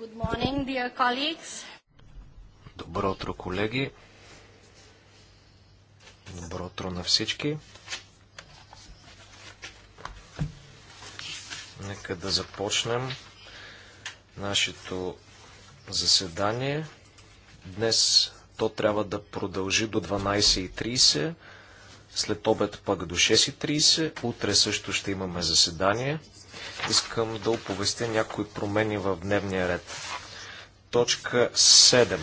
Good morning, dear colleagues. Добро утро, колеги. Добро утро на всички. Нека да започнем нашето заседание. Днес то трябва да продължи до 12.30, след обед пък до 6.30. Утре също ще имаме заседание. Искам да оповестя някои промени в дневния ред. Точка 7.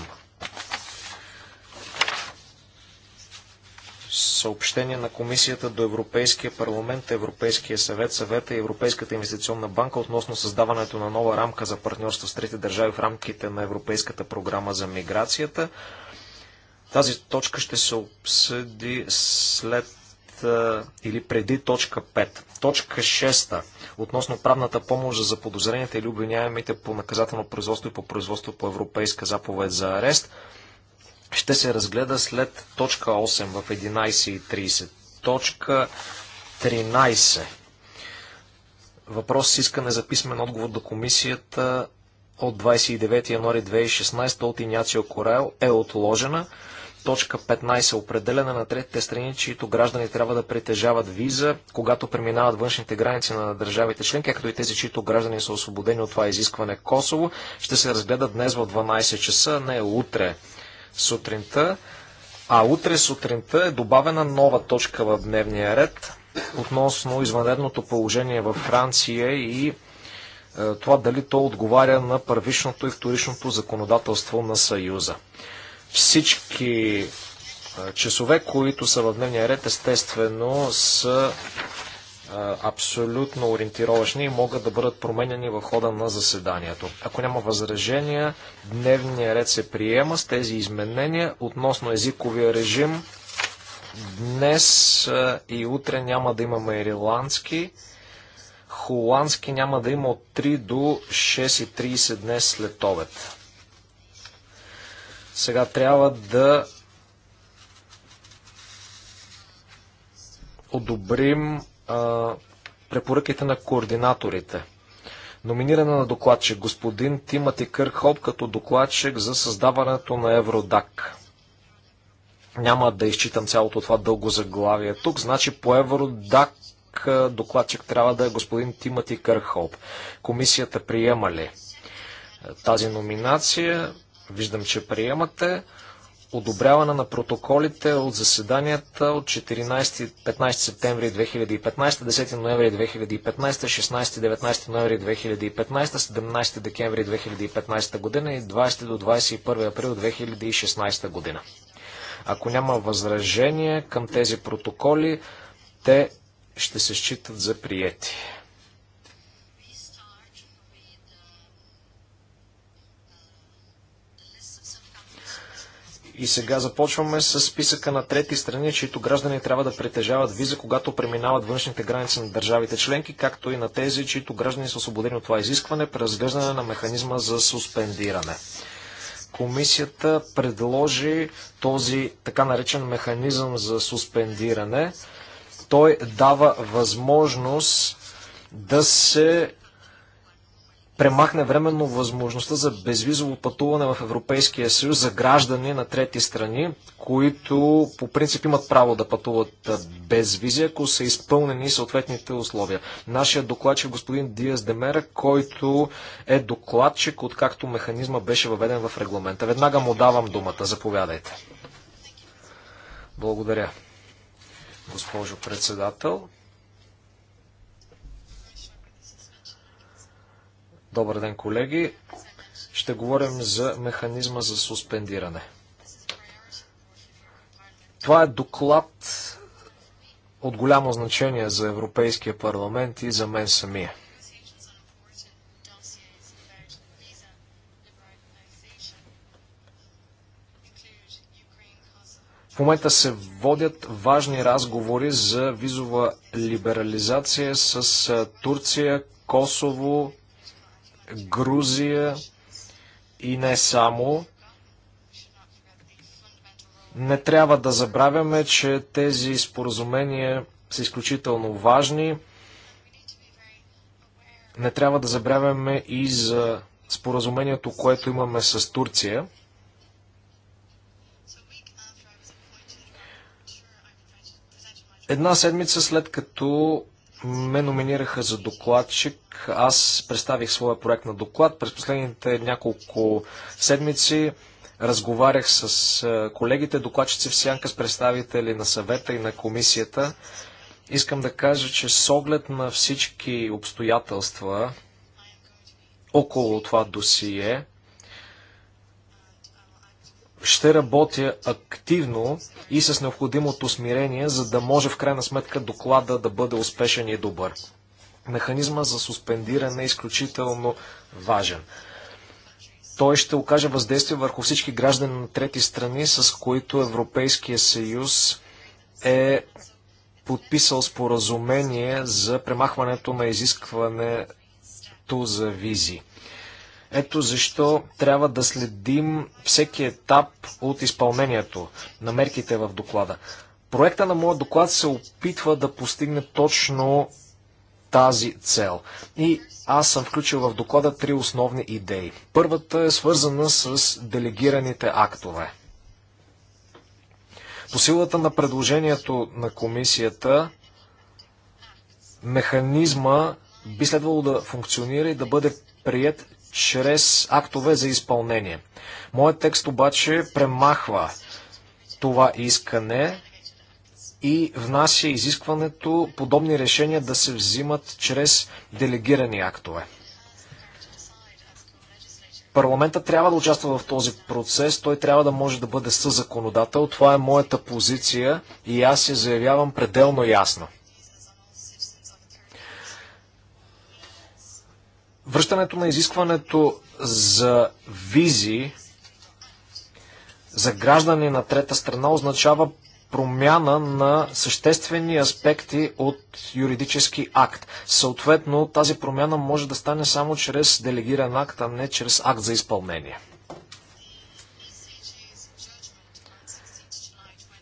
съобщение на Комисията до Европейския парламент, Европейския съвет, съвета и Европейската инвестиционна банка относно създаването на нова рамка за партньорство с трети държави в рамките на Европейската програма за миграцията. Тази точка ще се обсъди след или преди точка 5. Точка 6 относно правната помощ за заподозрените или обвиняемите по наказателно производство и по производство по европейска заповед за арест ще се разгледа след точка 8 в 11.30. Точка 13. Въпрос с искане за писмен отговор до комисията от 29 януари 2016 от Иняцио Корел е отложена. Точка 15. Определена на третите страни, чието граждани трябва да притежават виза, когато преминават външните граници на държавите членки, както и тези, чието граждани са освободени от това изискване Косово, ще се разгледат днес в 12 часа, не утре сутринта. А утре сутринта е добавена нова точка в дневния ред относно извънредното положение във Франция и е, това дали то отговаря на първичното и вторичното законодателство на Съюза. Всички часове, които са в дневния ред, естествено са абсолютно ориентировъчни и могат да бъдат променени в хода на заседанието. Ако няма възражения, дневния ред се приема с тези изменения относно езиковия режим. Днес и утре няма да имаме ирландски, холандски няма да има от 3 до 6.30 днес след обед. Сега трябва да одобрим а, препоръките на координаторите. Номинирана на докладчик господин Тимати Кърхоп като докладчик за създаването на Евродак. Няма да изчитам цялото това дълго заглавие тук. Значи по Евродак докладчик трябва да е господин Тимати Кърхоп. Комисията приема ли тази номинация? Виждам, че приемате одобряване на протоколите от заседанията от 14-15 септември 2015, 10 ноември 2015, 16-19 ноември 2015, 17 декември 2015 година и 20 до 21 април 2016 година. Ако няма възражение към тези протоколи, те ще се считат за приети. И сега започваме с списъка на трети страни, чието граждани трябва да притежават виза, когато преминават външните граници на държавите членки, както и на тези, чието граждани са освободени от това изискване, преразглеждане на механизма за суспендиране. Комисията предложи този така наречен механизъм за суспендиране. Той дава възможност да се премахне временно възможността за безвизово пътуване в Европейския съюз за граждани на трети страни, които по принцип имат право да пътуват без визи, ако са изпълнени съответните условия. Нашия докладчик господин Диас Демера, който е докладчик, откакто механизма беше въведен в регламента. Веднага му давам думата. Заповядайте. Благодаря, госпожо председател. Добър ден, колеги. Ще говорим за механизма за суспендиране. Това е доклад от голямо значение за Европейския парламент и за мен самия. В момента се водят важни разговори за визова либерализация с Турция, Косово, Грузия и не само. Не трябва да забравяме, че тези споразумения са изключително важни. Не трябва да забравяме и за споразумението, което имаме с Турция. Една седмица след като ме номинираха за докладчик. Аз представих своя проект на доклад. През последните няколко седмици разговарях с е, колегите, докладчици в сянка, с представители на съвета и на комисията. Искам да кажа, че с оглед на всички обстоятелства около това досие, ще работя активно и с необходимото смирение, за да може в крайна сметка доклада да бъде успешен и добър. Механизма за суспендиране е изключително важен. Той ще окаже въздействие върху всички граждани на трети страни, с които Европейския съюз е подписал споразумение за премахването на изискването за визи. Ето защо трябва да следим всеки етап от изпълнението на мерките в доклада. Проекта на моят доклад се опитва да постигне точно тази цел. И аз съм включил в доклада три основни идеи. Първата е свързана с делегираните актове. По силата на предложението на комисията, механизма би следвало да функционира и да бъде прият чрез актове за изпълнение. Моят текст обаче премахва това искане и внася изискването подобни решения да се взимат чрез делегирани актове. Парламента трябва да участва в този процес, той трябва да може да бъде съзаконодател. Това е моята позиция и аз я заявявам пределно ясно. Връщането на изискването за визи за граждани на трета страна означава промяна на съществени аспекти от юридически акт. Съответно, тази промяна може да стане само чрез делегиран акт, а не чрез акт за изпълнение.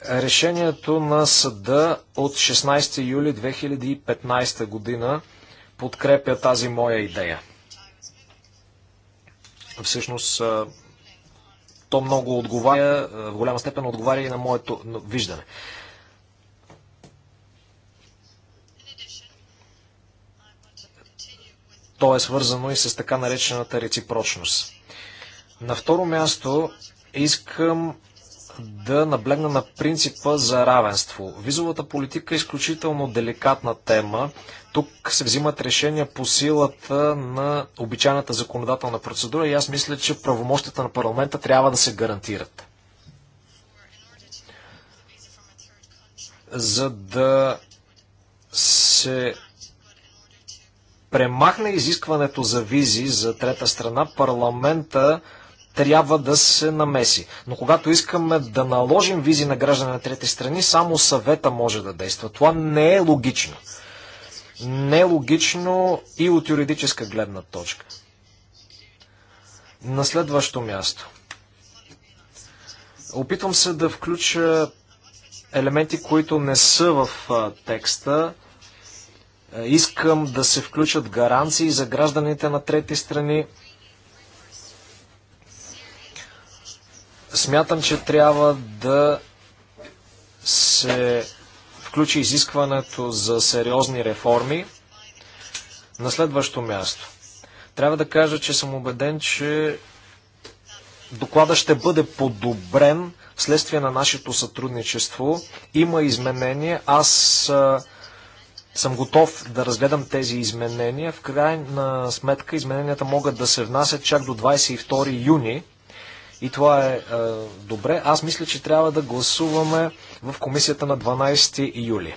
Решението на съда от 16 юли 2015 година подкрепя тази моя идея. Всъщност, то много отговаря, в голяма степен отговаря и на моето виждане. То е свързано и с така наречената реципрочност. На второ място искам да наблегна на принципа за равенство. Визовата политика е изключително деликатна тема. Тук се взимат решения по силата на обичайната законодателна процедура и аз мисля, че правомощите на парламента трябва да се гарантират. За да се премахне изискването за визи за трета страна, парламента трябва да се намеси. Но когато искаме да наложим визи на граждани на трети страни, само съвета може да действа. Това не е логично нелогично и от юридическа гледна точка. На следващо място. Опитвам се да включа елементи, които не са в текста. Искам да се включат гаранции за гражданите на трети страни. Смятам, че трябва да се включи изискването за сериозни реформи. На следващо място. Трябва да кажа, че съм убеден, че доклада ще бъде подобрен вследствие на нашето сътрудничество. Има изменения. Аз а, съм готов да разгледам тези изменения. В крайна сметка измененията могат да се внасят чак до 22 юни. И това е, е добре. Аз мисля, че трябва да гласуваме в комисията на 12 юли.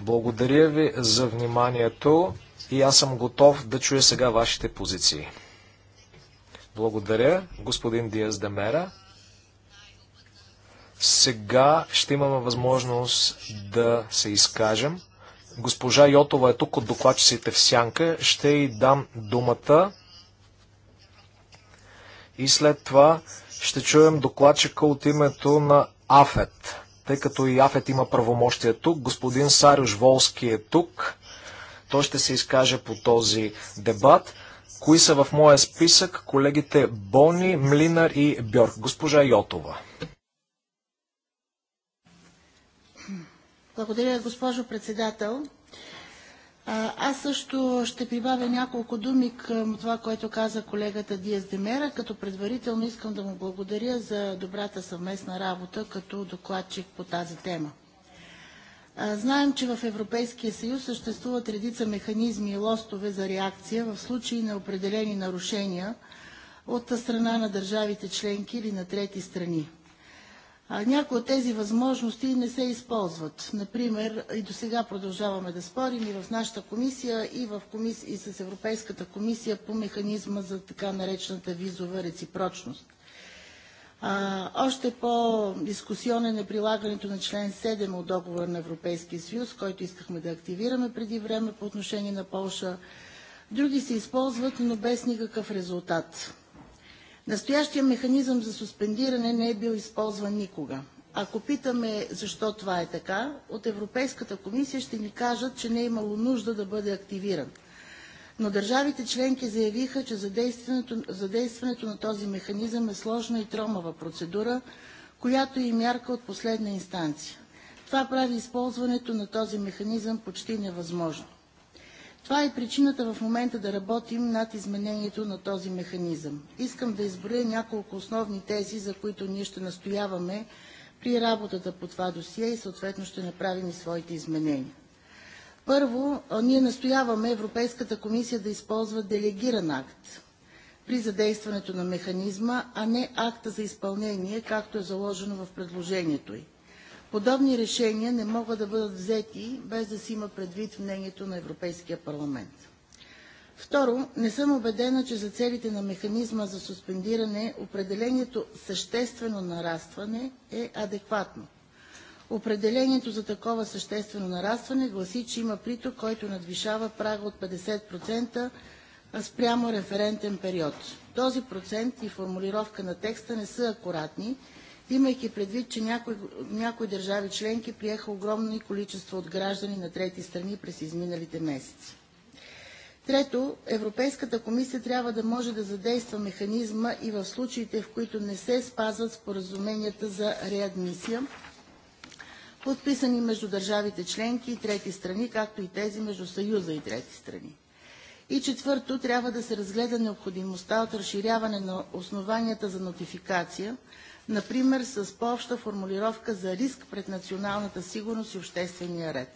Благодаря ви за вниманието и аз съм готов да чуя сега вашите позиции. Благодаря, господин Диас Демера. Сега ще имаме възможност да се изкажем. Госпожа Йотова е тук от докладчиците в Сянка. Ще й дам думата. И след това ще чуем докладчика от името на АФЕТ, тъй като и АФЕТ има правомощия тук. Господин Сарюш Волски е тук. Той ще се изкаже по този дебат. Кои са в моя списък колегите Бони, Млинар и Бьорк? Госпожа Йотова. Благодаря, госпожо председател. Аз също ще прибавя няколко думи към това, което каза колегата Диас Демера, като предварително искам да му благодаря за добрата съвместна работа като докладчик по тази тема. Знаем, че в Европейския съюз съществуват редица механизми и лостове за реакция в случаи на определени нарушения от страна на държавите членки или на трети страни. Някои от тези възможности не се използват. Например, и до сега продължаваме да спорим и в нашата комисия, и, в комисия, и с Европейската комисия по механизма за така наречената визова реципрочност. А, още по-дискусионен е прилагането на член 7 от договора на Европейския съюз, който искахме да активираме преди време по отношение на Полша. Други се използват, но без никакъв резултат. Настоящия механизъм за суспендиране не е бил използван никога. Ако питаме защо това е така, от Европейската комисия ще ни кажат, че не е имало нужда да бъде активиран. Но държавите членки заявиха, че задействането, на този механизъм е сложна и тромава процедура, която е и мярка от последна инстанция. Това прави използването на този механизъм почти невъзможно. Това е причината в момента да работим над изменението на този механизъм. Искам да изброя няколко основни тези, за които ние ще настояваме при работата по това досие и съответно ще направим и своите изменения. Първо, ние настояваме Европейската комисия да използва делегиран акт при задействането на механизма, а не акта за изпълнение, както е заложено в предложението й. Подобни решения не могат да бъдат взети без да се има предвид мнението на Европейския парламент. Второ, не съм убедена, че за целите на механизма за суспендиране определението съществено нарастване е адекватно. Определението за такова съществено нарастване гласи, че има приток, който надвишава прага от 50% спрямо референтен период. Този процент и формулировка на текста не са акуратни имайки предвид, че някои, някои държави членки приеха огромни количество от граждани на трети страни през изминалите месеци. Трето, Европейската комисия трябва да може да задейства механизма и в случаите, в които не се спазват споразуменията за реадмисия, подписани между държавите членки и трети страни, както и тези между Съюза и трети страни. И четвърто, трябва да се разгледа необходимостта от разширяване на основанията за нотификация – например с по-обща формулировка за риск пред националната сигурност и обществения ред.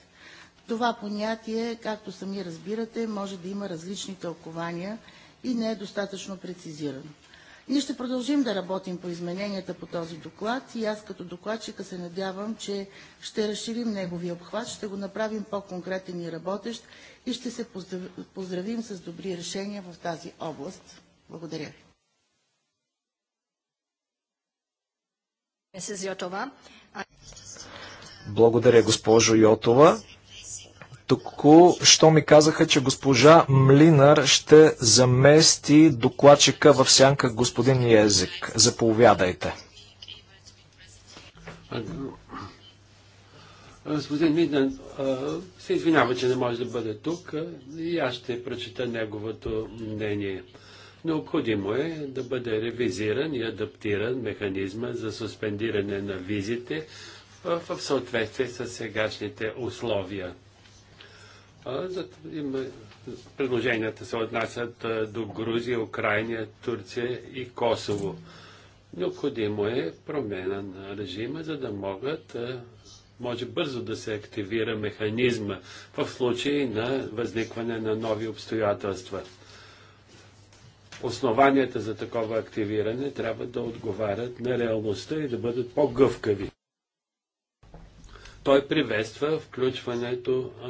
Това понятие, както сами разбирате, може да има различни тълкования и не е достатъчно прецизирано. Ние ще продължим да работим по измененията по този доклад и аз като докладчика се надявам, че ще разширим неговия обхват, ще го направим по-конкретен и работещ и ще се поздравим с добри решения в тази област. Благодаря ви. Благодаря, госпожо Йотова. Тук, що ми казаха, че госпожа Млинар ще замести докладчика в сянка господин Язик. Заповядайте. Господин Млинар се извинява, че не може да бъде тук и аз ще прочета неговото мнение. Необходимо е да бъде ревизиран и адаптиран механизма за суспендиране на визите в, съответствие с сегашните условия. предложенията се отнасят до Грузия, Украина, Турция и Косово. Необходимо е промена на режима, за да могат, може бързо да се активира механизма в случай на възникване на нови обстоятелства основанията за такова активиране трябва да отговарят на реалността и да бъдат по-гъвкави. Той приветства включването а,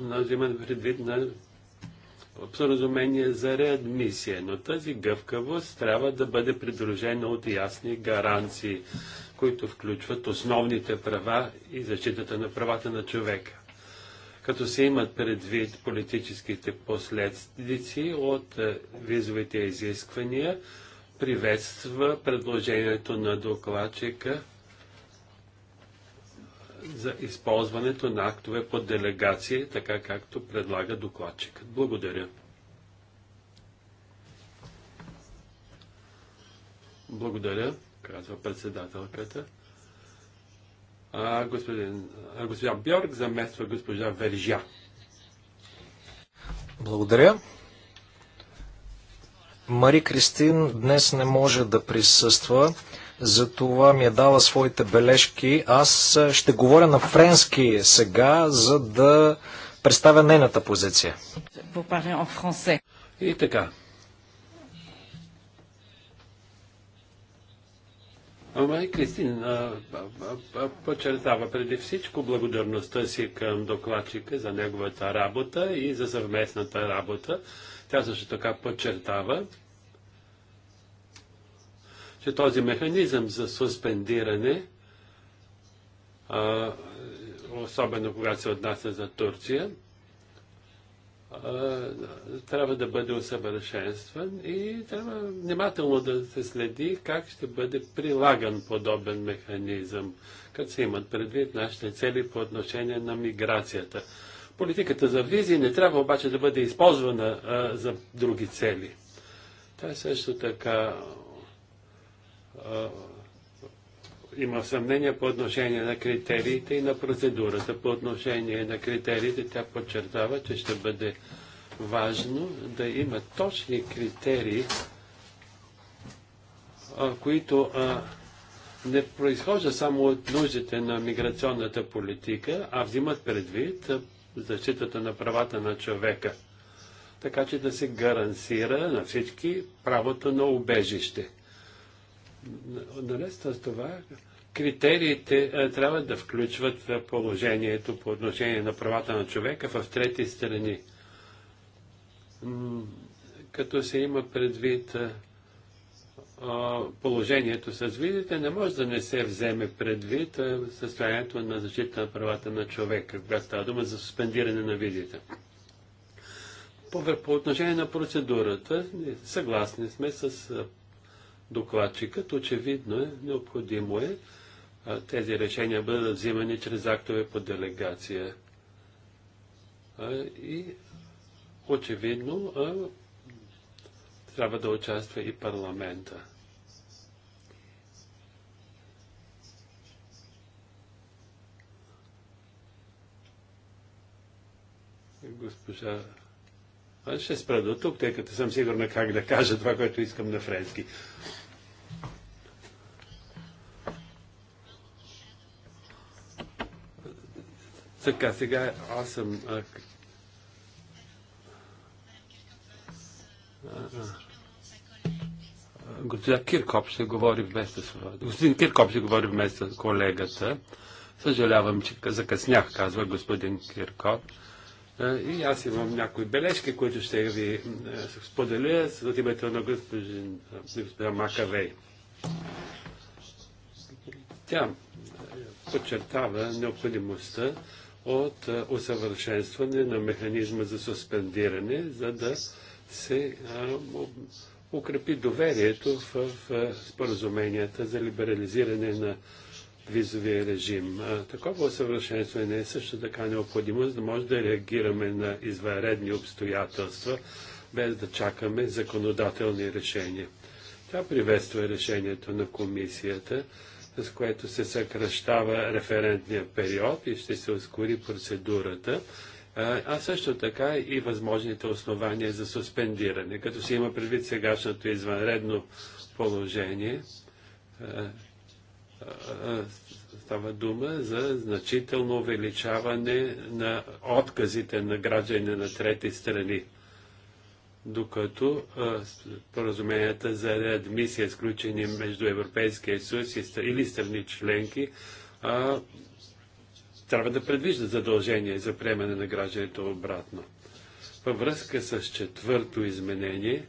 на взимане предвид на споразумение за реадмисия, но тази гъвкавост трябва да бъде придружена от ясни гаранции, които включват основните права и защитата на правата на човека като се имат предвид политическите последици от е, визовите изисквания, приветства предложението на докладчика за използването на актове по делегация, така както предлага докладчикът. Благодаря. Благодаря, казва председателката. А, господин, а, госпожа Бьорг замества госпожа Вержа. Благодаря. Мари Кристин днес не може да присъства, затова ми е дала своите бележки. Аз ще говоря на френски сега, за да представя нейната позиция. И така, Кристин подчертава преди всичко благодарността си към докладчика за неговата работа и за съвместната работа. Тя също така подчертава, че този механизъм за суспендиране, а, особено когато се отнася за Турция, трябва да бъде усъвършенстван и трябва внимателно да се следи как ще бъде прилаган подобен механизъм, като се имат предвид нашите цели по отношение на миграцията. Политиката за визи не трябва обаче да бъде използвана а, за други цели. е също така а, има съмнение по отношение на критериите и на процедурата. По отношение на критериите тя подчертава, че ще бъде важно да има точни критерии, а, които а, не произхожда само от нуждите на миграционната политика, а взимат предвид защитата на правата на човека. Така че да се гарантира на всички правото на убежище. Наред с това, критериите е, трябва да включват е, положението по отношение на правата на човека в трети страни. Като се има предвид е, положението с видите, не може да не се вземе предвид състоянието на защита на правата на човека, когато става дума за суспендиране на видите. По, по отношение на процедурата, съгласни сме с докладчикът, очевидно е, необходимо е тези решения бъдат взимани чрез актове по делегация. И очевидно трябва да участва и парламента. Госпожа аз ще спра до тук, тъй като съм сигурна как да кажа това, което искам на френски. Така, сега аз съм... А, Госпожа Киркоп ще говори вместо господин Киркоп ще говори вместо с колегата. Съжалявам, че закъснях, казва господин Киркоп. И аз имам някои бележки, които ще ви споделя с от името на господин, Макавей. Тя подчертава необходимостта от усъвършенстване на механизма за суспендиране, за да се укрепи доверието в споразуменията за либерализиране на визовия режим. Такова усъвършенстване е също така необходимо, за да може да реагираме на извънредни обстоятелства, без да чакаме законодателни решения. Тя приветства решението на комисията с което се съкръщава референтния период и ще се ускори процедурата, а също така и възможните основания за суспендиране. Като се има предвид сегашното извънредно положение, става дума за значително увеличаване на отказите на граждани на трети страни докато споразуменията за реадмисия, сключени между Европейския съюз или страни членки, а, трябва да предвиждат задължение за приемане на гражданите обратно. Във връзка с четвърто изменение,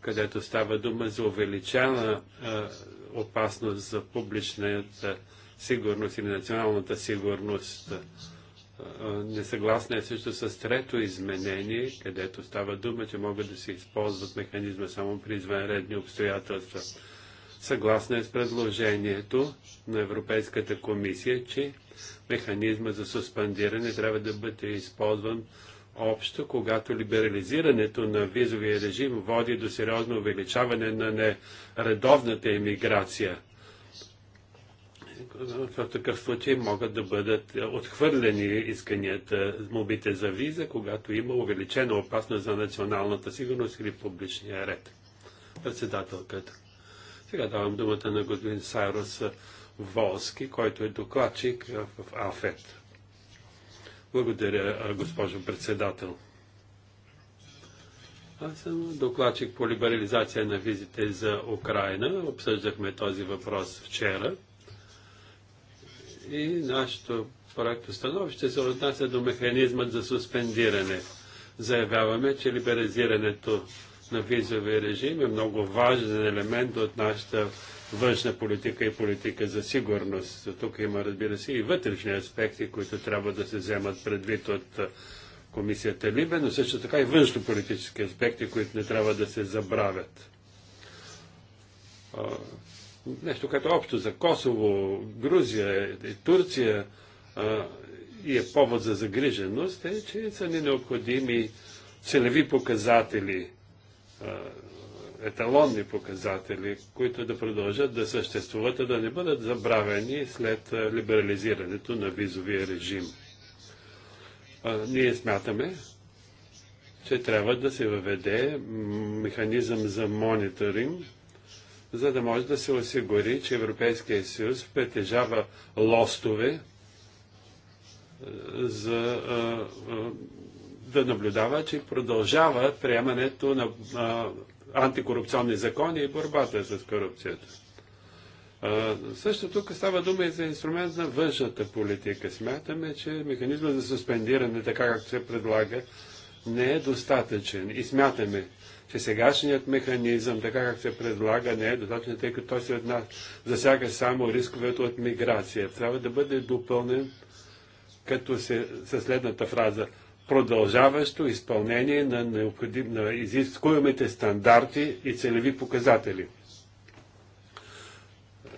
където става дума за увеличена а, опасност за публичната сигурност или националната сигурност, Несъгласна е също с трето изменение, където става дума, че могат да се използват механизма само при извънредни обстоятелства. Съгласна е с предложението на Европейската комисия, че механизма за суспендиране трябва да бъде използван общо, когато либерализирането на визовия режим води до сериозно увеличаване на нередовната емиграция в такъв случай могат да бъдат отхвърлени исканията, мобите за виза, когато има увеличена опасност за националната сигурност или публичния ред. Председателката. Сега давам думата на господин Сайрос Волски, който е докладчик в АФЕТ. Благодаря, госпожо председател. Аз съм докладчик по либерализация на визите за Украина. Обсъждахме този въпрос вчера. И нашето проекто становище се отнася до механизма за суспендиране. Заявяваме, че либерализирането на визовия режим е много важен елемент от нашата външна политика и политика за сигурност. Тук има, разбира се, и вътрешни аспекти, които трябва да се вземат предвид от комисията Либе, но също така и външно-политически аспекти, които не трябва да се забравят нещо като е общо за Косово, Грузия и Турция а, и е повод за загриженост, е, че са ни необходими целеви показатели, а, еталонни показатели, които да продължат да съществуват, и да не бъдат забравени след либерализирането на визовия режим. А, ние смятаме, че трябва да се въведе механизъм за мониторинг за да може да се осигури, че Европейския съюз притежава лостове е, за е, е, да наблюдава, че продължава приемането на антикорупционни закони и борбата с корупцията. също тук става дума и за инструмент на външната политика. Смятаме, че механизма за суспендиране, така както се предлага, не е достатъчен. И смятаме, че сегашният механизъм, така как се предлага, не е достатъчно, тъй като той се една, засяга само рисковете от миграция. Трябва да бъде допълнен като се, със следната фраза продължаващо изпълнение на, необходим, на изискуемите стандарти и целеви показатели.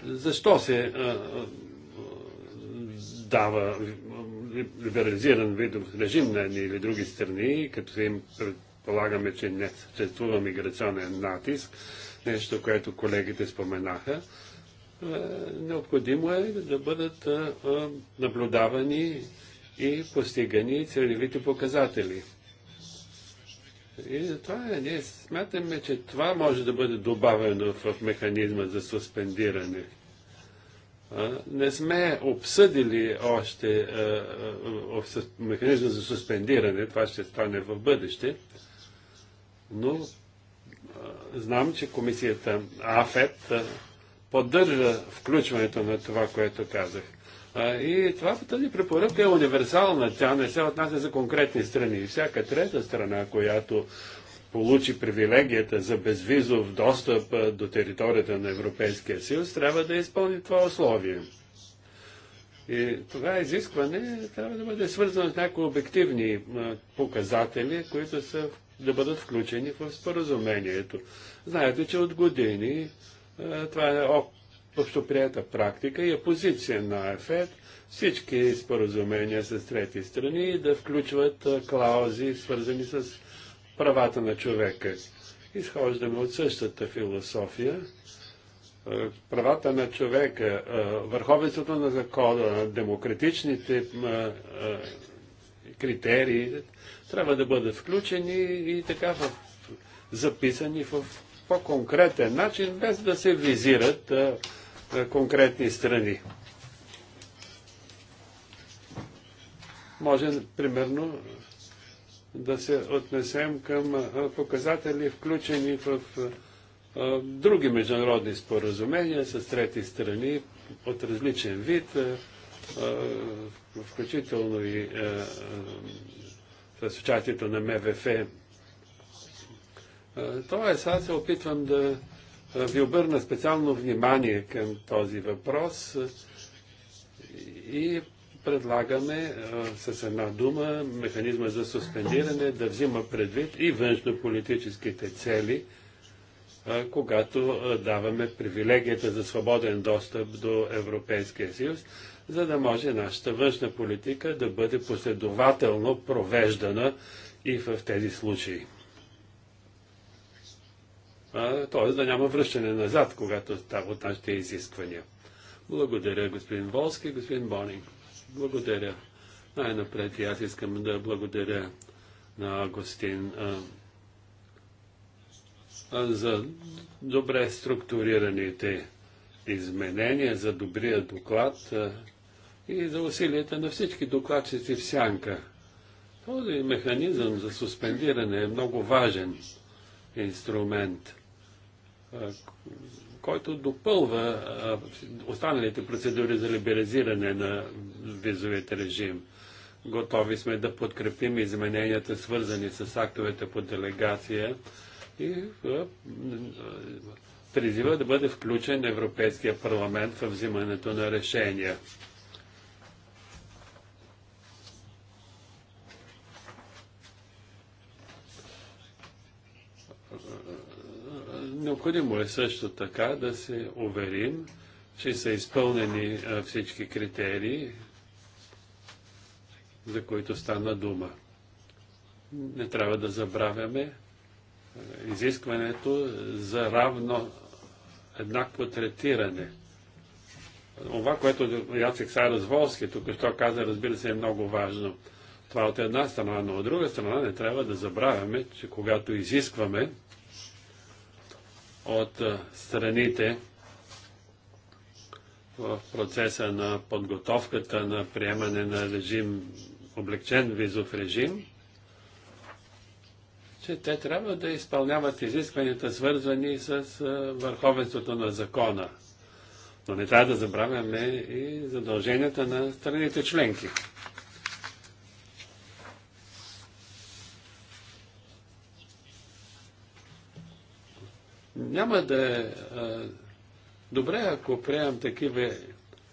Защо се а, а, дава либерализиран видов режим на едни или други страни, като се им полагаме, че не съществува миграционен натиск, нещо, което колегите споменаха, е, необходимо е да бъдат е, е, наблюдавани и постигани целевите показатели. И затова ние смятаме, че това може да бъде добавено в механизма за суспендиране. Не сме обсъдили още механизма за суспендиране, това ще стане в бъдеще но знам, че комисията АФЕТ поддържа включването на това, което казах. И това, тази препоръка е универсална. Тя не се отнася за конкретни страни. И всяка трета страна, която получи привилегията за безвизов достъп до територията на Европейския съюз, трябва да изпълни това условие. И това изискване трябва да бъде свързано с някои обективни показатели, които са да бъдат включени в споразумението. Знаете, че от години е, това е общоприета практика и е позиция на ЕФЕД всички споразумения с трети страни да включват е, клаузи, свързани с правата на човека. Изхождаме от същата философия. Е, правата на човека, върховенството на закона, демократичните критерии, трябва да бъдат включени и така в, записани в по-конкретен начин, без да се визират а, а, конкретни страни. Може, примерно, да се отнесем към а, показатели, включени в а, други международни споразумения с трети страни от различен вид, а, включително и с участието на МВФ. Тоест, аз се опитвам да ви обърна специално внимание към този въпрос и предлагаме с една дума механизма за суспендиране да взима предвид и външнополитическите цели, когато даваме привилегията за свободен достъп до Европейския съюз, за да може нашата външна политика да бъде последователно провеждана и в тези случаи. Тоест да няма връщане назад, когато става от нашите изисквания. Благодаря, господин Волски, господин Бонинг. Благодаря. Най-напред и аз искам да благодаря на гостин за добре структурираните изменения, за добрия доклад и за усилията на всички докладчици в сянка. Този механизъм за суспендиране е много важен инструмент, който допълва останалите процедури за либерализиране на визовите режим. Готови сме да подкрепим измененията, свързани с актовете по делегация и призива да бъде включен Европейския парламент в взимането на решения. Необходимо е също така да се уверим, че са изпълнени всички критерии, за които стана дума. Не трябва да забравяме изискването за равно еднакво третиране. Това, което Яцек Сайрос Волски тук що каза, разбира се, е много важно. Това от една страна, но от друга страна не трябва да забравяме, че когато изискваме от страните в процеса на подготовката на приемане на режим, облегчен визов режим, че те трябва да изпълняват изискванията, свързани с върховенството на закона. Но не трябва да забравяме и задълженията на страните членки. Няма да е добре, ако приемам такива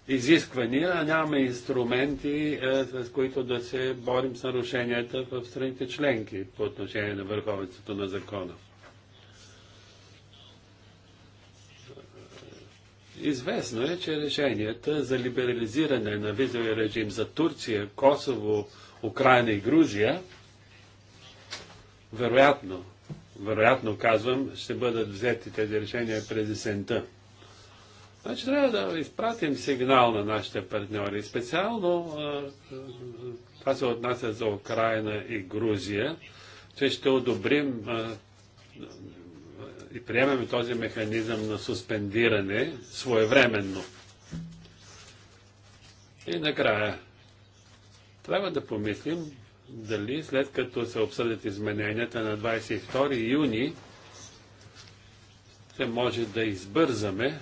изисквания, а нямаме инструменти, с които да се борим с нарушенията в страните членки по отношение на върховенството на закона. Известно е, че решенията за либерализиране на визовия режим за Турция, Косово, Украина и Грузия вероятно вероятно казвам, ще бъдат взети тези решения през есента. Значи трябва да изпратим сигнал на нашите партньори. Специално това се отнася за Украина и Грузия, че ще одобрим и приемем този механизъм на суспендиране своевременно. И накрая трябва да помислим дали след като се обсъдят измененията на 22 юни, се може да избързаме.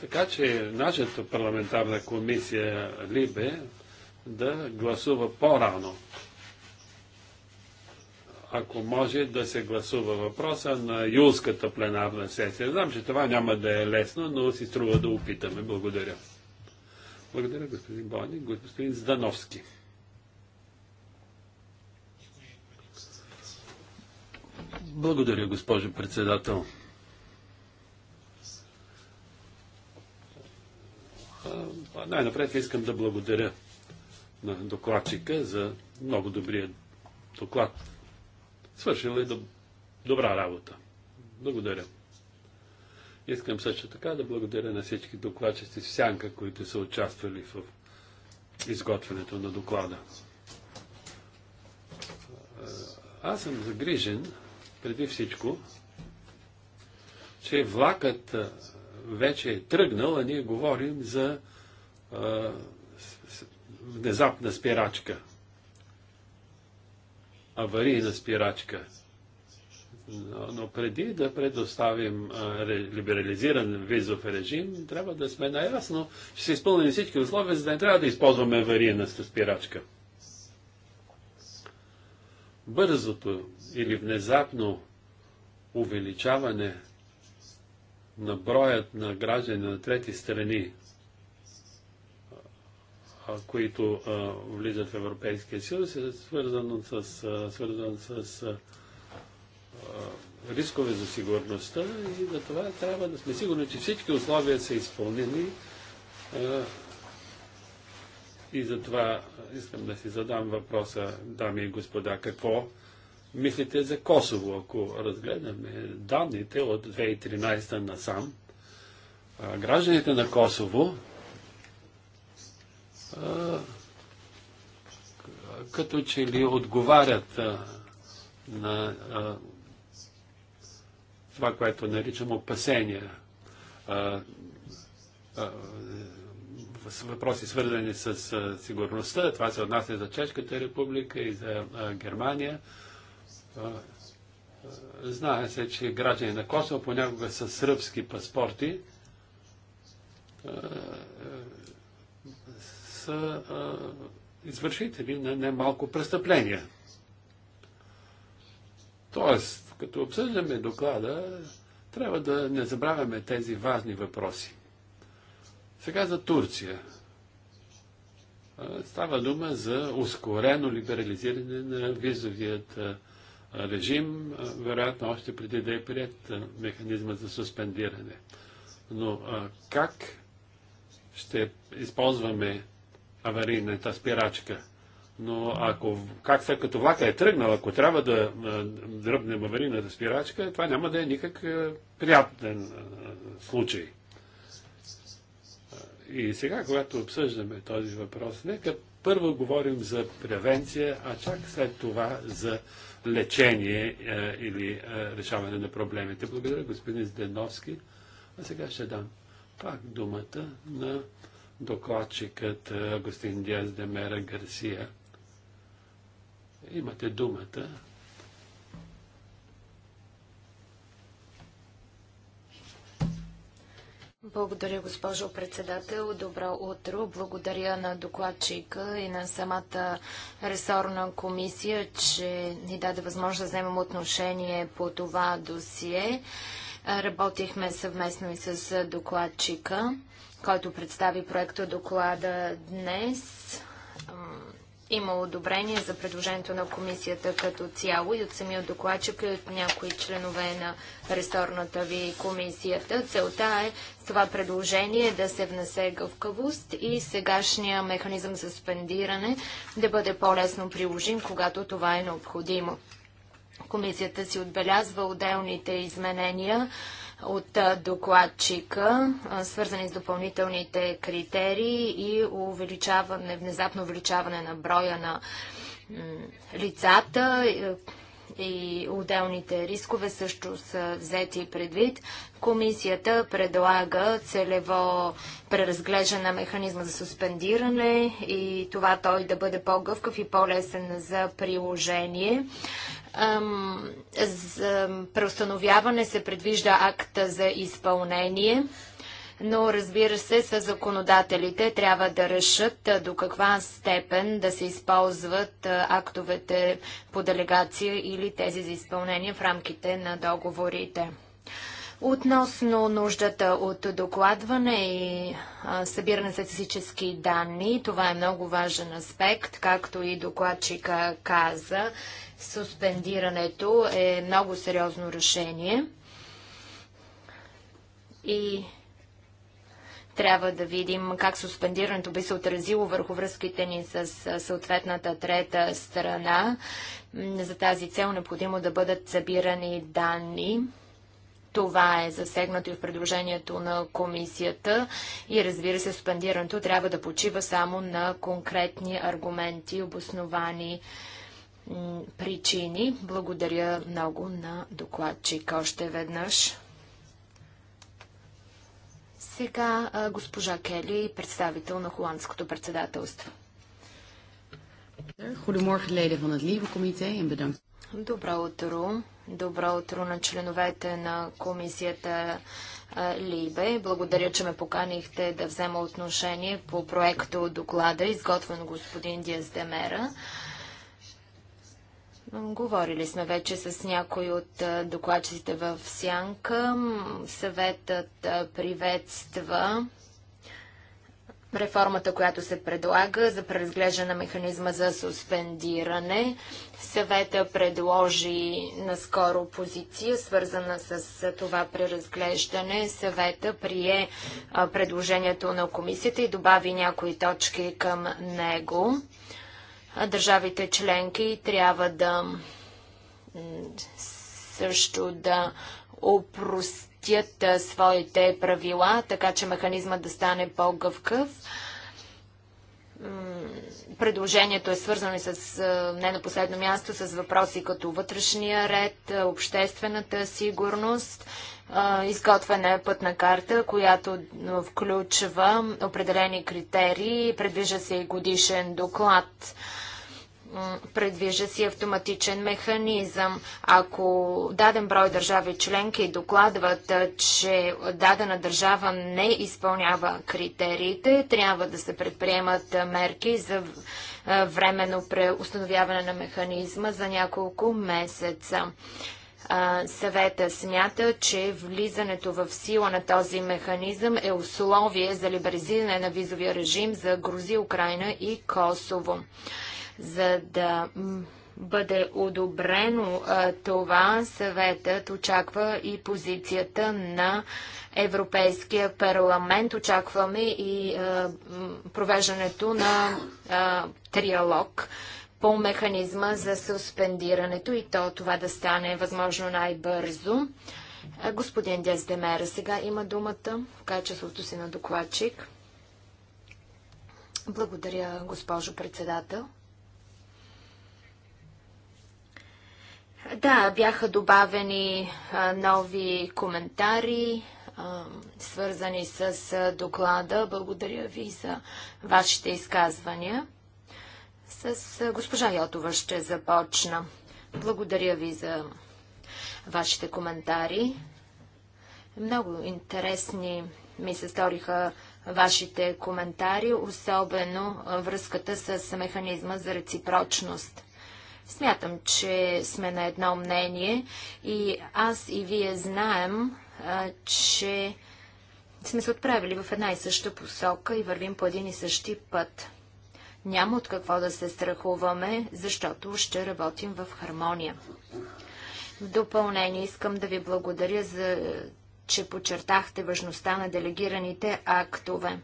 Така че нашата парламентарна комисия Либе да гласува по-рано. Ако може да се гласува въпроса на юлската пленарна сесия. Знам, че това няма да е лесно, но си струва да опитаме. Благодаря. Благодаря, господин Бони. Господин Здановски. Благодаря, госпожо председател. Най-напред искам да благодаря на докладчика за много добрия доклад. Свършил е добра работа. Благодаря. Искам също така да благодаря на всички докладчици в Сянка, които са участвали в изготвянето на доклада. Аз съм загрижен преди всичко, че влакът вече е тръгнал, а ние говорим за а, внезапна спирачка. Аварийна спирачка. Но, преди да предоставим либерализиран визов режим, трябва да сме наясно, че са изпълнени всички условия, за да не трябва да използваме аварийна спирачка. Бързото или внезапно увеличаване на броят на граждани на трети страни, които влизат в Европейския съюз, е свързано с, а, свързан с рискове за сигурността и за това трябва да сме сигурни, че всички условия са изпълнени. И за това искам да си задам въпроса, дами и господа, какво мислите за Косово, ако разгледаме данните от 2013 насам? Гражданите на Косово като че ли отговарят на това, което наричам опасения, въпроси свързани с сигурността. Това се отнася за Чешката република и за Германия. Знае се, че граждани на Косово понякога са сръбски паспорти са извършители на немалко престъпления. Тоест, като обсъждаме доклада, трябва да не забравяме тези важни въпроси. Сега за Турция. Става дума за ускорено либерализиране на визовият режим, вероятно още преди да е прият механизма за суспендиране. Но как ще използваме аварийната спирачка? Но ако, как след като влака е тръгнал, ако трябва да дръпнем аварийната спирачка, това няма да е никак приятен случай. И сега, когато обсъждаме този въпрос, нека първо говорим за превенция, а чак след това за лечение е, или е, решаване на проблемите. Благодаря, господин Зденовски. А сега ще дам пак думата на докладчикът господин Диаз Демера Гарсия. Имате думата. Благодаря, госпожо председател. Добро утро. Благодаря на докладчика и на самата ресорна комисия, че ни даде възможност да вземем отношение по това досие. Работихме съвместно и с докладчика, който представи проекта доклада днес. Има одобрение за предложението на комисията като цяло и от самия докладчик и от някои членове на ресорната ви комисията. Целта е с това предложение да се внесе гъвкавост и сегашния механизъм за спендиране да бъде по-лесно приложим, когато това е необходимо. Комисията си отбелязва отделните изменения от докладчика, свързани с допълнителните критерии и увеличаване, внезапно увеличаване на броя на лицата и отделните рискове също са взети предвид. Комисията предлага целево преразглеждане на механизма за суспендиране и това той да бъде по-гъвкав и по-лесен за приложение. За преустановяване се предвижда акта за изпълнение, но разбира се, с законодателите трябва да решат до каква степен да се използват актовете по делегация или тези за изпълнение в рамките на договорите. Относно нуждата от докладване и събиране на статистически данни, това е много важен аспект, както и докладчика каза суспендирането е много сериозно решение и трябва да видим как суспендирането би се отразило върху връзките ни с съответната трета страна. За тази цел необходимо да бъдат събирани данни. Това е засегнато и в предложението на комисията и разбира се, суспендирането трябва да почива само на конкретни аргументи, обосновани причини. Благодаря много на докладчик още веднъж. Сега госпожа Кели, представител на Холандското председателство. Добро утро. Добро утро на членовете на комисията Либе. Благодаря, че ме поканихте да взема отношение по проекто от доклада, изготвен господин Диас Демера. Демера Говорили сме вече с някои от докладчиците в Сянка. Съветът приветства реформата, която се предлага за преразглеждане на механизма за суспендиране. Съвета предложи наскоро позиция, свързана с това преразглеждане. Съвета прие предложението на комисията и добави някои точки към него. Държавите членки трябва да също да опростят своите правила, така че механизма да стане по-гъвкъв. Предложението е свързано и с, не на последно място, с въпроси като вътрешния ред, обществената сигурност, изготвена е пътна карта, която включва определени критерии, предвижда се и годишен доклад предвижда си автоматичен механизъм. Ако даден брой държави членки докладват, че дадена държава не изпълнява критериите, трябва да се предприемат мерки за временно преустановяване на механизма за няколко месеца. Съвета смята, че влизането в сила на този механизъм е условие за либеризиране на визовия режим за Грузия, Украина и Косово. За да бъде одобрено това, съветът очаква и позицията на Европейския парламент. Очакваме и провеждането на триалог по механизма за суспендирането и то това да стане възможно най-бързо. Господин Дездемера сега има думата в качеството си на докладчик. Благодаря, госпожо председател. Да, бяха добавени нови коментари, свързани с доклада. Благодаря ви за вашите изказвания. С госпожа Йотова ще започна. Благодаря ви за вашите коментари. Много интересни ми се сториха вашите коментари, особено връзката с механизма за реципрочност. Смятам, че сме на едно мнение и аз и вие знаем, че сме се отправили в една и съща посока и вървим по един и същи път. Няма от какво да се страхуваме, защото ще работим в хармония. В допълнение искам да ви благодаря за че подчертахте важността на делегираните актове.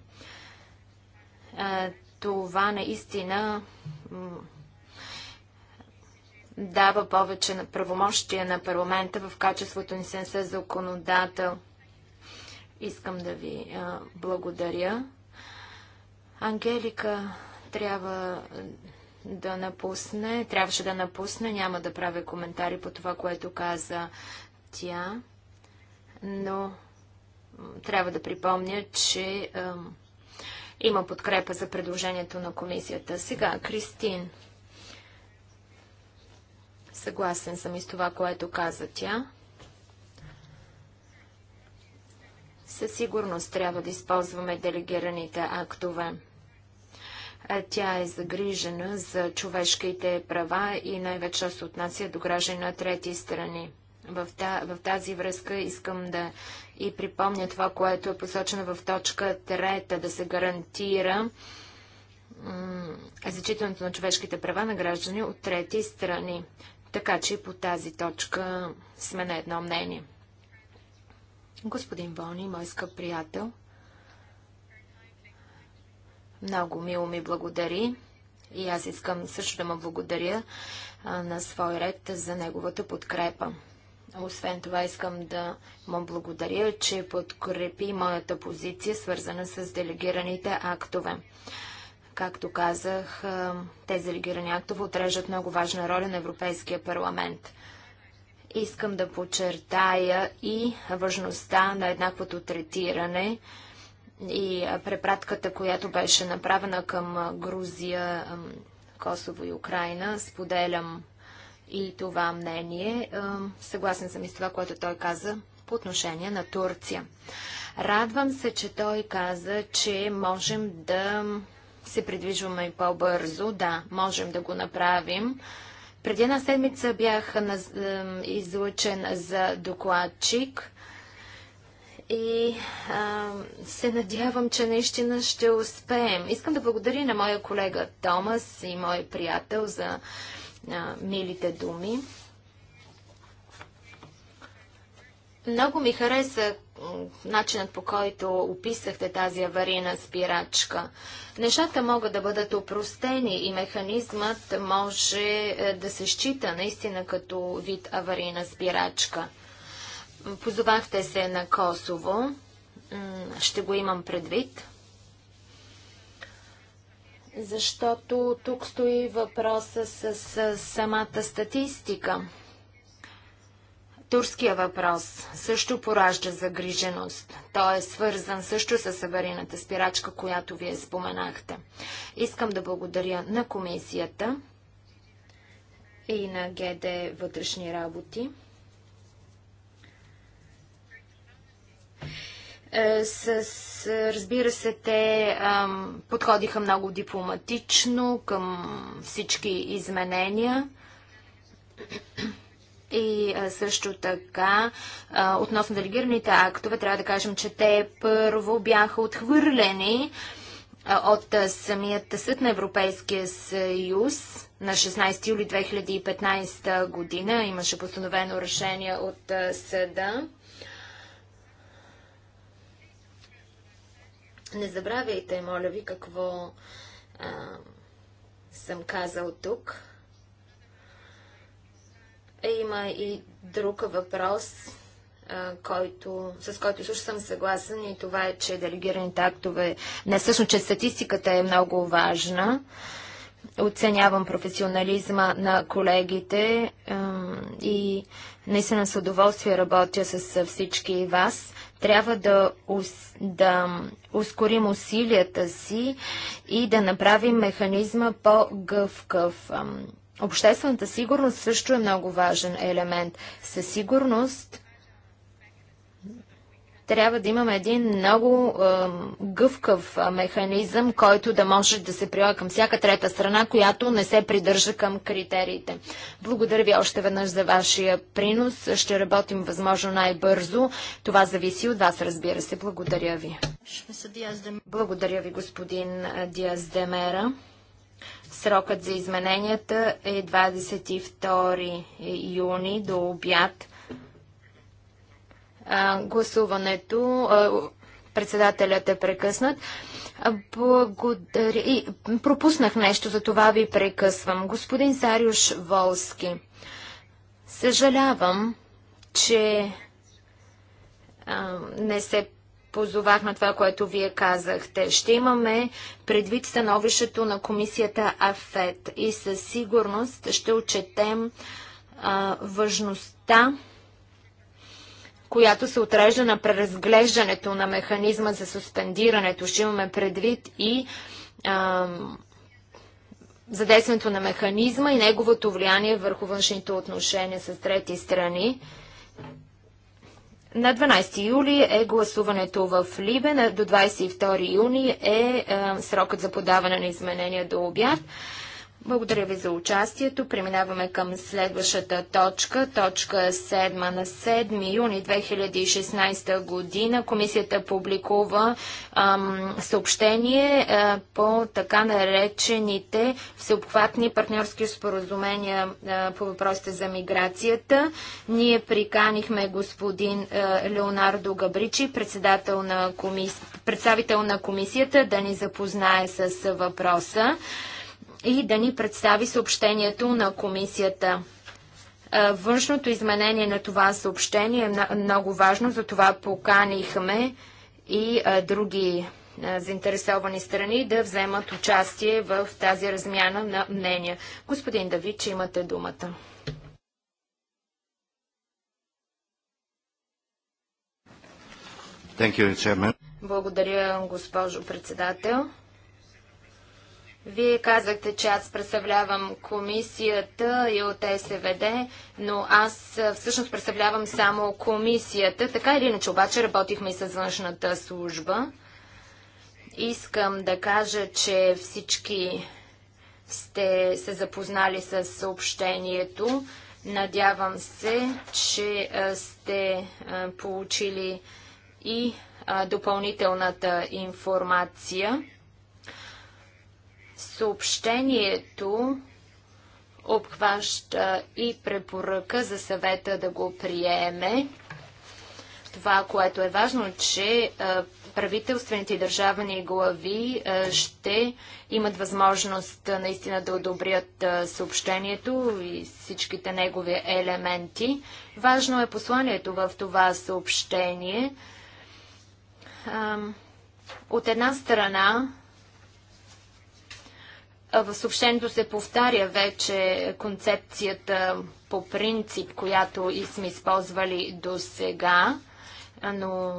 Това наистина дава повече на правомощия на парламента в качеството ни се законодател. Искам да ви а, благодаря. Ангелика трябва да напусне, трябваше да напусне, няма да правя коментари по това, което каза тя, но трябва да припомня, че има подкрепа за предложението на комисията. Сега, Кристин. Съгласен съм и с това, което каза тя. Със сигурност трябва да използваме делегираните актове. Тя е загрижена за човешките права и най-вече се отнася до граждани на трети страни. В тази връзка искам да и припомня това, което е посочено в точка трета, да се гарантира зачитането на човешките права на граждани от трети страни. Така че по тази точка сме на едно мнение. Господин Бони, мой скъп приятел, много мило ми благодари и аз искам също да му благодаря на свой ред за неговата подкрепа. Освен това искам да му благодаря, че подкрепи моята позиция, свързана с делегираните актове. Както казах, тези делегирани актове отрежат много важна роля на Европейския парламент. Искам да подчертая и важността на еднаквото третиране и препратката, която беше направена към Грузия, Косово и Украина. Споделям и това мнение. Съгласен съм и с това, което той каза по отношение на Турция. Радвам се, че той каза, че можем да се придвижваме по-бързо. Да, можем да го направим. Преди една седмица бях излъчен излучен за докладчик и а, се надявам, че наистина ще успеем. Искам да благодаря на моя колега Томас и мой приятел за а, милите думи. Много ми хареса начинът по който описахте тази аварийна спирачка. Нещата могат да бъдат опростени и механизмът може е, да се счита наистина като вид аварийна спирачка. Позовахте се на Косово. Ще го имам предвид. Защото тук стои въпроса с, с самата статистика. Турския въпрос също поражда загриженост. Той е свързан също с аварийната спирачка, която вие споменахте. Искам да благодаря на комисията и на ГД Вътрешни работи. Е, с, разбира се, те ам, подходиха много дипломатично към всички изменения. И също така, относно делегираните актове, трябва да кажем, че те първо бяха отхвърлени от самият съд на Европейския съюз на 16 юли 2015 година. Имаше постановено решение от съда. Не забравяйте, моля ви, какво съм казал тук. Е, има и друг въпрос, който, с който също съм съгласен и това е, че делегираните актове, не всъщност, че статистиката е много важна. Оценявам професионализма на колегите и наистина с удоволствие работя с всички вас трябва да, да ускорим усилията си и да направим механизма по гъвкъв Обществената сигурност също е много важен елемент. Със сигурност трябва да имаме един много е, гъвкав механизъм, който да може да се прилага към всяка трета страна, която не се придържа към критериите. Благодаря ви още веднъж за вашия принос. Ще работим възможно най-бързо. Това зависи от вас, разбира се. Благодаря ви. Благодаря ви, господин Диаз Демера. Срокът за измененията е 22 юни до обяд. гласуването, председателят е прекъснат. Благодари... пропуснах нещо, за това ви прекъсвам. Господин Сариуш Волски, съжалявам, че не се позовах на това, което вие казахте. Ще имаме предвид становището на комисията АФЕТ и със сигурност ще отчетем а, важността, която се отрежда на преразглеждането на механизма за суспендирането. Ще имаме предвид и а, задействането на механизма и неговото влияние върху външните отношения с трети страни. На 12 юли е гласуването в Либе, до 22 юни е, е срокът за подаване на изменения до обяд. Благодаря ви за участието. Преминаваме към следващата точка. Точка 7 на 7 юни 2016 година комисията публикува ам, съобщение а, по така наречените всеобхватни партньорски споразумения а, по въпросите за миграцията. Ние приканихме господин а, Леонардо Габричи, председател на комис... представител на комисията, да ни запознае с въпроса и да ни представи съобщението на комисията. Външното изменение на това съобщение е много важно, затова поканихме и други заинтересовани страни да вземат участие в тази размяна на мнения. Господин Давид, че имате думата. Благодаря, госпожо председател. Вие казахте, че аз представлявам комисията и от СВД, но аз всъщност представлявам само комисията. Така или иначе, обаче работихме и с външната служба. Искам да кажа, че всички сте се запознали с съобщението. Надявам се, че сте получили и допълнителната информация. Съобщението обхваща и препоръка за съвета да го приеме. Това, което е важно, че правителствените и държавни глави ще имат възможност наистина да одобрят съобщението и всичките негови елементи. Важно е посланието в това съобщение. От една страна, в съобщението се повтаря вече концепцията по принцип, която и сме използвали до сега, но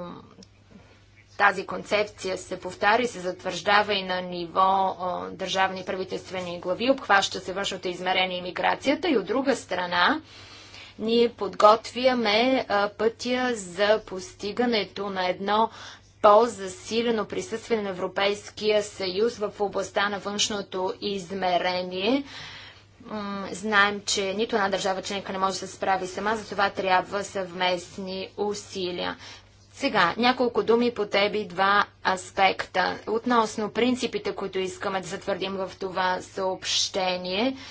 тази концепция се повтаря и се затвърждава и на ниво държавни правителствени глави, обхваща се външното измерение и миграцията и от друга страна ние подготвяме пътя за постигането на едно по-засилено присъствие на Европейския съюз в областта на външното измерение. Знаем, че нито една държава членка не може да се справи сама, затова трябва съвместни усилия. Сега, няколко думи по теби два аспекта. Относно принципите, които искаме да затвърдим в това съобщение –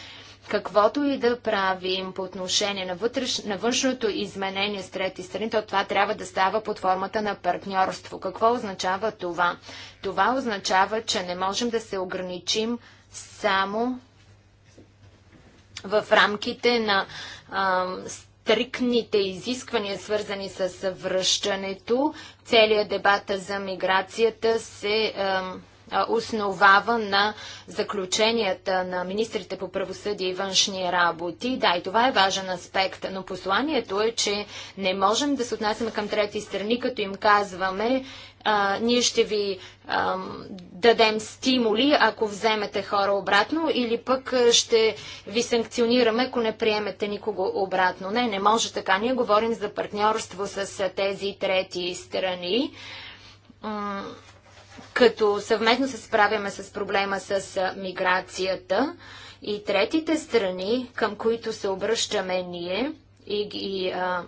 каквото и да правим по отношение на, вътреш, на външното изменение с трети страни, то това трябва да става под формата на партньорство. Какво означава това? Това означава, че не можем да се ограничим само в рамките на а, стрикните изисквания, свързани с връщането. Целият дебата за миграцията се. А, основава на заключенията на министрите по правосъдие и външни работи. Да, и това е важен аспект, но посланието е, че не можем да се отнасяме към трети страни, като им казваме, а, ние ще ви а, дадем стимули, ако вземете хора обратно, или пък ще ви санкционираме, ако не приемете никого обратно. Не, не може така. Ние говорим за партньорство с тези трети страни като съвместно се справяме с проблема с миграцията и третите страни, към които се обръщаме ние и, и а,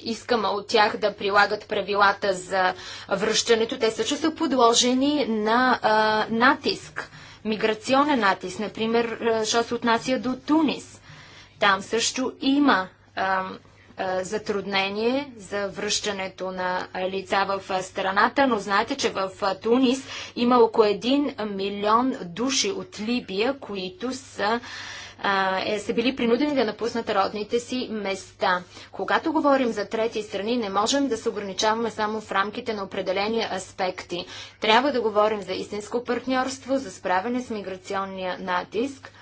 искаме от тях да прилагат правилата за връщането, те също са подложени на а, натиск, миграционен натиск, например, що се отнася до Тунис. Там също има а, е, затруднение за връщането на лица в е, страната, но знаете, че в е, Тунис има около 1 милион души от Либия, които са са били принудени да напуснат родните си места. Когато говорим за трети страни, не можем да се ограничаваме само в рамките на определени аспекти. Трябва да говорим за истинско партньорство, за справяне с миграционния натиск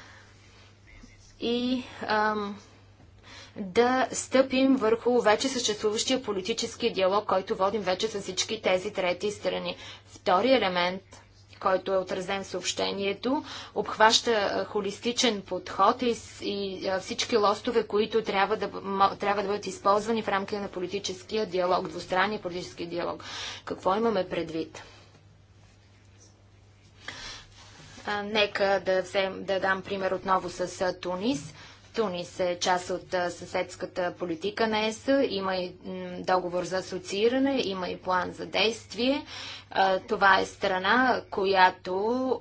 и ам, да стъпим върху вече съществуващия политически диалог, който водим вече с всички тези трети страни. Втори елемент който е отразен в съобщението, обхваща холистичен подход и, и всички лостове, които трябва да, трябва да бъдат използвани в рамките на политическия диалог, двустранния политически диалог. Какво имаме предвид? нека да, взем, да дам пример отново с Тунис. Тунис е част от съседската политика на ЕС, има и договор за асоцииране, има и план за действие. Това е страна, която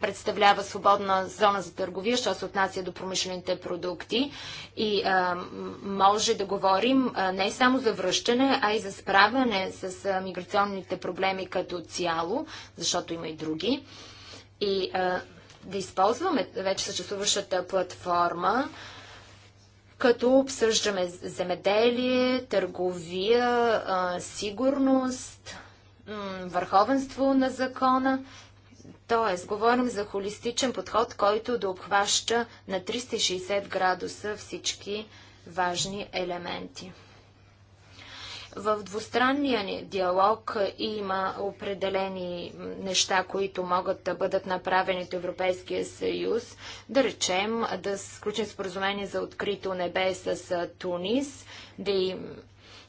представлява свободна зона за търговия, що се отнася до промишлените продукти. И а, може да говорим а, не само за връщане, а и за справяне с а, миграционните проблеми като цяло, защото има и други. И а, да използваме вече съществуващата платформа, като обсъждаме земеделие, търговия, сигурност, върховенство на закона. Тоест, говорим за холистичен подход, който да обхваща на 360 градуса всички важни елементи. В двустранния ни диалог има определени неща, които могат да бъдат направени от Европейския съюз. Да речем, да сключим споразумение за открито небе с Тунис, да им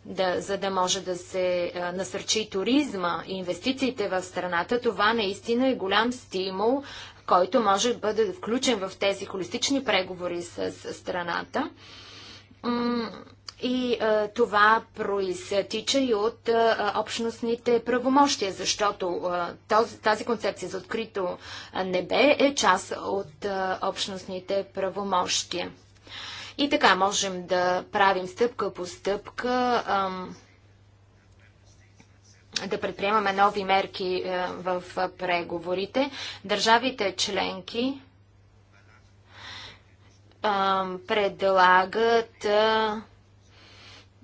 да, за да може да се а, насърчи туризма и инвестициите в страната, това наистина е голям стимул, който може да бъде включен в тези холистични преговори с, с страната. М и а, е, това произтича и от а, е, общностните правомощия, защото а, е, този, тази концепция за открито небе е част от а, общностните правомощия. И така можем да правим стъпка по стъпка, а, да предприемаме нови мерки а, в а, преговорите. Държавите членки предлагат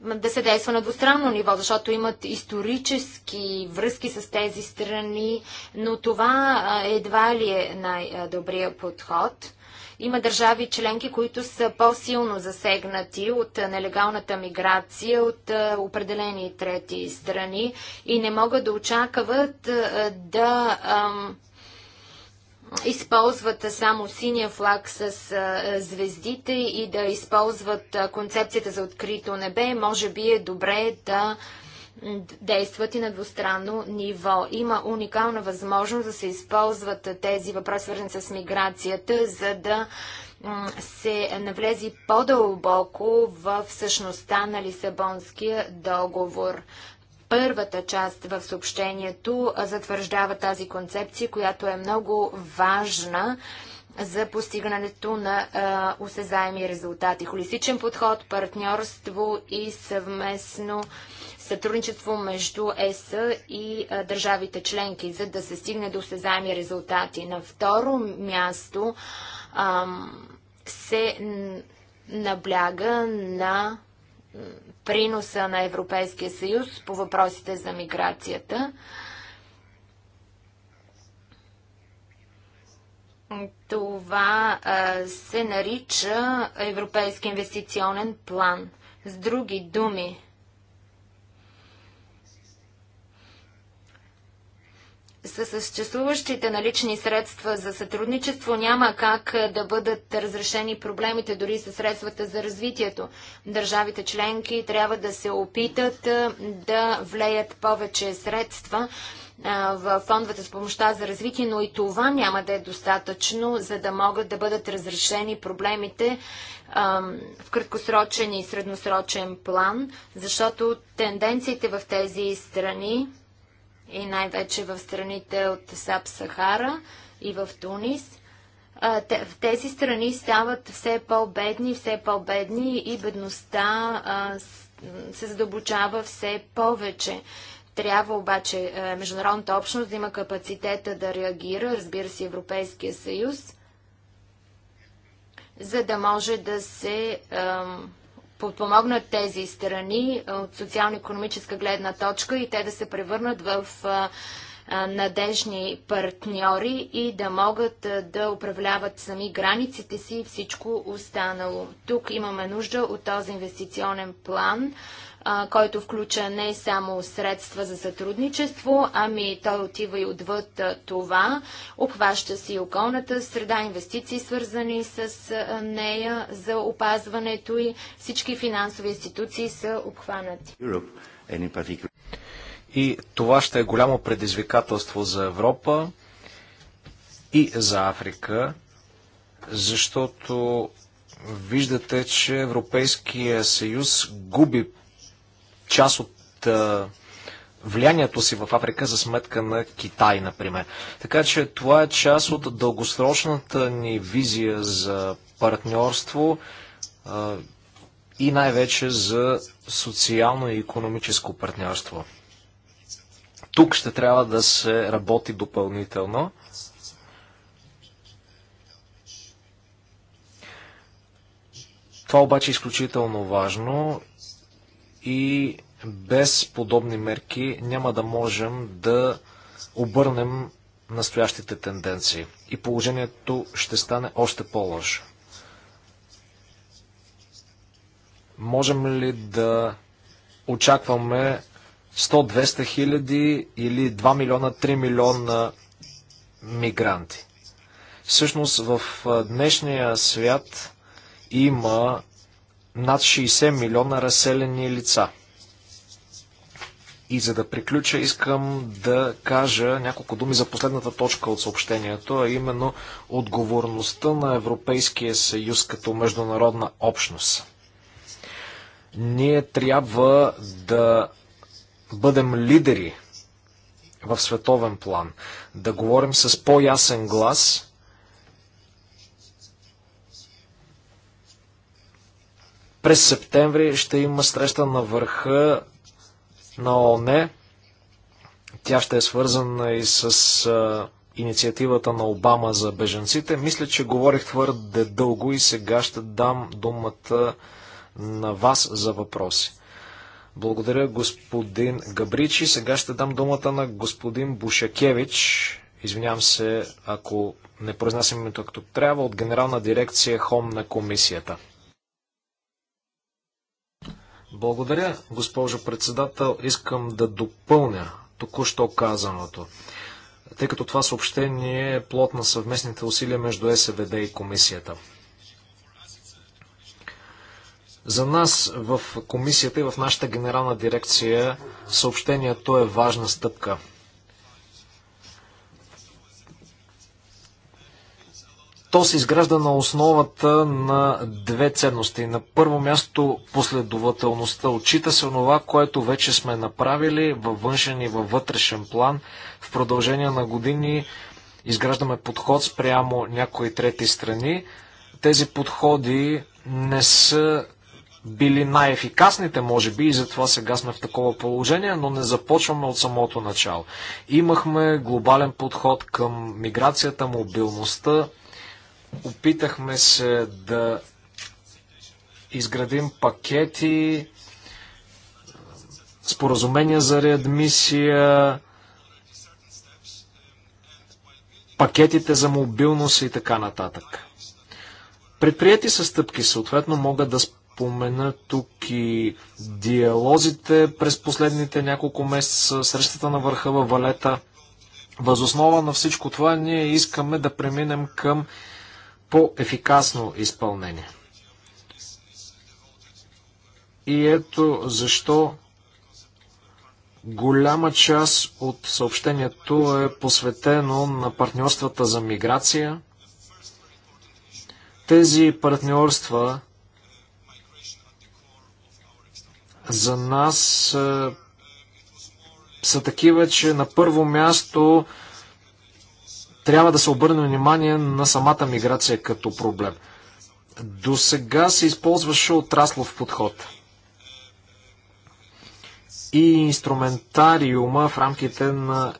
да се действа на двустранно ниво, защото имат исторически връзки с тези страни, но това едва ли е най-добрият подход. Има държави членки, които са по-силно засегнати от нелегалната миграция от определени трети страни и не могат да очакват да използват само синия флаг с звездите и да използват концепцията за открито небе, може би е добре да действат и на двустранно ниво. Има уникална възможност да се използват тези въпроси, свързани с миграцията, за да се навлези по-дълбоко в същността на Лисабонския договор първата част в съобщението затвърждава тази концепция, която е много важна за постигането на а, осезаеми резултати. Холистичен подход, партньорство и съвместно сътрудничество между ЕС и а, държавите членки, за да се стигне до осезаеми резултати. На второ място а, се набляга на приноса на Европейския съюз по въпросите за миграцията. Това се нарича Европейски инвестиционен план. С други думи, С съществуващите налични средства за сътрудничество няма как е, да бъдат разрешени проблемите дори със средствата за развитието. Държавите членки трябва да се опитат е, да влеят повече средства е, в фондовете с помощта за развитие, но и това няма да е достатъчно, за да могат да бъдат разрешени проблемите в краткосрочен и средносрочен план, защото тенденциите в тези страни и най-вече в страните от Саб Сахара и в Тунис. В Тези страни стават все по-бедни, все по-бедни и бедността се задълбочава все повече. Трябва обаче международната общност да има капацитета да реагира, разбира се, Европейския съюз, за да може да се подпомогнат тези страни от социално-економическа гледна точка и те да се превърнат в надежни партньори и да могат да управляват сами границите си и всичко останало. Тук имаме нужда от този инвестиционен план, който включа не само средства за сътрудничество, ами той отива и отвъд това. Обхваща си околната среда, инвестиции свързани с нея за опазването и всички финансови институции са обхванати. И това ще е голямо предизвикателство за Европа и за Африка, защото виждате, че Европейския съюз губи част от влиянието си в Африка за сметка на Китай, например. Така че това е част от дългосрочната ни визия за партньорство а, и най-вече за социално и економическо партньорство. Тук ще трябва да се работи допълнително. Това обаче е изключително важно и без подобни мерки няма да можем да обърнем настоящите тенденции и положението ще стане още по-лошо. Можем ли да очакваме 100-200 хиляди или 2 милиона, 3 милиона мигранти? Всъщност в днешния свят има над 60 милиона разселени лица. И за да приключа, искам да кажа няколко думи за последната точка от съобщението, а именно отговорността на Европейския съюз като международна общност. Ние трябва да бъдем лидери в световен план, да говорим с по-ясен глас През септември ще има среща на върха на ООН. Тя ще е свързана и с а, инициативата на Обама за беженците. Мисля, че говорих твърде дълго и сега ще дам думата на вас за въпроси. Благодаря, господин Габричи. Сега ще дам думата на господин Бушакевич. Извинявам се, ако не произнасям името както трябва, от Генерална дирекция Хом на комисията. Благодаря, госпожо председател. Искам да допълня току-що казаното, тъй като това съобщение е плод на съвместните усилия между СВД и комисията. За нас в комисията и в нашата генерална дирекция съобщението е важна стъпка – То се изгражда на основата на две ценности. На първо място последователността. Отчита се онова, което вече сме направили във външен и във вътрешен план. В продължение на години изграждаме подход спрямо някои трети страни. Тези подходи не са били най-ефикасните, може би, и затова сега сме в такова положение, но не започваме от самото начало. Имахме глобален подход към миграцията, мобилността, Опитахме се да изградим пакети, споразумения за реадмисия, пакетите за мобилност и така нататък. Предприяти са стъпки, съответно могат да спомена тук и диалозите през последните няколко месеца, срещата на върха във Валета. Възоснова на всичко това ние искаме да преминем към по-ефикасно изпълнение. И ето защо голяма част от съобщението е посветено на партньорствата за миграция. Тези партньорства за нас е, са такива, че на първо място трябва да се обърне внимание на самата миграция като проблем. До сега се използваше отраслов подход. И инструментариума в рамките на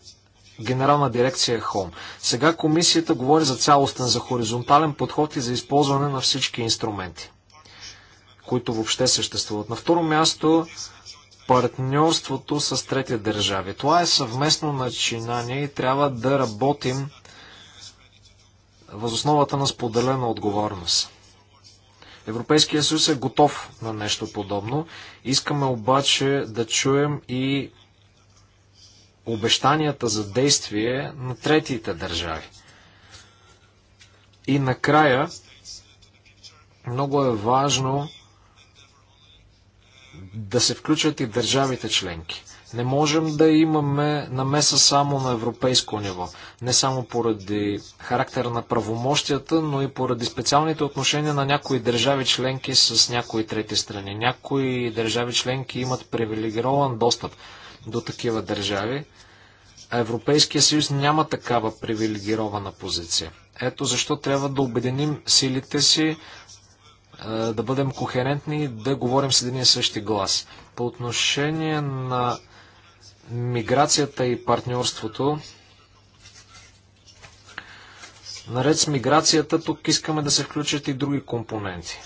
Генерална дирекция Хом. Сега комисията говори за цялостен, за хоризонтален подход и за използване на всички инструменти, които въобще съществуват. На второ място партньорството с трети държави. Това е съвместно начинание и трябва да работим възосновата на споделена отговорност. Европейския съюз е готов на нещо подобно. Искаме обаче да чуем и обещанията за действие на третите държави. И накрая, много е важно да се включат и държавите членки. Не можем да имаме намеса само на европейско ниво. Не само поради характера на правомощията, но и поради специалните отношения на някои държави членки с някои трети страни. Някои държави членки имат привилегирован достъп до такива държави, а Европейския съюз няма такава привилегирована позиция. Ето защо трябва да обединим силите си, е, да бъдем кохерентни и да говорим с един и същи глас. По отношение на миграцията и партньорството. Наред с миграцията, тук искаме да се включат и други компоненти.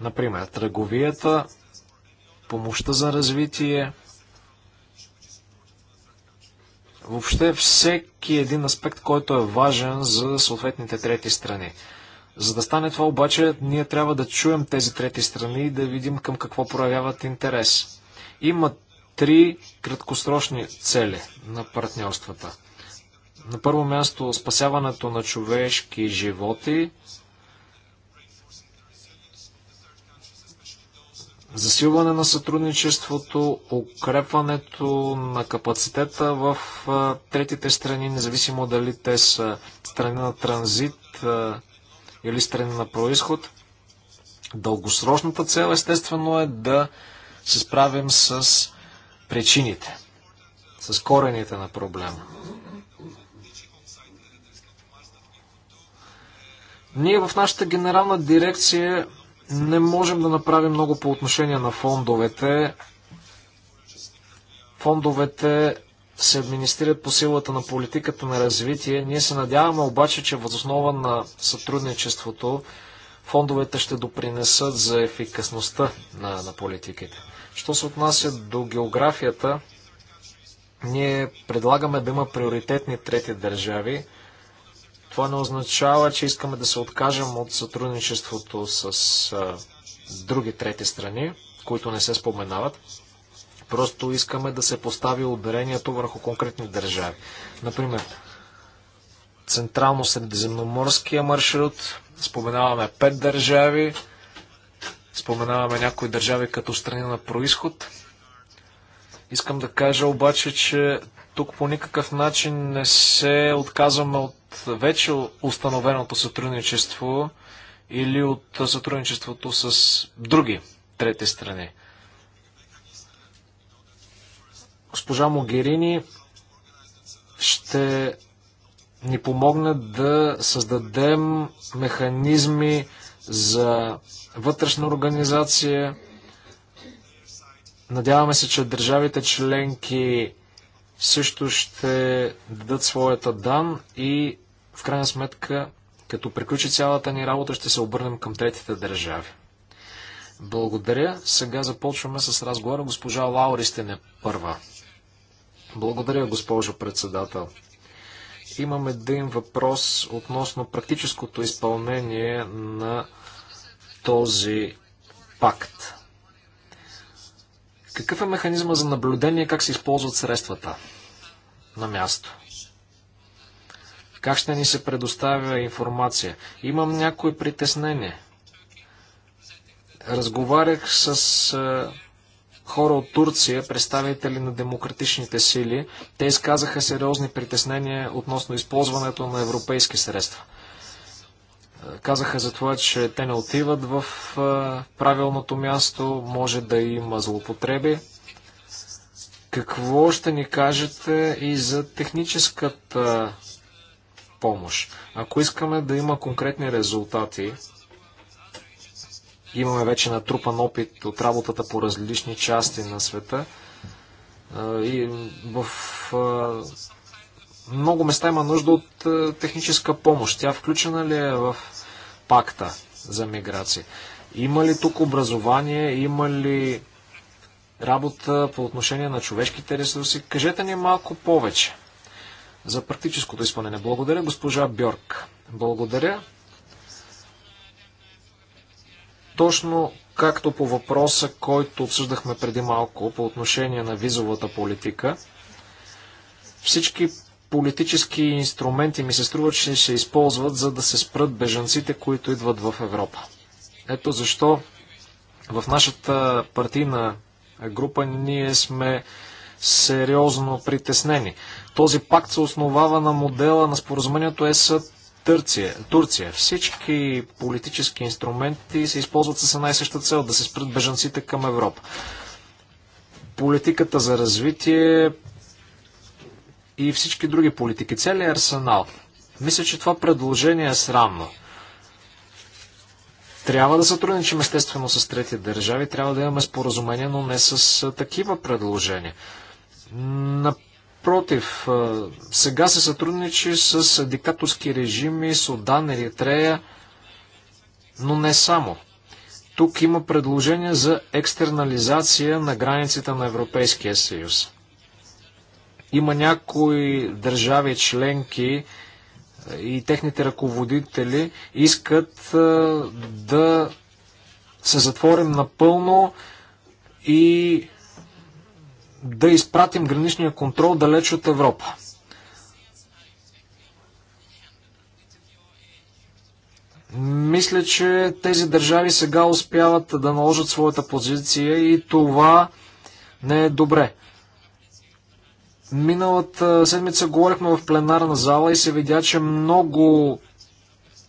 Например, търговията, помощта за развитие, въобще всеки един аспект, който е важен за съответните трети страни. За да стане това обаче, ние трябва да чуем тези трети страни и да видим към какво проявяват интерес. Има три краткосрочни цели на партньорствата. На първо място спасяването на човешки животи, засилване на сътрудничеството, укрепването на капацитета в третите страни, независимо дали те са страни на транзит или страни на происход. Дългосрочната цел естествено е да се справим с причините, с корените на проблема. Ние в нашата генерална дирекция не можем да направим много по отношение на фондовете. Фондовете се администрират по силата на политиката на развитие. Ние се надяваме обаче, че възоснова на сътрудничеството Фондовете ще допринесат за ефикасността на, на политиките. Що се отнася до географията, ние предлагаме да има приоритетни трети държави. Това не означава, че искаме да се откажем от сътрудничеството с а, други трети страни, които не се споменават. Просто искаме да се постави ударението върху конкретни държави. Например, Централно-средиземноморския маршрут. Споменаваме пет държави. Споменаваме някои държави като страни на происход. Искам да кажа обаче, че тук по никакъв начин не се отказваме от вече установеното сътрудничество или от сътрудничеството с други трети страни. Госпожа Могерини ще ни помогне да създадем механизми за вътрешна организация. Надяваме се, че държавите членки също ще дадат своята дан и в крайна сметка, като приключи цялата ни работа, ще се обърнем към третите държави. Благодаря. Сега започваме с разговора. Госпожа сте не първа. Благодаря, госпожо председател. Имам един въпрос относно практическото изпълнение на този пакт. Какъв е механизма за наблюдение, как се използват средствата на място? Как ще ни се предоставя информация? Имам някои притеснения. Разговарях с е, хора от Турция, представители на демократичните сили. Те изказаха сериозни притеснения относно използването на европейски средства. Казаха за това, че те не отиват в правилното място, може да има злоупотреби. Какво ще ни кажете и за техническата помощ? Ако искаме да има конкретни резултати, Имаме вече натрупан опит от работата по различни части на света. И в много места има нужда от техническа помощ. Тя включена ли е в пакта за миграция? Има ли тук образование? Има ли работа по отношение на човешките ресурси? Кажете ни малко повече за практическото изпълнение. Благодаря, госпожа Бьорк. Благодаря. Точно както по въпроса, който обсъждахме преди малко по отношение на визовата политика, всички политически инструменти ми се струва, че се използват, за да се спрат бежанците, които идват в Европа. Ето защо в нашата партийна група ние сме сериозно притеснени. Този пакт се основава на модела на споразумението ЕС Турция, Турция. Всички политически инструменти се използват с една и съща цел да се спрат бежанците към Европа. Политиката за развитие и всички други политики. Целият арсенал. Мисля, че това предложение е срамно. Трябва да сътрудничим естествено с трети държави, трябва да имаме споразумение, но не с такива предложения. На Напротив, сега се сътрудничи с диктаторски режими Судан, Еритрея, но не само. Тук има предложение за екстернализация на границите на Европейския съюз. Има някои държави членки и техните ръководители искат да се затворим напълно и да изпратим граничния контрол далеч от Европа. Мисля, че тези държави сега успяват да наложат своята позиция и това не е добре. Миналата седмица говорихме в пленарна зала и се видя, че много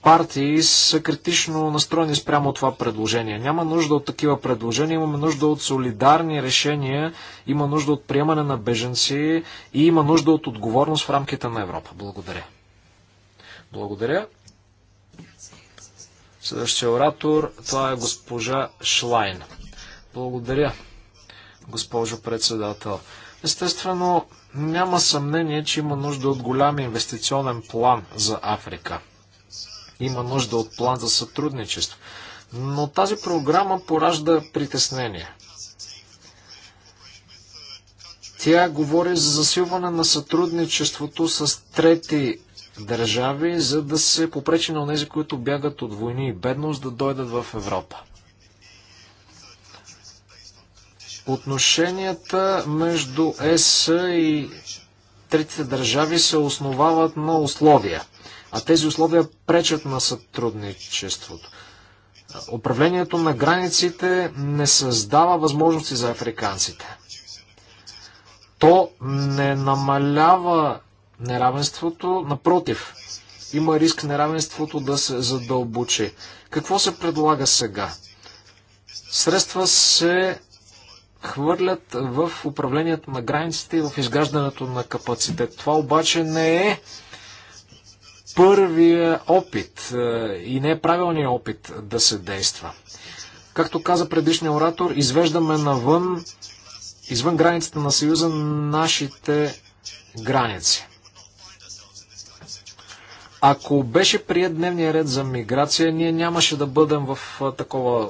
партии са критично настроени спрямо това предложение. Няма нужда от такива предложения, имаме нужда от солидарни решения, има нужда от приемане на беженци и има нужда от отговорност в рамките на Европа. Благодаря. Благодаря. Следващия оратор, това е госпожа Шлайн. Благодаря, госпожо председател. Естествено, няма съмнение, че има нужда от голям инвестиционен план за Африка. Има нужда от план за сътрудничество. Но тази програма поражда притеснение. Тя говори за засилване на сътрудничеството с трети държави, за да се попречи на тези, които бягат от войни и бедност, да дойдат в Европа. Отношенията между ЕС и третите държави се основават на условия. А тези условия пречат на сътрудничеството. Управлението на границите не създава възможности за африканците. То не намалява неравенството, напротив, има риск неравенството да се задълбочи. Какво се предлага сега? Средства се хвърлят в управлението на границите и в изграждането на капацитет. Това обаче не е първия опит е, и не е правилният опит да се действа. Както каза предишния оратор, извеждаме навън, извън границата на Съюза, нашите граници. Ако беше прият дневния ред за миграция, ние нямаше да бъдем в е, такова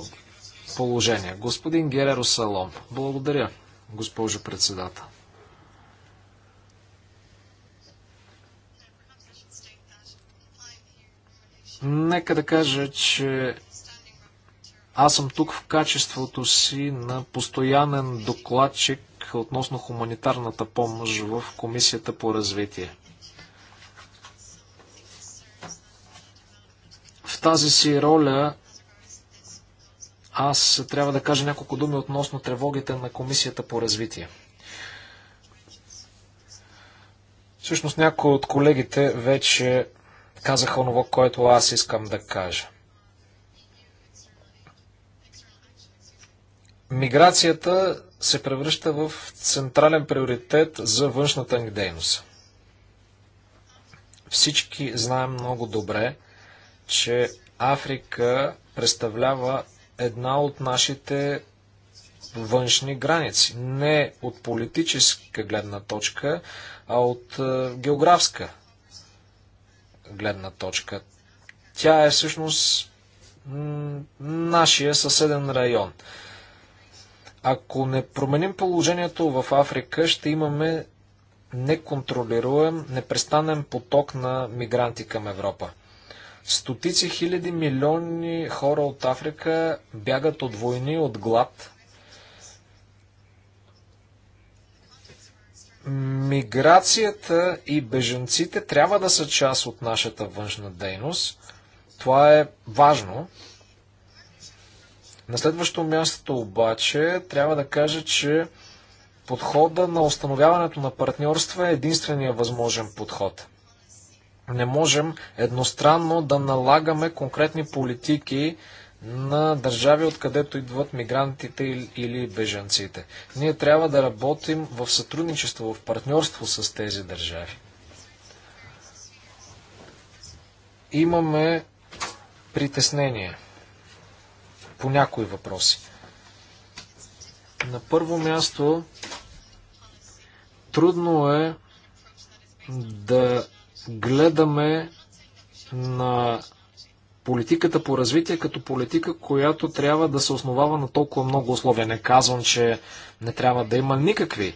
положение. Господин Гереро Салом, благодаря, госпожо председател. Нека да кажа, че аз съм тук в качеството си на постоянен докладчик относно хуманитарната помощ в Комисията по развитие. В тази си роля аз трябва да кажа няколко думи относно тревогите на Комисията по развитие. Всъщност някои от колегите вече казаха онова, което аз искам да кажа. Миграцията се превръща в централен приоритет за външната ни дейност. Всички знаем много добре, че Африка представлява една от нашите външни граници. Не от политическа гледна точка, а от е, географска гледна точка. Тя е всъщност нашия съседен район. Ако не променим положението в Африка, ще имаме неконтролируем, непрестанен поток на мигранти към Европа. Стотици хиляди милиони хора от Африка бягат от войни, от глад, миграцията и бежанците трябва да са част от нашата външна дейност. Това е важно. На следващо място обаче трябва да кажа, че подхода на установяването на партньорства е единствения възможен подход. Не можем едностранно да налагаме конкретни политики на държави, откъдето идват мигрантите или бежанците. Ние трябва да работим в сътрудничество, в партньорство с тези държави. Имаме притеснение по някои въпроси. На първо място, трудно е да гледаме на политиката по развитие като политика, която трябва да се основава на толкова много условия. Не казвам, че не трябва да има никакви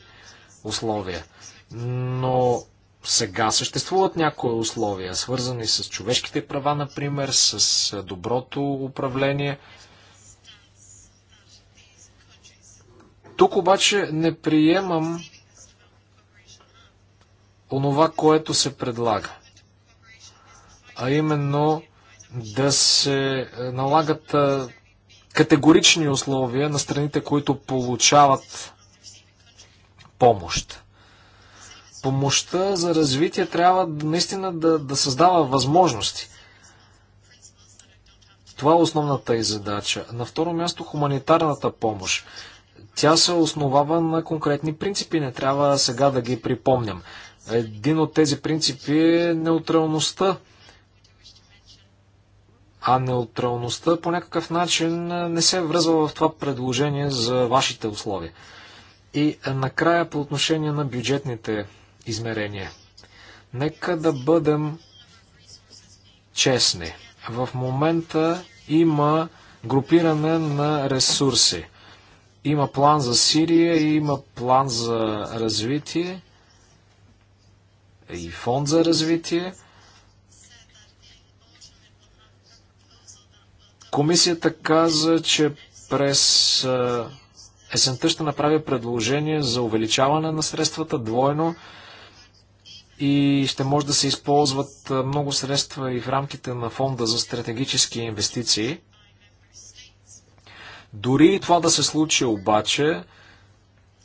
условия, но сега съществуват някои условия, свързани с човешките права, например, с доброто управление. Тук обаче не приемам онова, което се предлага. А именно да се е, налагат е, категорични условия на страните, които получават помощ. Помощта за развитие трябва наистина да, да създава възможности. Това е основната и задача. На второ място хуманитарната помощ. Тя се основава на конкретни принципи, не трябва сега да ги припомням. Един от тези принципи е неутралността а неутралността по някакъв начин не се връзва в това предложение за вашите условия. И накрая по отношение на бюджетните измерения. Нека да бъдем честни. В момента има групиране на ресурси. Има план за Сирия, има план за развитие и фонд за развитие – Комисията каза, че през есента ще направи предложение за увеличаване на средствата двойно и ще може да се използват много средства и в рамките на фонда за стратегически инвестиции. Дори това да се случи обаче,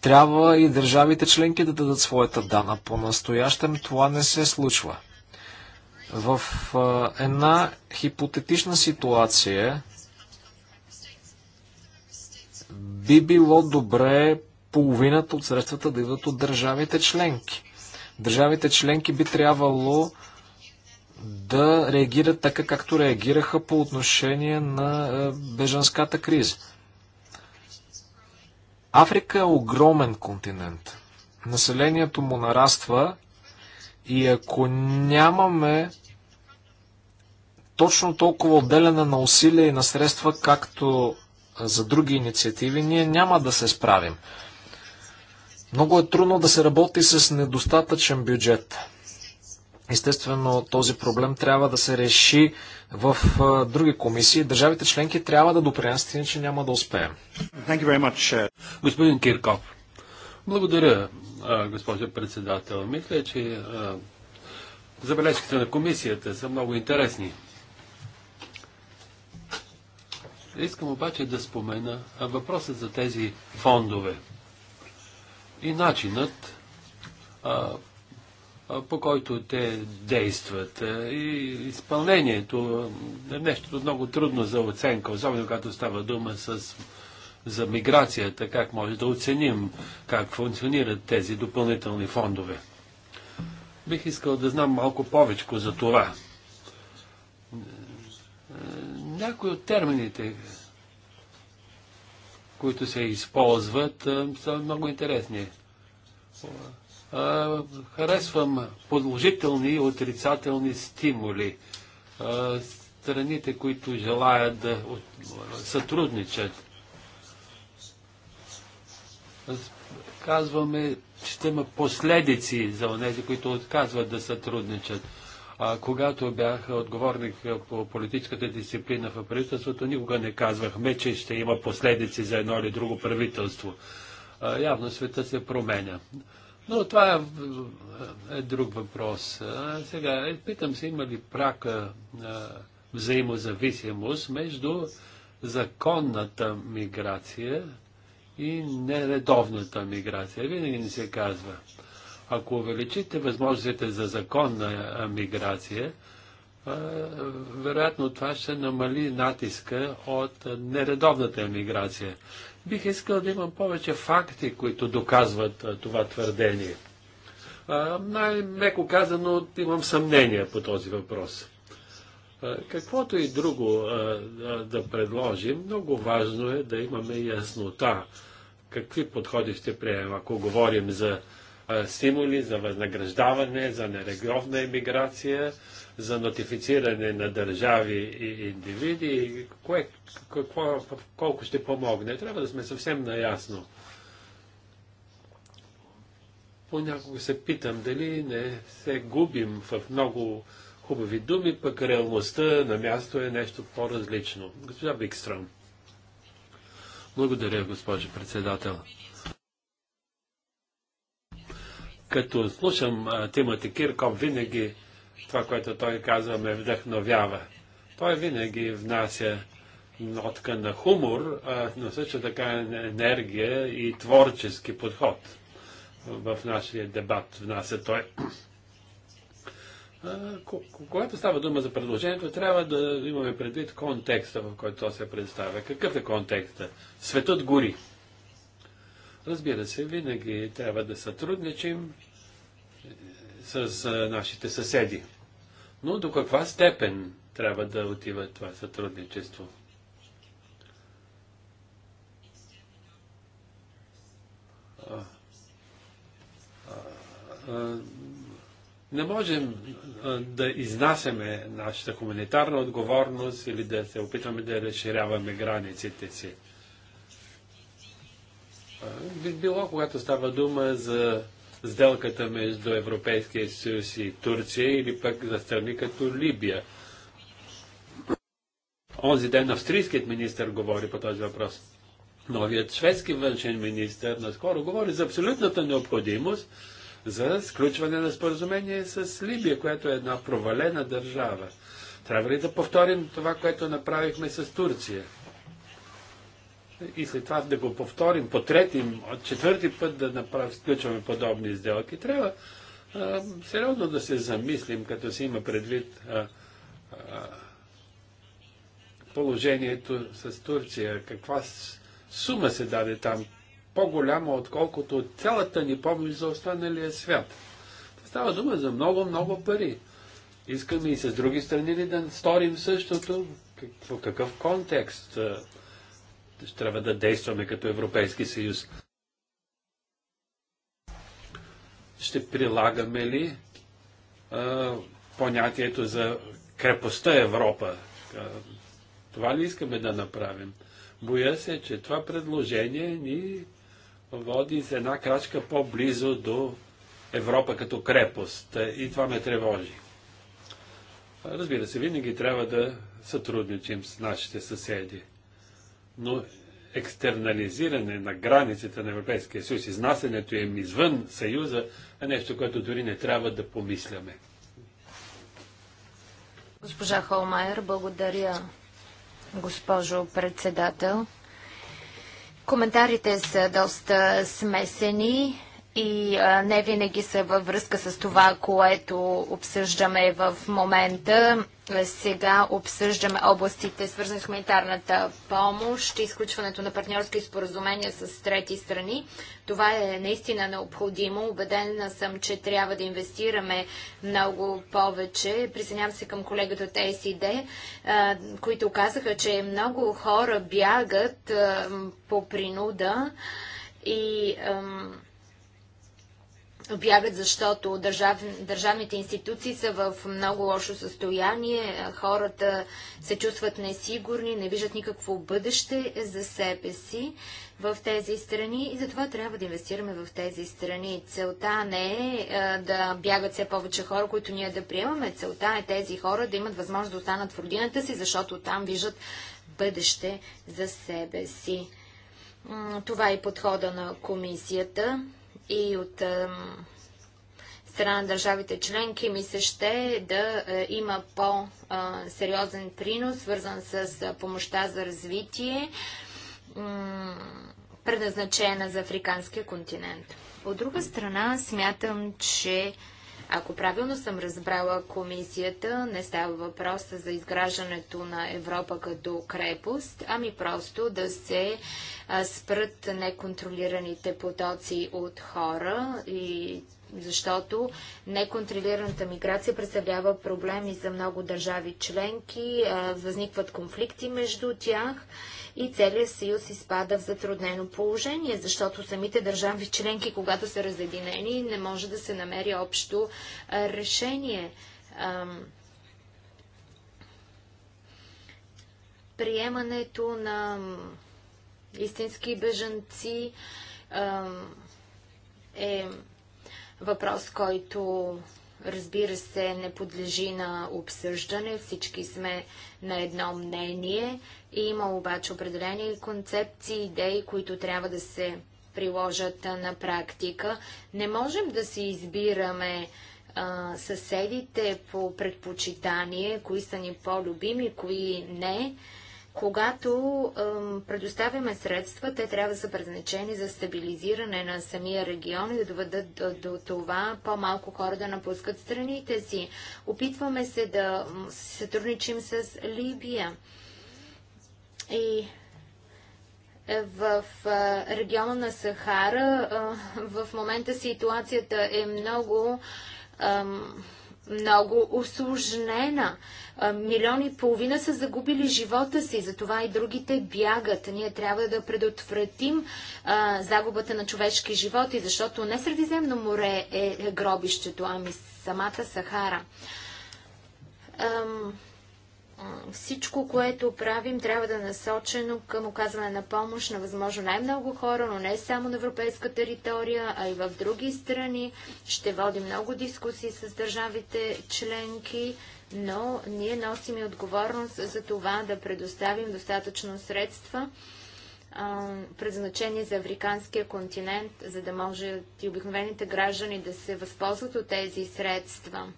трябва и държавите членки да дадат своята дана. По-настоящем това не се случва. В една хипотетична ситуация би било добре половината от средствата да идват от държавите членки. Държавите членки би трябвало да реагират така, както реагираха по отношение на бежанската криза. Африка е огромен континент. Населението му нараства и ако нямаме точно толкова отделяне на усилия и на средства, както за други инициативи, ние няма да се справим. Много е трудно да се работи с недостатъчен бюджет. Естествено, този проблем трябва да се реши в а, други комисии. Държавите членки трябва да допринесат, иначе няма да успеем. Uh, Господин Кирков, благодаря госпожо председател. Мисля, че забележките на комисията са много интересни. Искам обаче да спомена въпросът за тези фондове и начинът по който те действат. И изпълнението е нещо много трудно за оценка, особено когато става дума с за миграцията, как може да оценим как функционират тези допълнителни фондове. Бих искал да знам малко повече за това. Някои от термините, които се използват, са много интересни. Харесвам положителни и отрицателни стимули. Страните, които желаят да сътрудничат казваме, ще има последици за тези, които отказват да сътрудничат. А, когато бях отговорник по политическата дисциплина в правителството, никога не казвахме, че ще има последици за едно или друго правителство. А, явно света се променя. Но това е, е друг въпрос. А, сега, е, питам се, има ли прака а, взаимозависимост между законната миграция, и нередовната миграция. Винаги ни се казва, ако увеличите възможностите за законна миграция, вероятно това ще намали натиска от нередовната емиграция. Бих искал да имам повече факти, които доказват това твърдение. Най-меко казано имам съмнение по този въпрос. Каквото и друго да предложим, много важно е да имаме яснота какви подходи ще приемем, ако говорим за стимули, за възнаграждаване, за нерегровна емиграция, за нотифициране на държави и индивиди, кое, какво, колко ще помогне. Трябва да сме съвсем наясно. Понякога се питам дали не се губим в много хубави думи, пък реалността на място е нещо по-различно. Госпожа Бикстрам. Благодаря, госпожо председател. Като слушам Тимоти Кирков, винаги това, което той казва, ме вдъхновява. Той винаги внася нотка на хумор, но също така енергия и творчески подход в нашия дебат внася той. Когато става дума за предложението, трябва да имаме предвид контекста, в който то се представя. Какъв е контекста? Светът гори. Разбира се, винаги трябва да сътрудничим е, с е, нашите съседи. Но до каква степен трябва да отива това сътрудничество? А, а, а не можем да изнасяме нашата хуманитарна отговорност или да се опитваме да разширяваме границите си. Би било, когато става дума за сделката между Европейския съюз и Турция или пък за страни като Либия. Онзи ден австрийският министр говори по този въпрос. Новият шведски външен министр наскоро говори за абсолютната необходимост за сключване на споразумение с Либия, което е една провалена държава. Трябва ли да повторим това, което направихме с Турция? И след това да го повторим по трети, четвърти път да направим, сключваме подобни сделки. Трябва а, сериозно да се замислим, като се има предвид а, а, положението с Турция. Каква сума се даде там? по-голяма, отколкото цялата ни помощ за останалия свят. Става дума за много, много пари. Искаме и с други страни ли да сторим същото? В какъв контекст ще трябва да действаме като Европейски съюз? Ще прилагаме ли а, понятието за крепостта Европа? А, това ли искаме да направим? Боя се, че това предложение ни води с една крачка по-близо до Европа като крепост. И това ме тревожи. Разбира се, винаги трябва да сътрудничим с нашите съседи. Но екстернализиране на границите на Европейския съюз, изнасянето им извън Съюза, е нещо, което дори не трябва да помисляме. Госпожа Холмайер, благодаря, госпожо председател. Коментарите са доста смесени и не винаги са във връзка с това, което обсъждаме в момента. Сега обсъждаме областите, свързани с хуманитарната помощ, изключването на партньорски споразумения с трети страни. Това е наистина необходимо. Убедена съм, че трябва да инвестираме много повече. Присъединявам се към колегата от ACD, които казаха, че много хора бягат по принуда и бягат, защото държав, държавните институции са в много лошо състояние, хората се чувстват несигурни, не виждат никакво бъдеще за себе си в тези страни и затова трябва да инвестираме в тези страни. Целта не е да бягат все повече хора, които ние да приемаме. Целта е тези хора да имат възможност да останат в родината си, защото там виждат бъдеще за себе си. Това е подхода на комисията и от страна на държавите членки ми се ще да е, има по-сериозен принос, свързан с помощта за развитие, предназначена за африканския континент. От друга страна, смятам, че ако правилно съм разбрала комисията, не става въпрос за изграждането на Европа като крепост, ами просто да се спрат неконтролираните потоци от хора и защото неконтролираната миграция представлява проблеми за много държави членки, възникват конфликти между тях и целият съюз изпада в затруднено положение, защото самите държави членки, когато са разединени, не може да се намери общо решение. Приемането на истински бежанци е Въпрос, който разбира се не подлежи на обсъждане, всички сме на едно мнение. Има обаче определени концепции, идеи, които трябва да се приложат на практика. Не можем да си избираме съседите по предпочитание, кои са ни по-любими, кои не. Когато ем, предоставяме средства, те трябва да са предназначени за стабилизиране на самия регион и да доведат до, до това по-малко хора да напускат страните си. Опитваме се да сътрудничим с Либия. И е, в региона на Сахара в момента ситуацията е много много осложнена. Милиони и половина са загубили живота си, затова и другите бягат. Ние трябва да предотвратим а, загубата на човешки животи, защото не Средиземно море е гробището, ами самата Сахара. Ам, всичко, което правим, трябва да е насочено към оказване на помощ на възможно най-много хора, но не само на европейска територия, а и в други страни. Ще водим много дискусии с държавите членки, но ние носим и отговорност за това да предоставим достатъчно средства, а, предназначени за африканския континент, за да може и обикновените граждани да се възползват от тези средства.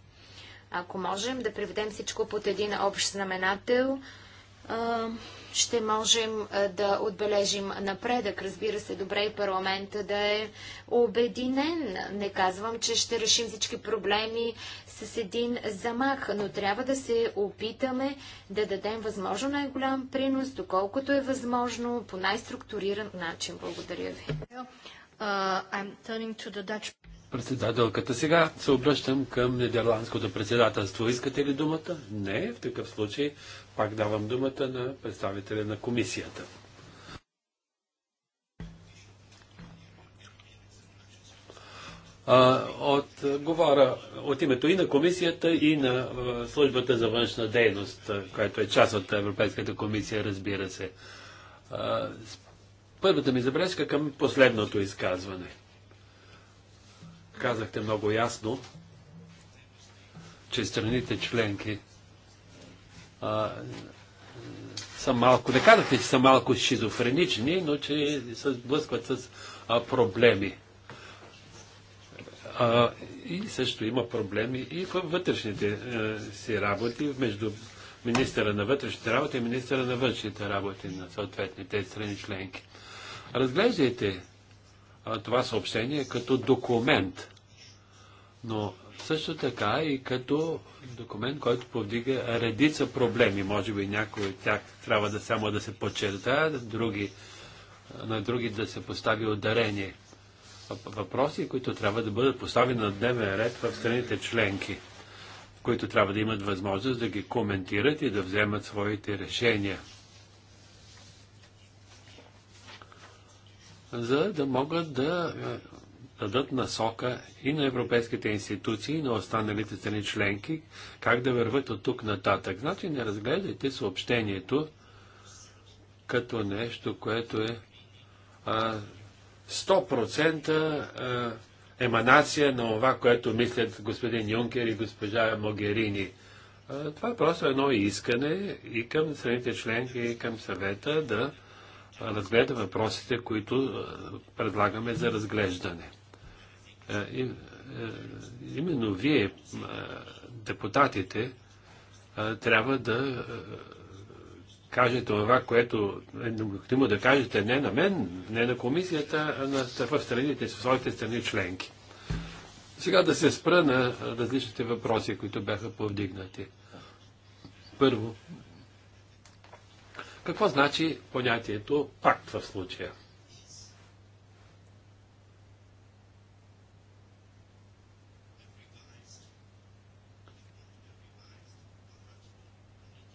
Ако можем да приведем всичко под един общ знаменател, ще можем да отбележим напредък. Разбира се, добре и парламента да е обединен. Не казвам, че ще решим всички проблеми с един замах, но трябва да се опитаме да дадем възможно най-голям принос, доколкото е възможно, по най-структуриран начин. Благодаря ви. Uh, Председателката, сега се обръщам към Нидерландското председателство. Искате ли думата? Не, в такъв случай пак давам думата на представителя на комисията. от, говоря от името и на комисията, и на службата за външна дейност, която е част от Европейската комисия, разбира се. Първата ми забележка към последното изказване казахте много ясно, че страните членки а, са малко, не казахте, че са малко шизофренични, но че се сблъскват с а, проблеми. А, и също има проблеми и във вътрешните а, е, си работи, между министъра на вътрешните работи и министъра на външните работи на съответните страни членки. Разглеждайте това съобщение е като документ, но също така и като документ, който повдига редица проблеми. Може би някои от тях трябва да само да се подчертаят, други, на други да се постави ударение. Въпроси, които трябва да бъдат поставени на дневен ред в страните членки, които трябва да имат възможност да ги коментират и да вземат своите решения. за да могат да е, дадат насока и на европейските институции, и на останалите страни членки, как да върват от тук нататък. Значи не разглеждайте съобщението като нещо, което е а, 100% а, е, еманация на това, което мислят господин Юнкер и госпожа Могерини. А, това е просто едно искане и към страните членки, и към съвета да разгледа въпросите, които е, предлагаме за разглеждане. Е, и, е, именно вие, депутатите, трябва да кажете това, което е необходимо да кажете не на мен, не на комисията, а на, в страните, в своите страни членки. Сега да се спра на различните въпроси, които бяха повдигнати. Първо, какво значи понятието пакт в случая?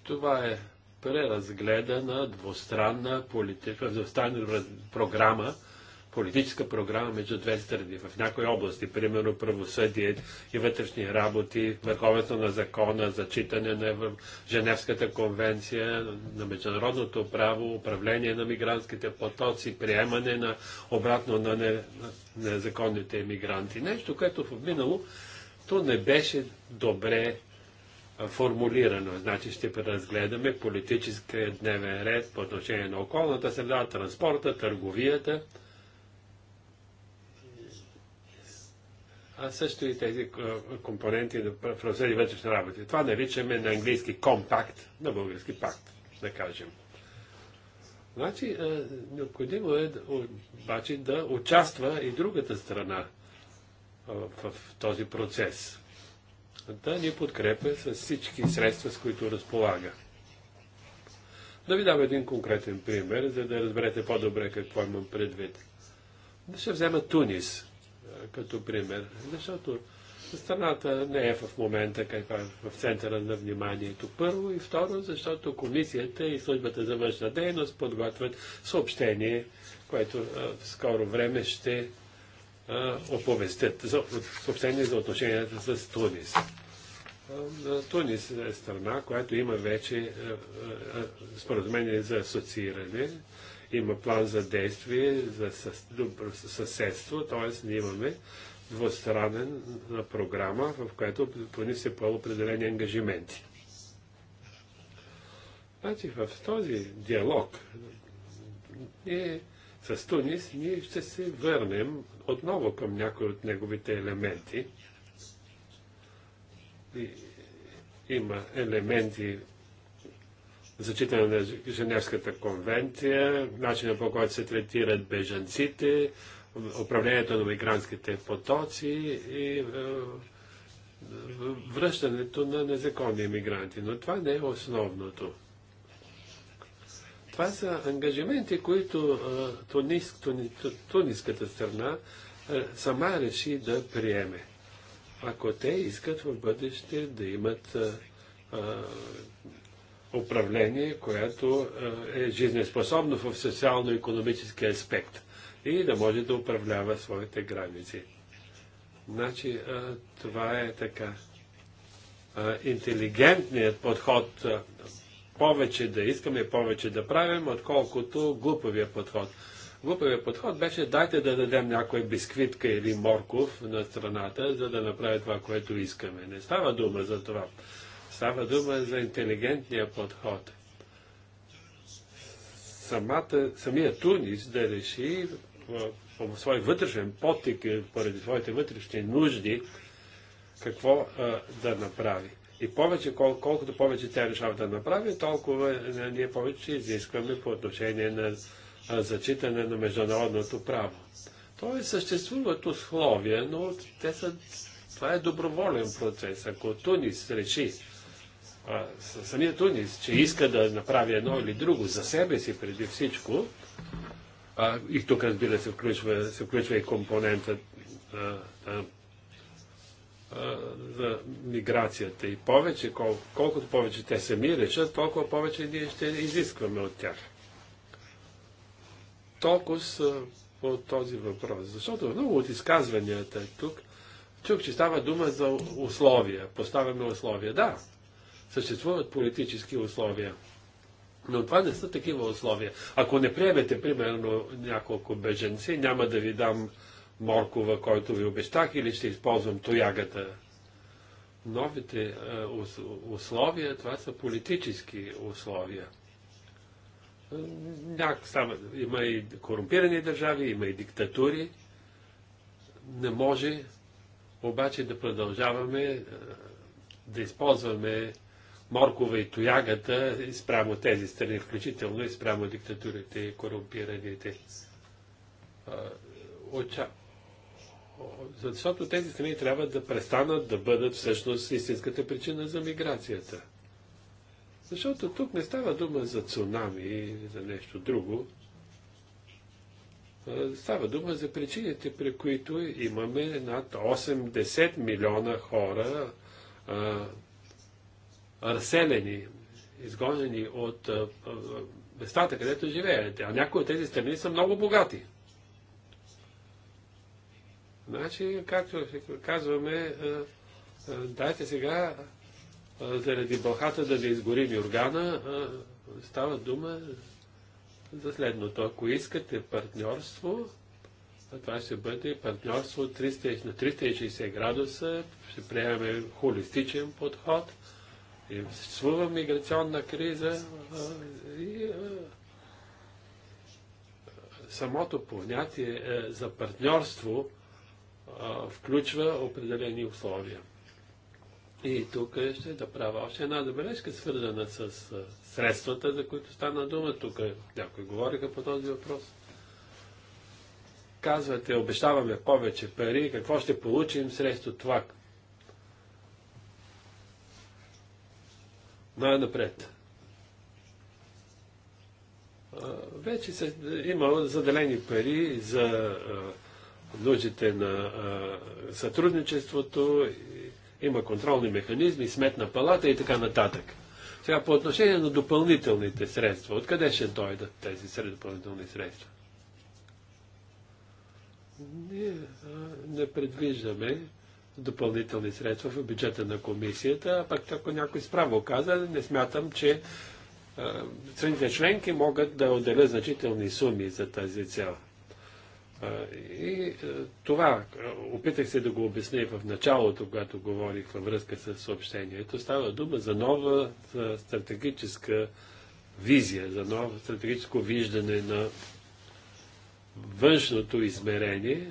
Това е преразгледана двустранна политика, двустранна програма политическа програма между две страни в някои области, примерно правосъдие и вътрешни работи, върховенство на закона, зачитане на Женевската конвенция, на международното право, управление на мигрантските потоци, приемане на обратно на, незаконните емигранти. Нещо, което в то не беше добре формулирано. Значи ще преразгледаме политическия дневен ред по отношение на околната среда, транспорта, търговията, а също и тези компоненти на правосъдие вътрешни работи. Това наричаме на английски компакт, на български пакт, да кажем. Значи, необходимо е обаче значи да участва и другата страна в този процес. Да ни подкрепя с всички средства, с които разполага. Да ви дам един конкретен пример, за да разберете по-добре какво имам предвид. Да ще взема Тунис. Е, като пример, защото страната не е в момента каква е в центъра на вниманието. Първо и второ, защото комисията и службата за външна дейност подготвят съобщение, което а, е, в скоро време ще а, е, оповестят. За, съобщение за отношенията с Тунис. Тунис е страна, която има вече споразумение за асоцииране има план за действие за съседство, т.е. ние имаме двустранен програма, в която поне се по определени ангажименти. Значи в този диалог ние с Тунис ние ще се върнем отново към някои от неговите елементи. И, има елементи зачитане на Женевската конвенция, начина по който се третират бежанците, управлението на мигрантските потоци и е, връщането на незаконни мигранти. Но това не е основното. Това са ангажименти, които е, тунис, туниската страна е, сама реши да приеме. Ако те искат в бъдеще да имат управление, което е, е жизнеспособно в социално-економически аспект и да може да управлява своите граници. Значи, е, това е така. Е, интелигентният подход повече да искаме, повече да правим, отколкото глупавия подход. Глупавия подход беше дайте да дадем някоя бисквитка или морков на страната, за да направи това, което искаме. Не става дума за това. Става дума за интелигентния подход. Самата, самия Тунис да реши по, свой вътрешен потик, поради своите вътрешни нужди, какво а, да направи. И повече, кол, колкото повече тя решава да направи, толкова ние повече изискваме по отношение на а, зачитане на международното право. Тоест съществуват условия, но те са, това е доброволен процес. Ако Тунис реши самият самия Тунис, че иска да направи едно или друго за себе си преди всичко, а, и тук разбира се включва, се включва и компонента а, а, а, за миграцията и повече, кол, колкото повече те сами решат, толкова повече ние ще изискваме от тях. Толкова по този въпрос. Защото много от изказванията тук чух, че става дума за условия. Поставяме условия. Да, съществуват политически условия. Но това не са такива условия. Ако не приемете, примерно, няколко беженци, няма да ви дам моркова, който ви обещах, или ще използвам тоягата. Новите е, условия, това са политически условия. Няк, има и корумпирани държави, има и диктатури. Не може обаче да продължаваме е, да използваме моркова и тоягата спрямо тези страни, включително и спрямо диктатурите и корумпираните. Оча... Защото тези страни трябва да престанат да бъдат всъщност истинската причина за миграцията. Защото тук не става дума за цунами или за нещо друго. Става дума за причините, при които имаме над 80 милиона хора, разселени, изгонени от местата, където живеят. А някои от тези страни са много богати. Значи, както казваме, дайте сега заради бълхата да не изгорим Йоргана, става дума за следното. Ако искате партньорство, това ще бъде партньорство на 360 градуса, ще приемаме холистичен подход – и слува миграционна криза и самото понятие е, за партньорство включва определени условия. И тук ще да правя още една забележка, свързана с средствата, за които стана дума. Тук някои говориха по този въпрос. Казвате, обещаваме повече пари, какво ще получим срещу това, най-напред. Вече се, има заделени пари за нуждите на сътрудничеството, има контролни механизми, сметна палата и така нататък. Сега по отношение на допълнителните средства, откъде ще дойдат тези допълнителни средства? Ние не предвиждаме допълнителни средства в бюджета на комисията, а пък ако някой справо каза, не смятам, че страните членки могат да отделят значителни суми за тази цел. И това опитах се да го обясня в началото, когато говорих във връзка с съобщението. Става дума за нова стратегическа визия, за ново стратегическо виждане на външното измерение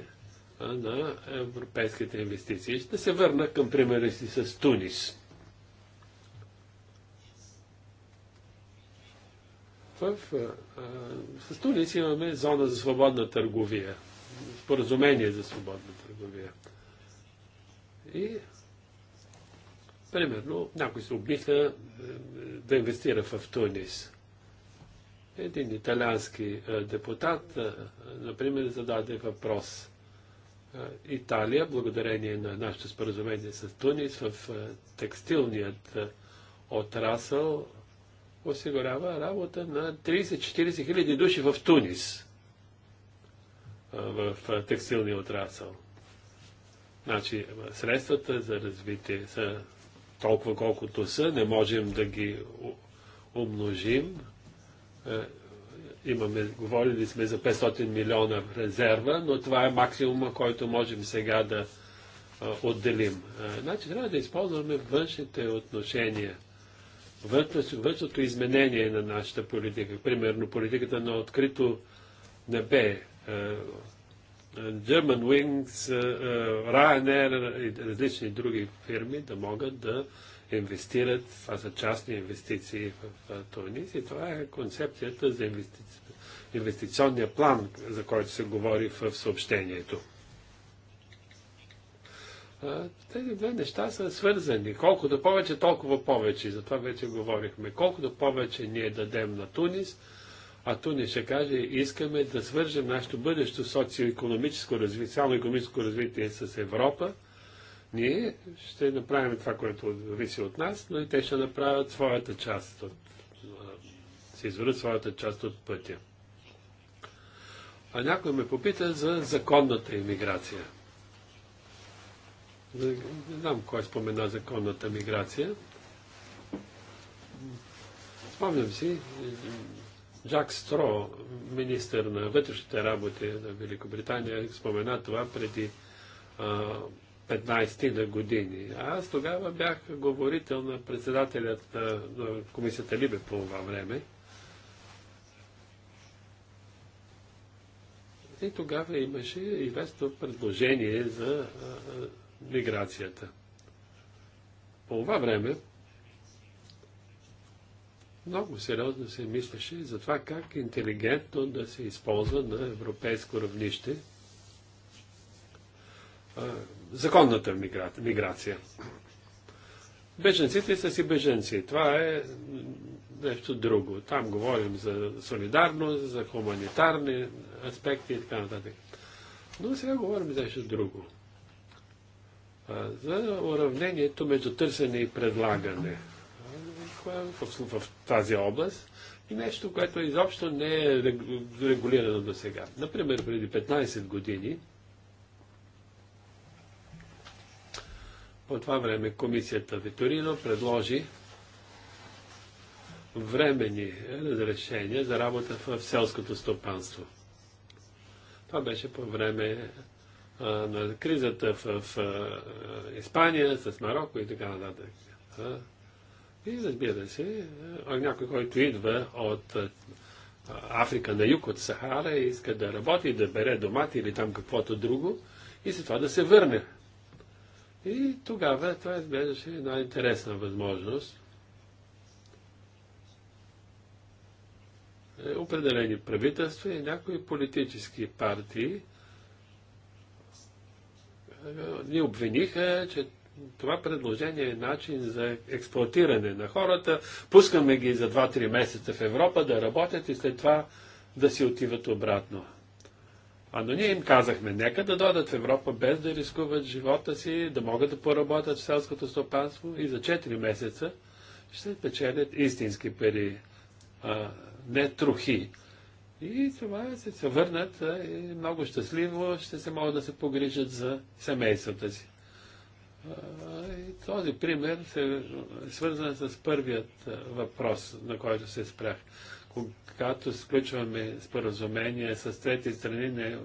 на европейските инвестиции. Ще се върна към примера си с Тунис. В, а, с Тунис имаме зона за свободна търговия, споразумение за свободна търговия. И Примерно, някой се обмисля е, да инвестира в Тунис. Един италиански е, депутат, е, например, зададе въпрос. Е, Италия, благодарение на нашето споразумение с Тунис в е, текстилният е, отрасъл, осигурява работа на 30-40 хиляди души в Тунис, в текстилния отрасъл. Значи, средствата за развитие са толкова колкото са, не можем да ги умножим Имаме, говорили сме за 500 милиона резерва, но това е максимума, който можем сега да а, отделим. А, значи трябва да използваме външните отношения, външното изменение на нашата политика. Примерно политиката на открито небе, German Wings, Ryanair и различни други фирми да могат да инвестират, това са частни инвестиции в, в Тунис и това е концепцията за инвести... инвестиционния план, за който се говори в, съобщението. тези две неща са свързани. Колкото повече, толкова повече. За това вече говорихме. Колкото повече ние дадем на Тунис, а Тунис ще каже, искаме да свържем нашето бъдещо социо-економическо развитие, социално-економическо развитие с Европа, ние ще направим това, което виси от нас, но и те ще направят своята част от се изведат своята част от пътя. А някой ме попита за законната иммиграция. Не знам кой спомена законната миграция. Спомням си, Джак Стро, министър на вътрешните работи на Великобритания, спомена това преди а, 15 на години. А аз тогава бях говорител на председателят на, на комисията Либе по това време. И тогава имаше и вестно предложение за а, а, миграцията. По това време много сериозно се мислеше за това как интелигентно да се използва на европейско равнище законната миграция. Беженците са си беженци. Това е нещо друго. Там говорим за солидарност, за хуманитарни аспекти и така нататък. Но сега говорим за нещо друго. За уравнението между търсене и предлагане е в тази област и нещо, което изобщо не е регулирано до сега. Например, преди 15 години По това време комисията Виторино предложи времени разрешения за работа в селското стопанство. Това беше по време на кризата в, Испания, с Марокко и така нататък. и разбира се, някой, който идва от Африка на юг от Сахара и иска да работи, да бере домати или там каквото друго и след това да се върне и тогава това изглеждаше една интересна възможност. Е, определени правителства и някои политически партии е, ни обвиниха, че това предложение е начин за експлуатиране на хората. Пускаме ги за 2-3 месеца в Европа да работят и след това да си отиват обратно. А, но ние им казахме, нека да дойдат в Европа без да рискуват живота си, да могат да поработят в селското стопанство и за 4 месеца ще печелят истински пари, а, не трохи. И това се, се върнат а, и много щастливо ще се могат да се погрижат за семействата си. А, и този пример се, е свързан с първият въпрос, на който се спрях когато сключваме споразумение с трети страни, не, е,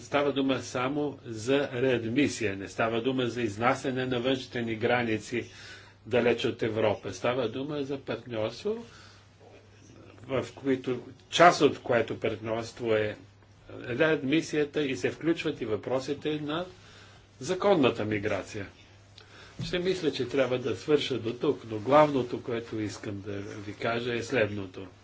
става дума само за реадмисия, не става дума за изнасяне на външните ни граници далеч от Европа. Става дума за партньорство, в които част от което партньорство е реадмисията и се включват и въпросите на законната миграция. Ще мисля, че трябва да свърша до тук, но главното, което искам да ви кажа е следното –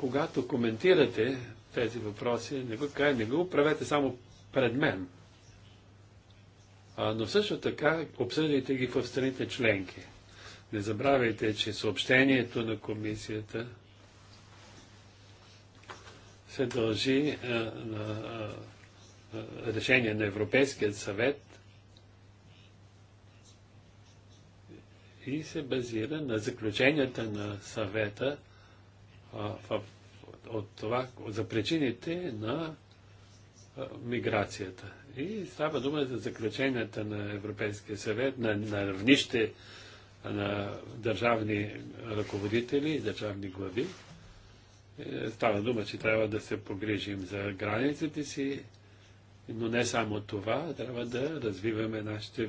когато коментирате тези въпроси, не го, не го правете само пред мен, а, но също така обсъждайте ги в страните членки. Не забравяйте, че съобщението на комисията се дължи а, на а, решение на Европейският съвет и се базира на заключенията на съвета в, от това, за причините на миграцията. И става дума за заключенията на Европейския съвет на, на равнище на държавни ръководители и държавни глави. Е, става дума, че трябва да се погрижим за границите си, но не само това, трябва да развиваме нашата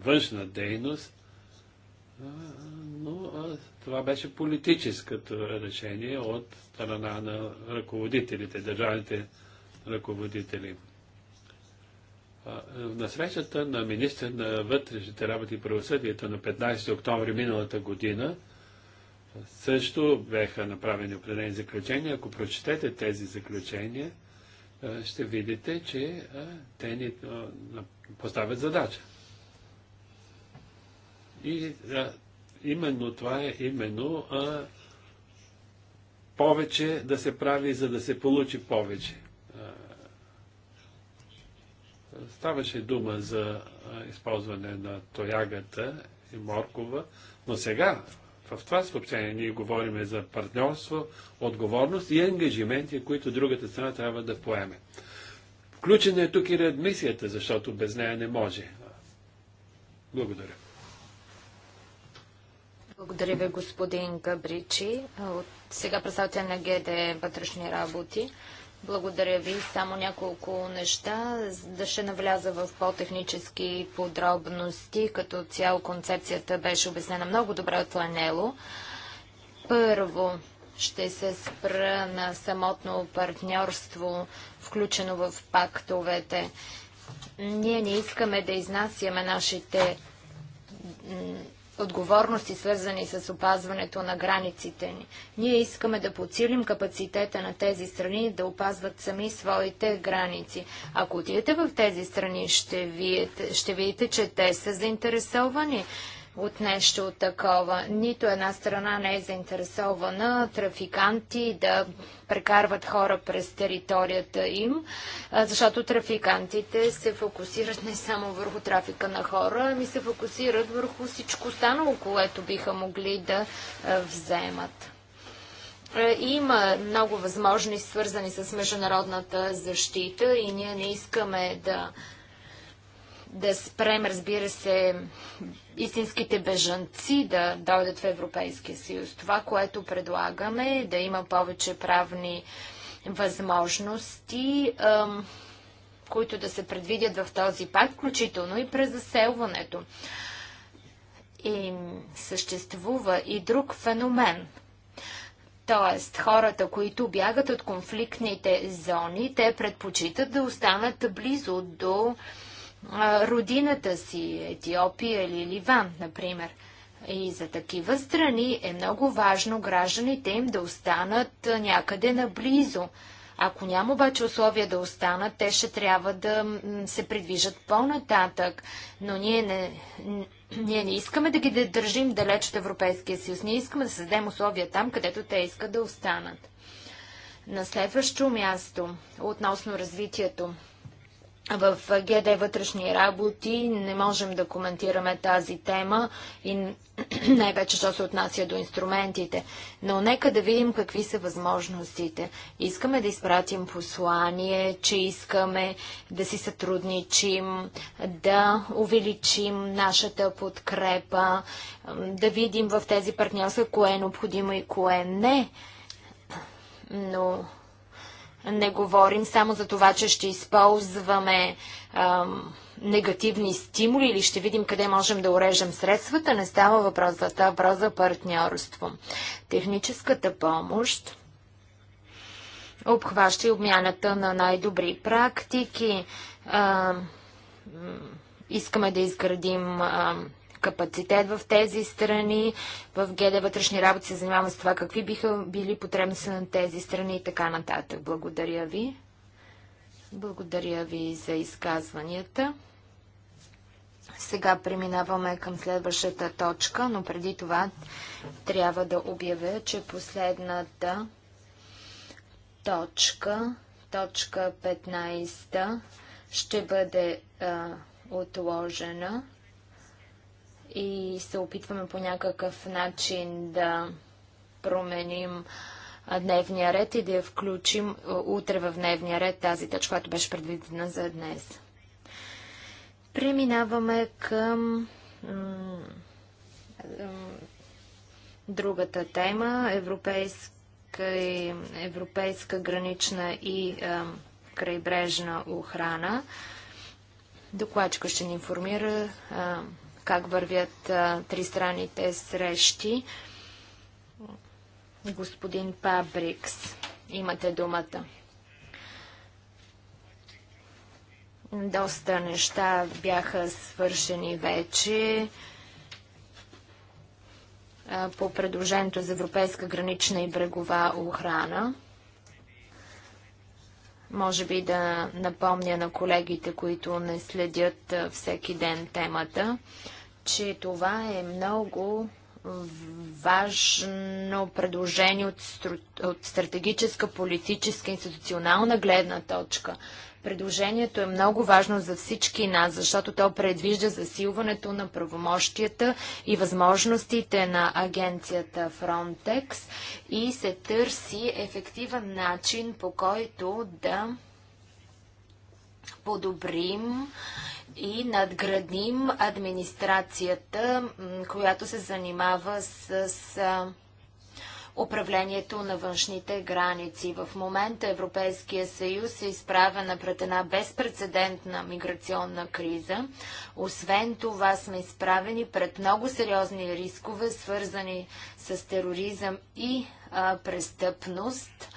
външна дейност но а, това беше политическото решение от страна на ръководителите, държавните ръководители. А, на срещата на министър на вътрешните работи и правосъдието на 15 октомври миналата година също беха направени определени заключения. Ако прочетете тези заключения, а, ще видите, че те ни поставят задача. И именно това е именно а, повече да се прави, за да се получи повече. А, ставаше дума за използване на тоягата и моркова, но сега в това съобщение ние говорим за партньорство, отговорност и ангажименти, които другата страна трябва да поеме. Включена е тук и реадмисията, защото без нея не може. Благодаря. Благодаря ви, господин Габричи. От сега представител на ГД вътрешни работи. Благодаря ви. Само няколко неща. Да ще навляза в по-технически подробности. Като цяло концепцията беше обяснена много добре от Ланело. Първо, ще се спра на самотно партньорство, включено в пактовете. Ние не искаме да изнасяме нашите отговорности, свързани с опазването на границите ни. Ние искаме да подсилим капацитета на тези страни да опазват сами своите граници. Ако отидете в тези страни, ще видите, ще видите че те са заинтересовани от нещо такова. Нито една страна не е заинтересована трафиканти да прекарват хора през територията им, защото трафикантите се фокусират не само върху трафика на хора, ами се фокусират върху всичко останало, което биха могли да вземат. Има много възможности, свързани с международната защита и ние не искаме да да спрем, разбира се, истинските бежанци да дойдат в Европейския съюз. Това, което предлагаме е да има повече правни възможности, които да се предвидят в този пакт, включително и през заселването. И съществува и друг феномен. Тоест, хората, които бягат от конфликтните зони, те предпочитат да останат близо до родината си, Етиопия или Ливан, например. И за такива страни е много важно гражданите им да останат някъде наблизо. Ако няма обаче условия да останат, те ще трябва да се придвижат по-нататък. Но ние не, ние не искаме да ги държим далеч от Европейския съюз. Ние искаме да създадем условия там, където те искат да останат. На следващо място, относно развитието в ГД вътрешни работи не можем да коментираме тази тема и най-вече, що се отнася до инструментите. Но нека да видим какви са възможностите. Искаме да изпратим послание, че искаме да си сътрудничим, да увеличим нашата подкрепа, да видим в тези партньорства кое е необходимо и кое не. Но не говорим само за това, че ще използваме ам, негативни стимули или ще видим къде можем да урежем средствата. Не става въпрос за това, въпрос за партньорство. Техническата помощ обхваща и обмяната на най-добри практики. А, искаме да изградим а, капацитет в тези страни. В ГД вътрешни работи се занимавам с това какви биха били потребности на тези страни и така нататък. Благодаря ви. Благодаря ви за изказванията. Сега преминаваме към следващата точка, но преди това трябва да обявя, че последната точка, точка 15, ще бъде а, отложена и се опитваме по някакъв начин да променим дневния ред и да я включим утре в дневния ред тази точка, която беше предвидена за днес. Преминаваме към другата тема европейска, и, европейска гранична и е, крайбрежна охрана. Докладчика ще ни информира как вървят тристраните тристранните срещи. Господин Пабрикс, имате думата. Доста неща бяха свършени вече по предложението за Европейска гранична и брегова охрана. Може би да напомня на колегите, които не следят всеки ден темата че това е много важно предложение от, от стратегическа, политическа, институционална гледна точка. Предложението е много важно за всички нас, защото то предвижда засилването на правомощията и възможностите на агенцията Frontex и се търси ефективен начин по който да подобрим и надградим администрацията, която се занимава с, с управлението на външните граници. В момента Европейския съюз е изправена пред една безпредседентна миграционна криза. Освен това сме изправени пред много сериозни рискове, свързани с тероризъм и а, престъпност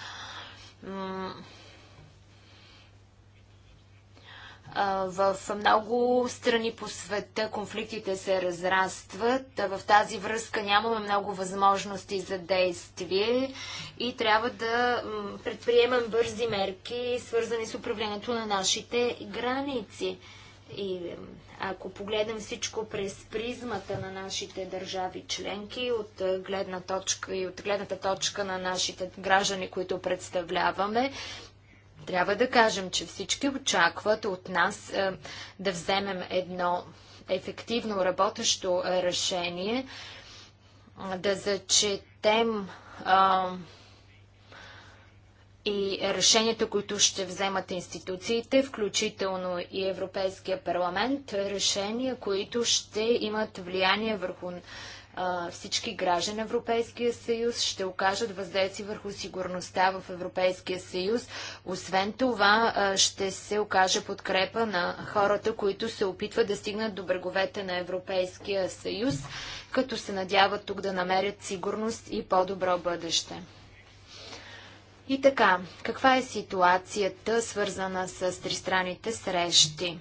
В много страни по света конфликтите се разрастват. В тази връзка нямаме много възможности за действие и трябва да предприемам бързи мерки, свързани с управлението на нашите граници. И ако погледнем всичко през призмата на нашите държави членки, от гледна точка и от гледната точка на нашите граждани, които представляваме, трябва да кажем, че всички очакват от нас е, да вземем едно ефективно работещо решение, да зачетем и решенията, които ще вземат институциите, включително и Европейския парламент, решения, които ще имат влияние върху всички граждани на Европейския съюз, ще окажат въздействие върху сигурността в Европейския съюз. Освен това, ще се окаже подкрепа на хората, които се опитват да стигнат до бреговете на Европейския съюз, като се надяват тук да намерят сигурност и по-добро бъдеще. И така, каква е ситуацията, свързана с тристранните срещи?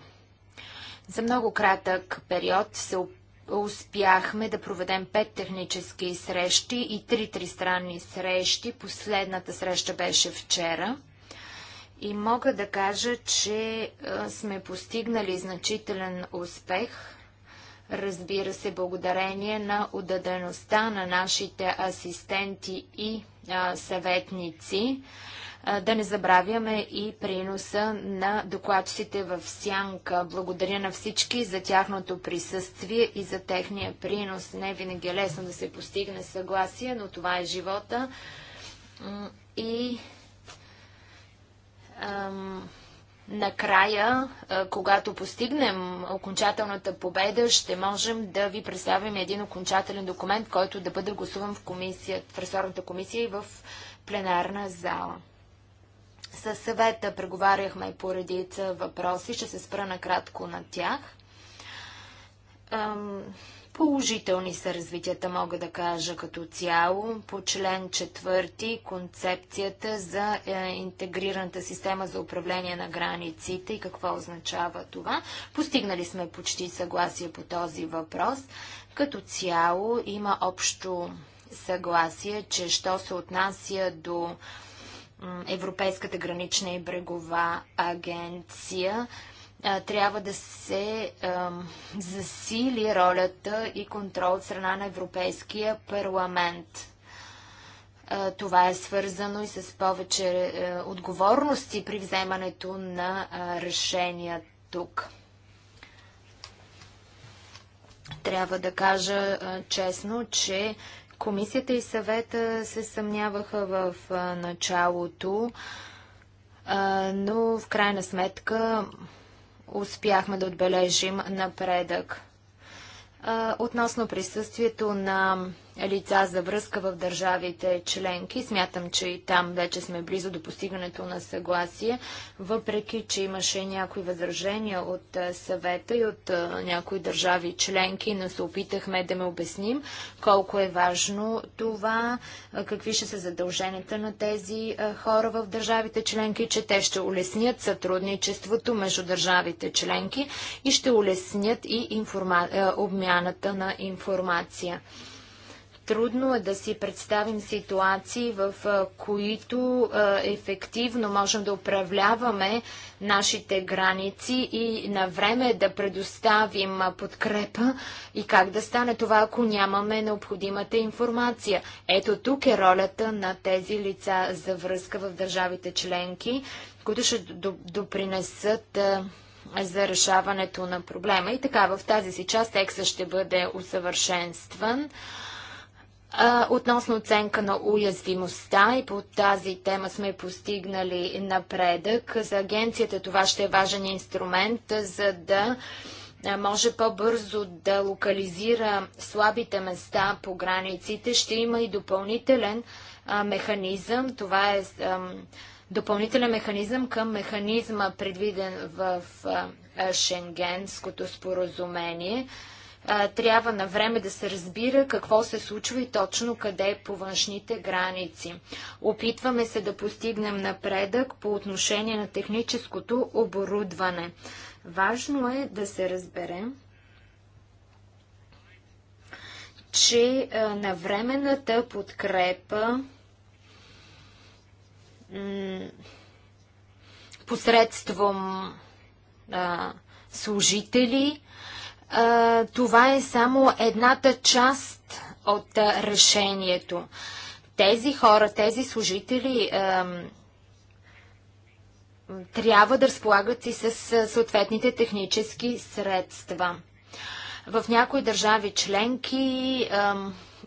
За много кратък период се опитват успяхме да проведем пет технически срещи и три тристранни срещи. Последната среща беше вчера. И мога да кажа, че сме постигнали значителен успех, разбира се, благодарение на отдадеността на нашите асистенти и съветници. Да не забравяме и приноса на докладчиците в Сянка. Благодаря на всички за тяхното присъствие и за техния принос. Не винаги е лесно да се постигне съгласие, но това е живота. И ам, накрая, когато постигнем окончателната победа, ще можем да ви представим един окончателен документ, който да бъде гласуван в, комисия, в ресорната комисия и в пленарна зала. Със съвета преговаряхме и по редица въпроси. Ще се спра накратко на тях. положителни са развитията, мога да кажа като цяло. По член 4 концепцията за е, интегрираната система за управление на границите и какво означава това. Постигнали сме почти съгласие по този въпрос. Като цяло има общо съгласие, че що се отнася до Европейската гранична и брегова агенция трябва да се засили ролята и контрол от страна на Европейския парламент. това е свързано и с повече е, отговорности при вземането на решения тук. Трябва да кажа честно, че Комисията и съвета се съмняваха в началото, но в крайна сметка успяхме да отбележим напредък. Относно присъствието на лица за връзка в държавите членки. Смятам, че и там вече сме близо до постигането на съгласие, въпреки, че имаше някои възражения от съвета и от някои държави членки, но се опитахме да ме обясним колко е важно това, какви ще са задълженията на тези хора в държавите членки, че те ще улеснят сътрудничеството между държавите членки и ще улеснят и информа... обмяната на информация. Трудно е да си представим ситуации, в които ефективно можем да управляваме нашите граници и на време е да предоставим подкрепа и как да стане това, ако нямаме необходимата информация. Ето тук е ролята на тези лица за връзка в държавите членки, които ще допринесат за решаването на проблема. И така, в тази си част текста ще бъде усъвършенстван относно оценка на уязвимостта и по тази тема сме постигнали напредък. За агенцията това ще е важен инструмент, за да може по-бързо да локализира слабите места по границите. Ще има и допълнителен механизъм. Това е допълнителен механизъм към механизма, предвиден в Шенгенското споразумение трябва на време да се разбира какво се случва и точно къде е по външните граници. Опитваме се да постигнем напредък по отношение на техническото оборудване. Важно е да се разбере, че на временната подкрепа посредством а, служители това е само едната част от решението. Тези хора, тези служители трябва да разполагат и с съответните технически средства. В някои държави членки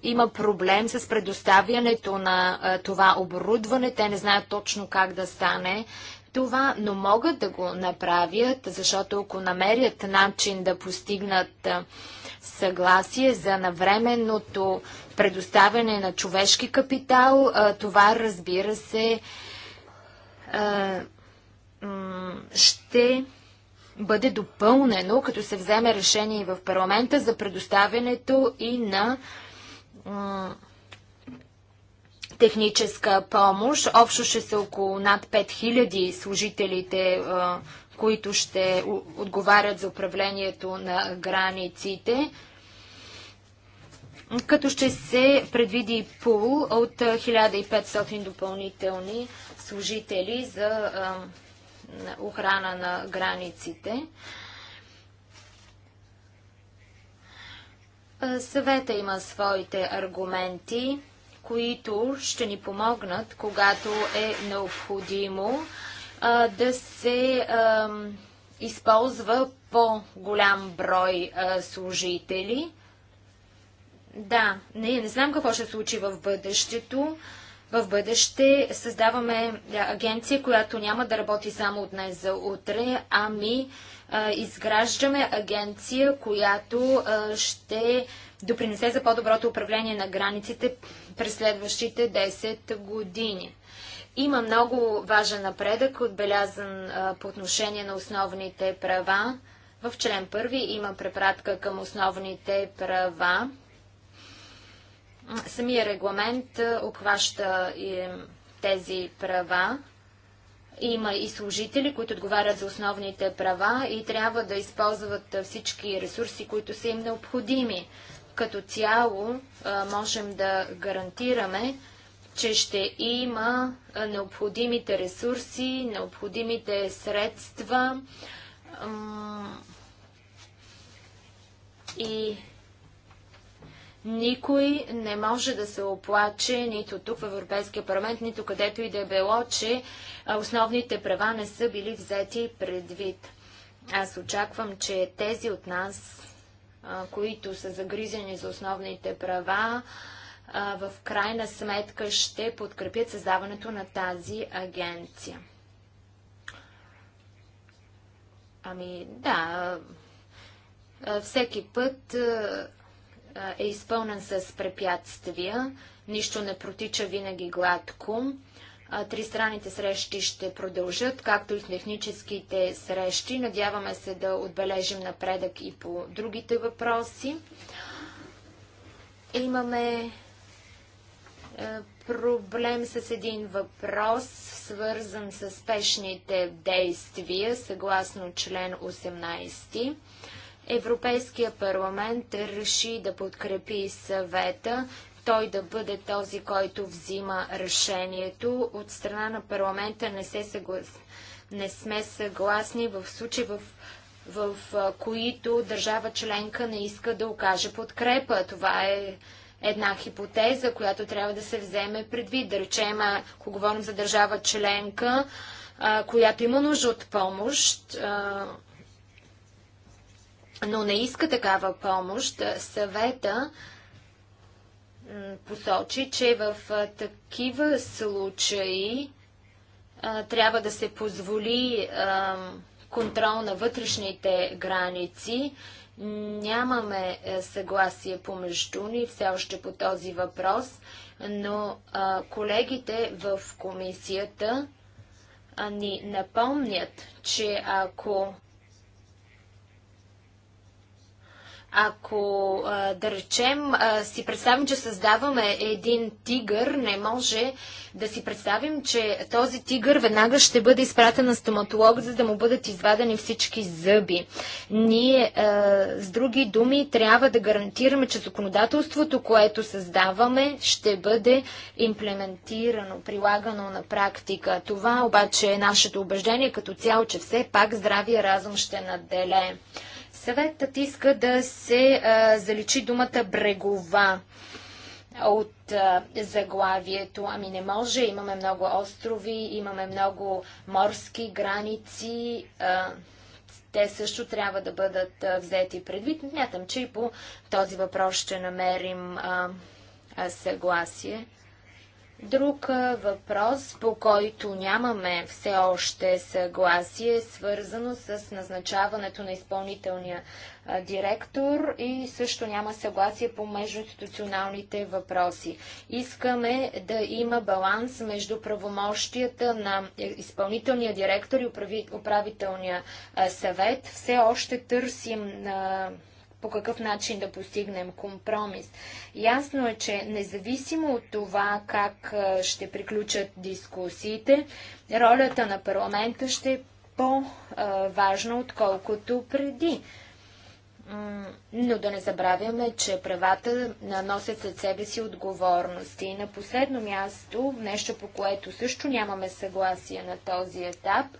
има проблем с предоставянето на това оборудване. Те не знаят точно как да стане това, но могат да го направят, защото ако намерят начин да постигнат съгласие за навременното предоставяне на човешки капитал, това разбира се ще бъде допълнено, като се вземе решение и в парламента за предоставянето и на техническа помощ. Общо ще са около над 5000 служителите, които ще отговарят за управлението на границите като ще се предвиди пул от 1500 допълнителни служители за охрана на границите. Съвета има своите аргументи които ще ни помогнат, когато е необходимо а, да се а, използва по-голям брой а, служители. Да, не, не знам какво ще случи в бъдещето. В бъдеще създаваме агенция, която няма да работи само от днес за утре, ами изграждаме агенция, която ще допринесе за по-доброто управление на границите през следващите 10 години. Има много важен напредък, отбелязан а, по отношение на основните права. В член 1 има препратка към основните права. Самия регламент обхваща и, тези права. Има и служители, които отговарят за основните права и трябва да използват всички ресурси, които са им необходими като цяло можем да гарантираме, че ще има необходимите ресурси, необходимите средства и никой не може да се оплаче нито тук в Европейския парламент, нито където и да е било, че основните права не са били взети предвид. Аз очаквам, че тези от нас, които са загрижени за основните права, в крайна сметка ще подкрепят създаването на тази агенция. Ами да, всеки път е изпълнен с препятствия, нищо не протича винаги гладко. Тристранните срещи ще продължат, както и техническите срещи. Надяваме се да отбележим напредък и по другите въпроси. Имаме е, проблем с един въпрос, свързан с спешните действия, съгласно член 18. Европейския парламент реши да подкрепи съвета той да бъде този, който взима решението. От страна на парламента не, се съглас... не сме съгласни в случай, в в които държава членка не иска да окаже подкрепа. Това е една хипотеза, която трябва да се вземе предвид. Да речем, ако говорим за държава членка, а, която има нужда от помощ, а, но не иска такава помощ, съвета е, посочи, че в е, такива случаи е, трябва да се позволи контрол на вътрешните граници. Нямаме съгласие помежду ни все още по този въпрос, но колегите в комисията ни напомнят, че ако Ако, да речем, си представим, че създаваме един тигър, не може да си представим, че този тигър веднага ще бъде изпратен на стоматолог, за да му бъдат извадени всички зъби. Ние, с други думи, трябва да гарантираме, че законодателството, което създаваме, ще бъде имплементирано, прилагано на практика. Това обаче е нашето убеждение като цяло, че все пак здравия разум ще надделее. Съветът иска да се а, заличи думата брегова от а, заглавието. Ами не може, имаме много острови, имаме много морски граници. А, те също трябва да бъдат а, взети предвид. Мятам, че и по този въпрос ще намерим а, а, съгласие. Друг въпрос, по който нямаме все още съгласие, е свързано с назначаването на изпълнителния директор и също няма съгласие по междуинституционалните въпроси. Искаме да има баланс между правомощията на е, изпълнителния директор и управителния съвет. Все още търсим по какъв начин да постигнем компромис. Ясно е, че независимо от това как ще приключат дискусиите, ролята на парламента ще е по-важна, отколкото преди. Но да не забравяме, че правата носят след себе си отговорности. И на последно място, нещо по което също нямаме съгласие на този етап –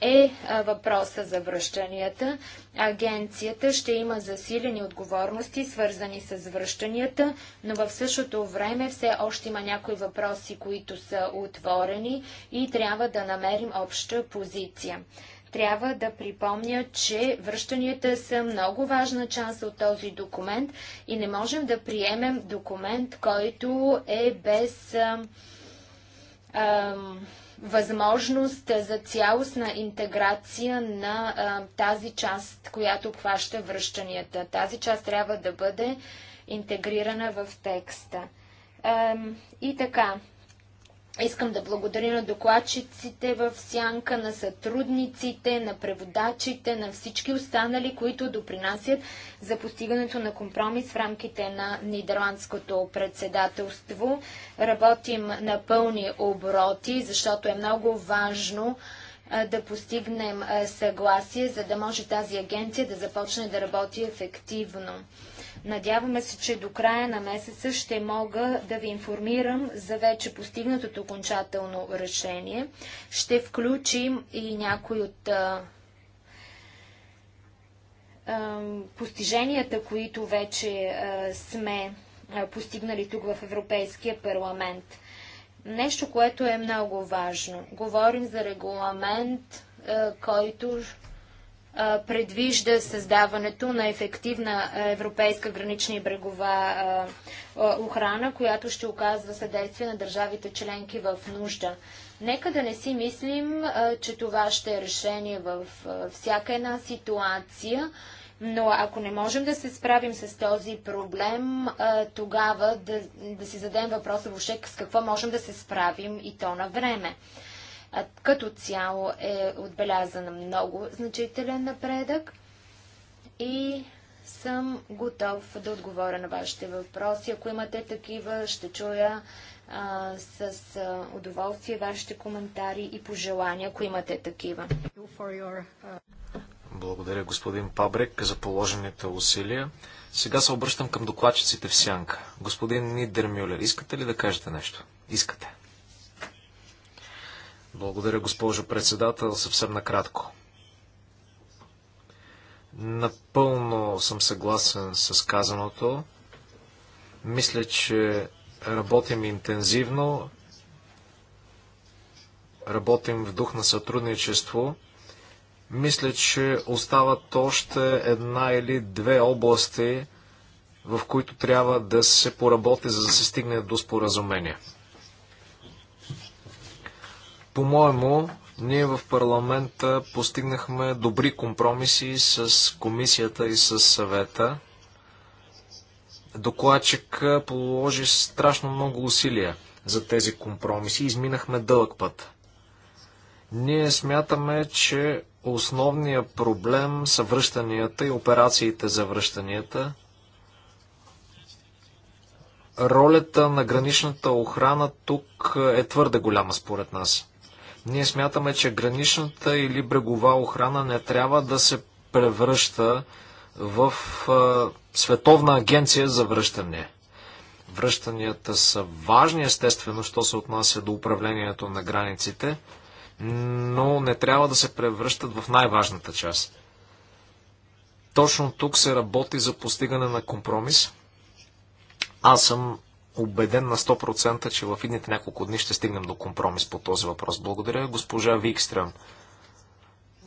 е въпроса за връщанията. Агенцията ще има засилени отговорности, свързани с връщанията, но в същото време все още има някои въпроси, които са отворени и трябва да намерим обща позиция. Трябва да припомня, че връщанията са много важна част от този документ и не можем да приемем документ, който е без. Ам, ам, възможност за цялостна интеграция на а, тази част, която обхваща връщанията. Тази част трябва да бъде интегрирана в текста. А, и така, Искам да благодаря на докладчиците в сянка, на сътрудниците, на преводачите, на всички останали, които допринасят за постигането на компромис в рамките на Нидерландското председателство. Работим на пълни обороти, защото е много важно да постигнем съгласие, за да може тази агенция да започне да работи ефективно. Надяваме се, че до края на месеца ще мога да ви информирам за вече постигнатото окончателно решение. Ще включим и някои от а, а, постиженията, които вече а, сме постигнали тук в Европейския парламент. Нещо, което е много важно. Говорим за регламент, който предвижда създаването на ефективна европейска гранична и брегова охрана, която ще оказва съдействие на държавите членки в нужда. Нека да не си мислим, че това ще е решение в всяка една ситуация, но ако не можем да се справим с този проблем, тогава да, да си зададем въпроса въобще с какво можем да се справим и то на време като цяло е отбелязан много значителен напредък и съм готов да отговоря на вашите въпроси. Ако имате такива, ще чуя а, с удоволствие вашите коментари и пожелания, ако имате такива. Благодаря, господин Пабрек, за положените усилия. Сега се обръщам към докладчиците в сянка. Господин Нидермюлер, искате ли да кажете нещо? Искате. Благодаря, госпожо председател. Съвсем накратко. Напълно съм съгласен с казаното. Мисля, че работим интензивно, работим в дух на сътрудничество. Мисля, че остават още една или две области, в които трябва да се поработи, за да се стигне до споразумение. По-моему, ние в парламента постигнахме добри компромиси с комисията и с съвета. Докладчик положи страшно много усилия за тези компромиси. Изминахме дълъг път. Ние смятаме, че основният проблем са връщанията и операциите за връщанията. Ролята на граничната охрана тук е твърде голяма според нас. Ние смятаме, че граничната или брегова охрана не трябва да се превръща в а, Световна агенция за връщане. Връщанията са важни, естествено, що се отнася до управлението на границите, но не трябва да се превръщат в най-важната част. Точно тук се работи за постигане на компромис. Аз съм убеден на 100%, че в идните няколко дни ще стигнем до компромис по този въпрос. Благодаря, госпожа Викстрам.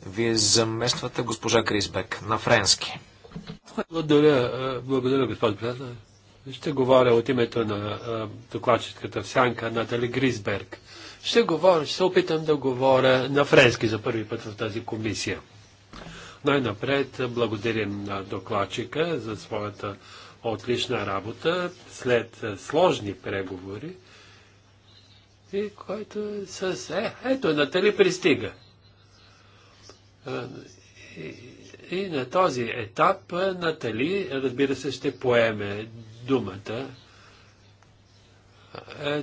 Вие замествате госпожа Крисбек на френски. Благодаря, благодаря господин председател. Ще говоря от името на докладчицата в сянка Натали Грисберг. Ще, говоря, ще се опитам да говоря на френски за първи път в тази комисия. Най-напред благодарим на докладчика за своята отлична работа след сложни преговори и който с... Е, ето, Натали пристига. И, и на този етап Натали, разбира се, ще поеме думата.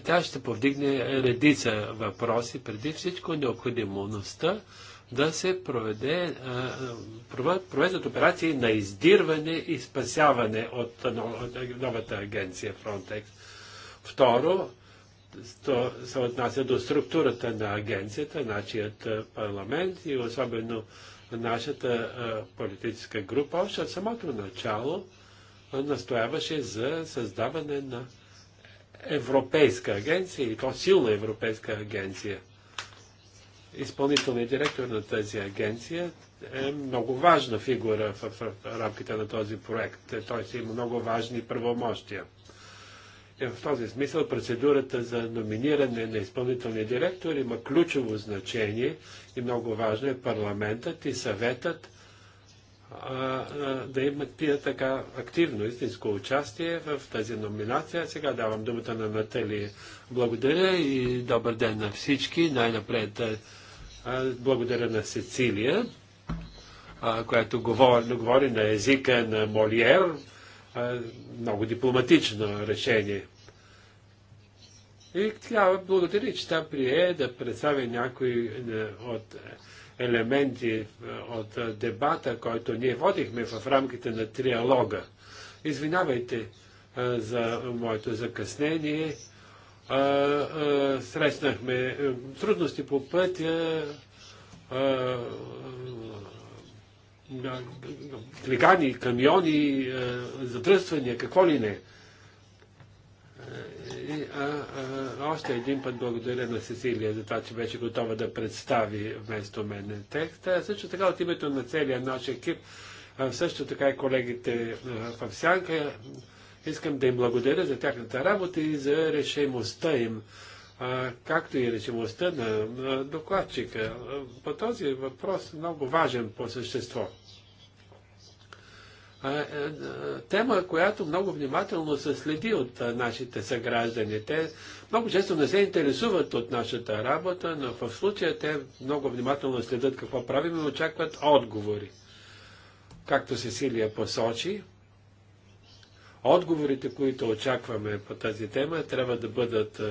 Тя ще повдигне редица въпроси, преди всичко необходимостта да се проведе, проведат операции на издирване и спасяване от новата агенция Frontex. Второ, то се отнася до структурата на агенцията, нашият парламент и особено нашата политическа група. Още от самото начало настояваше за създаване на Европейска агенция и то силна Европейска агенция изпълнителният директор на тази агенция е много важна фигура в, в рамките на този проект. Той си има много важни правомощия. И в този смисъл процедурата за номиниране на изпълнителния директор има ключово значение и много важно е парламентът и съветът а, а, да имат тия така активно истинско участие в тази номинация. Сега давам думата на Натали. Благодаря и добър ден на всички. Най-напред е, благодаря на Сецилия, която говори, говори на езика на Молиер. Много дипломатично решение. И тя благодари, че тя прие да представя някои е, от елементи е, от дебата, който ние водихме в рамките на триалога. Извинявайте е, за моето закъснение срещнахме е, трудности по пътя, хулигани, камиони, задръствания, какво ли не. И, е, е, а, а, още един път благодаря на Сесилия за това, че беше готова да представи вместо мен текста. Също така от името на целия наш екип, също така и колегите в Сянка, Искам да им благодаря за тяхната работа и за решимостта им, а, както и решимостта на, на докладчика. По този въпрос много важен по същество. А, а, е, е, тема, която много внимателно се следи от нашите съграждани. Те много често не се интересуват от нашата работа, но в случая те много внимателно следят какво правим и очакват отговори. Както Сесилия посочи, Отговорите, които очакваме по тази тема, трябва да бъдат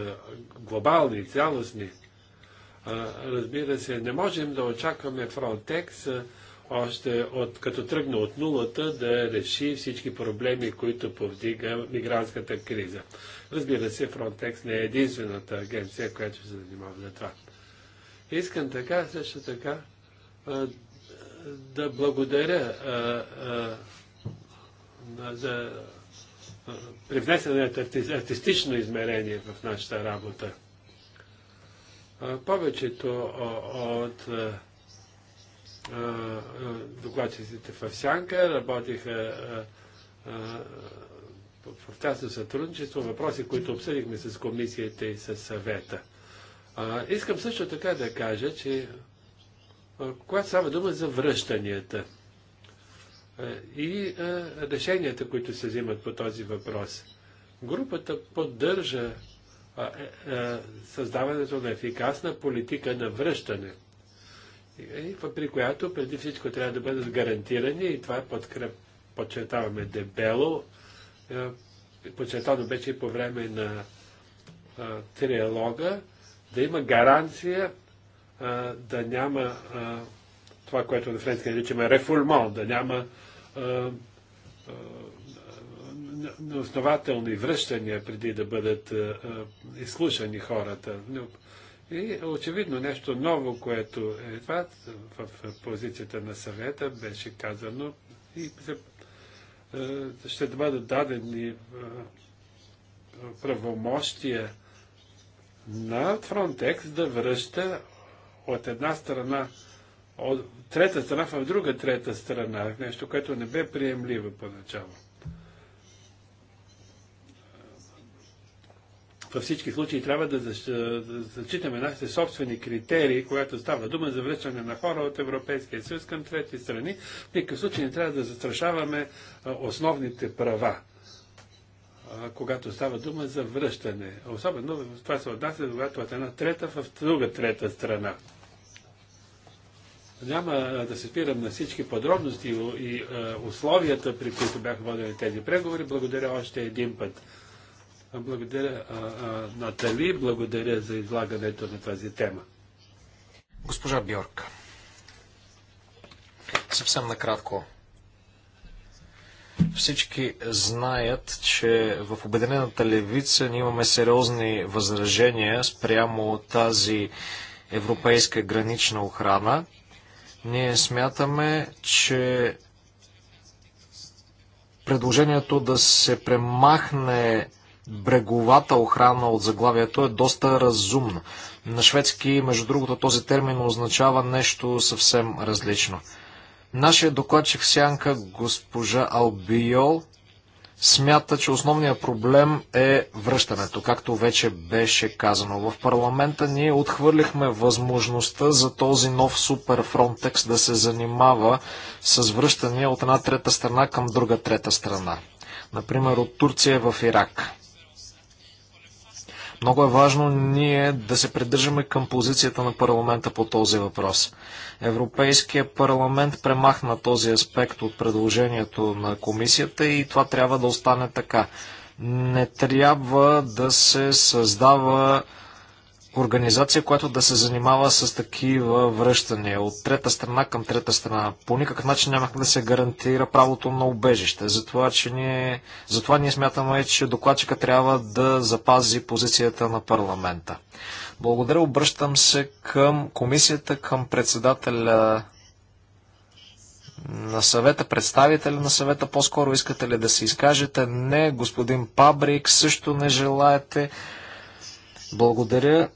глобални, цялостни. Разбира се, не можем да очакваме Frontex още от, като тръгна от нулата да реши всички проблеми, които повдига мигрантската криза. Разбира се, Frontex не е единствената агенция, която се занимава за това. Искам така, също така, да благодаря за привнесеният арти, артистично измерение в нашата работа. Повечето от докладчиците в Сянка работиха в тясно сътрудничество, въпроси, които обсъдихме с комисията и с съвета. искам също така да кажа, че когато става дума за връщанията, е, и е, решенията, които се взимат по този въпрос. Групата поддържа е, създаването на ефикасна политика на връщане, при която преди всичко трябва да бъдат гарантирани и това подкреп, подчертаваме дебело. Подчертано беше и по време на триалога, да има гаранция да няма това, което на френски наричаме рефулмон, да няма основателни връщания преди да бъдат изслушани хората. И очевидно нещо ново, което е това в позицията на съвета беше казано и ще бъдат дадени правомощия на Фронтекс да връща от една страна трета страна в друга трета страна, нещо, което не бе приемливо поначало. Във всички случаи трябва да зачитаме нашите собствени критерии, когато става дума за връщане на хора от Европейския съюз към трети страни. В никакъв случай не трябва да застрашаваме основните права когато става дума за връщане. Особено това се отнася, когато от една трета в друга трета страна. Няма да се спирам на всички подробности и условията, при които бяха водени тези преговори. Благодаря още един път. Благодаря Натали, благодаря за излагането на тази тема. Госпожа Бьорк, съвсем накратко. Всички знаят, че в Обединената левица ние имаме сериозни възражения спрямо тази европейска гранична охрана. Ние смятаме, че предложението да се премахне бреговата охрана от заглавието е доста разумно. На шведски, между другото, този термин означава нещо съвсем различно. Нашия докладчик в сянка, госпожа Албиол, смята, че основният проблем е връщането, както вече беше казано. В парламента ние отхвърлихме възможността за този нов супер Фронтекс да се занимава с връщане от една трета страна към друга трета страна. Например, от Турция в Ирак. Много е важно ние да се придържаме към позицията на парламента по този въпрос. Европейския парламент премахна този аспект от предложението на комисията и това трябва да остане така. Не трябва да се създава организация, която да се занимава с такива връщания от трета страна към трета страна. По никакъв начин нямахме да се гарантира правото на убежище. Затова, че ние, затова ние смятаме, че докладчика трябва да запази позицията на парламента. Благодаря, обръщам се към комисията, към председателя на съвета, представителя на съвета, по-скоро искате ли да се изкажете? Не, господин Пабрик също не желаете. Благодаря.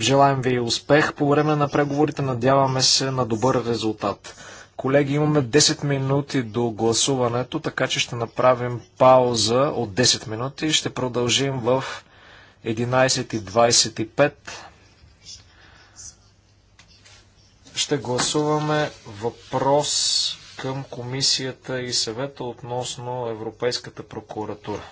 Желаем ви успех по време на преговорите. Надяваме се на добър резултат. Колеги, имаме 10 минути до гласуването, така че ще направим пауза от 10 минути и ще продължим в 11.25. Ще гласуваме въпрос към комисията и съвета относно Европейската прокуратура.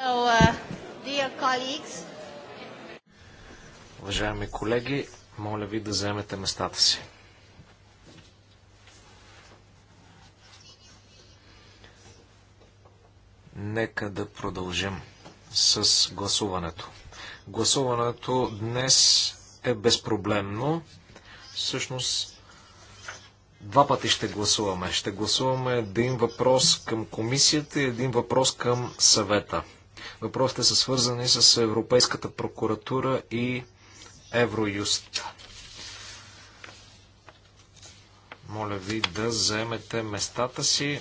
Uh, Уважаеми колеги, моля ви да вземете местата си. Нека да продължим с гласуването. Гласуването днес е безпроблемно. Всъщност, два пъти ще гласуваме. Ще гласуваме един въпрос към комисията и един въпрос към съвета. Въпросите са свързани с Европейската прокуратура и Евроюст. Моля ви да заемете местата си.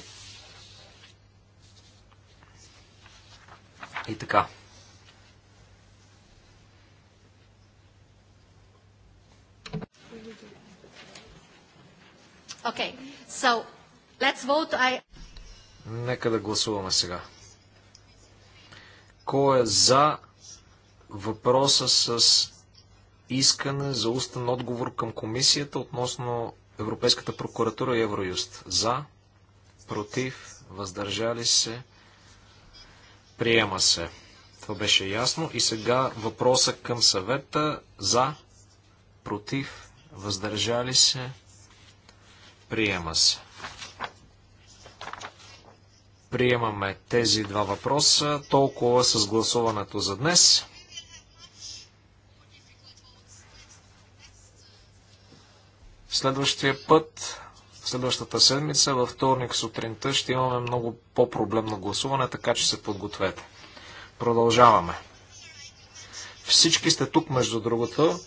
И така. Okay. So, let's vote. I... Нека да гласуваме сега. Кой е за въпроса с искане за устен отговор към комисията относно Европейската прокуратура и Евроюст? За, против, въздържали се, приема се. Това беше ясно. И сега въпроса към съвета за, против, въздържали се, приема се приемаме тези два въпроса. Толкова с гласуването за днес. Следващия път, следващата седмица, във вторник сутринта ще имаме много по-проблемно гласуване, така че се подгответе. Продължаваме. Всички сте тук, между другото.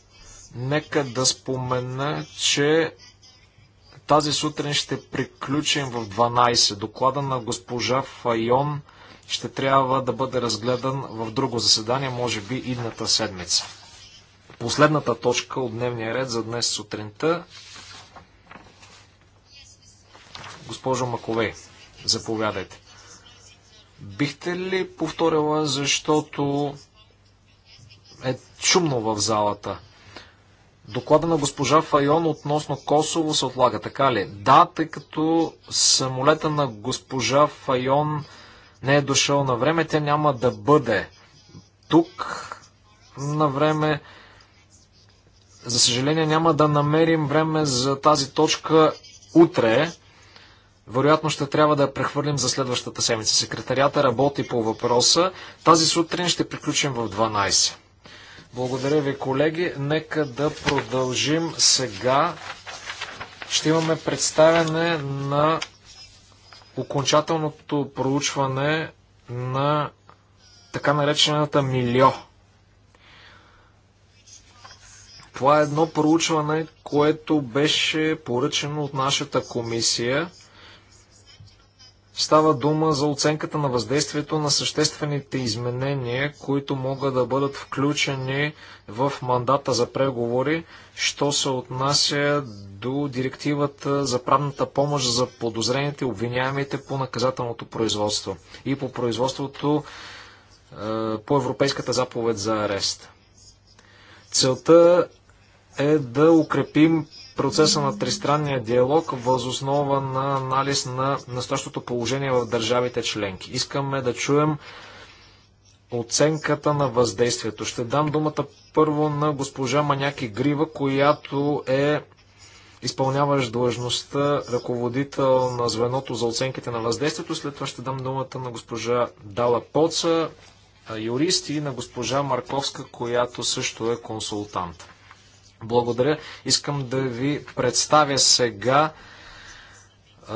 Нека да спомена, че тази сутрин ще приключим в 12. Доклада на госпожа Файон ще трябва да бъде разгледан в друго заседание, може би идната седмица. Последната точка от дневния ред за днес сутринта. Госпожо Маковей, заповядайте. Бихте ли повторила, защото е шумно в залата? Доклада на госпожа Файон относно Косово се отлага, така ли? Да, тъй като самолета на госпожа Файон не е дошъл на време, тя няма да бъде тук на време. За съжаление няма да намерим време за тази точка утре. Вероятно ще трябва да я прехвърлим за следващата седмица. Секретарията работи по въпроса. Тази сутрин ще приключим в 12. Благодаря ви, колеги. Нека да продължим сега. Ще имаме представяне на окончателното проучване на така наречената милио. Това е едно проучване, което беше поръчено от нашата комисия. Става дума за оценката на въздействието на съществените изменения, които могат да бъдат включени в мандата за преговори, що се отнася до директивата за правната помощ за подозрените обвиняемите по наказателното производство и по производството е, по Европейската заповед за арест. Целта е да укрепим процеса на тристранния диалог възоснова на анализ на настоящото положение в държавите членки. Искаме да чуем оценката на въздействието. Ще дам думата първо на госпожа Маняки Грива, която е изпълняващ длъжността ръководител на звеното за оценките на въздействието. След това ще дам думата на госпожа Дала Поца, юрист и на госпожа Марковска, която също е консултант. Благодаря. Искам да ви представя сега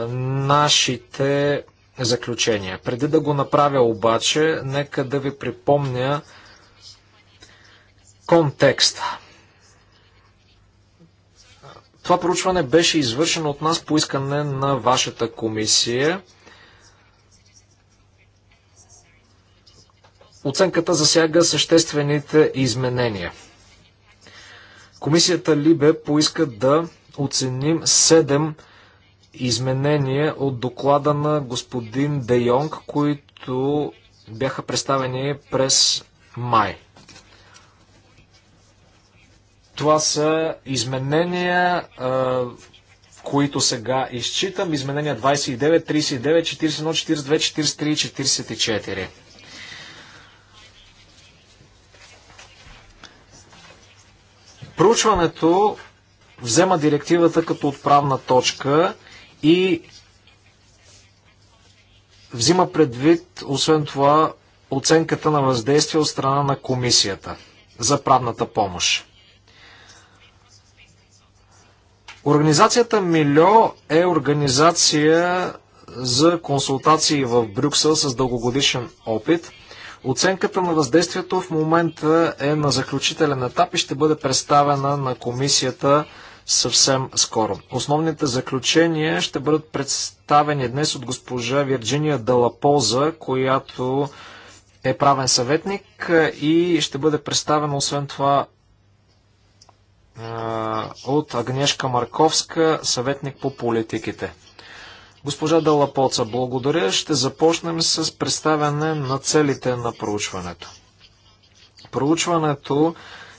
нашите заключения. Преди да го направя обаче, нека да ви припомня контекста. Това проучване беше извършено от нас по искане на вашата комисия. Оценката засяга съществените изменения Комисията Либе поиска да оценим 7 изменения от доклада на господин Де Йонг, които бяха представени през май. Това са изменения, които сега изчитам. Изменения 29, 39, 41, 42, 43 и 44. Проучването взема директивата като отправна точка и взима предвид, освен това, оценката на въздействие от страна на комисията за правната помощ. Организацията Милио е организация за консултации в Брюксел с дългогодишен опит – Оценката на въздействието в момента е на заключителен етап и ще бъде представена на комисията съвсем скоро. Основните заключения ще бъдат представени днес от госпожа Вирджиния Далапоза, която е правен съветник и ще бъде представена освен това от Агнешка Марковска, съветник по политиките. Госпожа Далапоца, благодаря. Ще започнем с представяне на целите на проучването. Проучването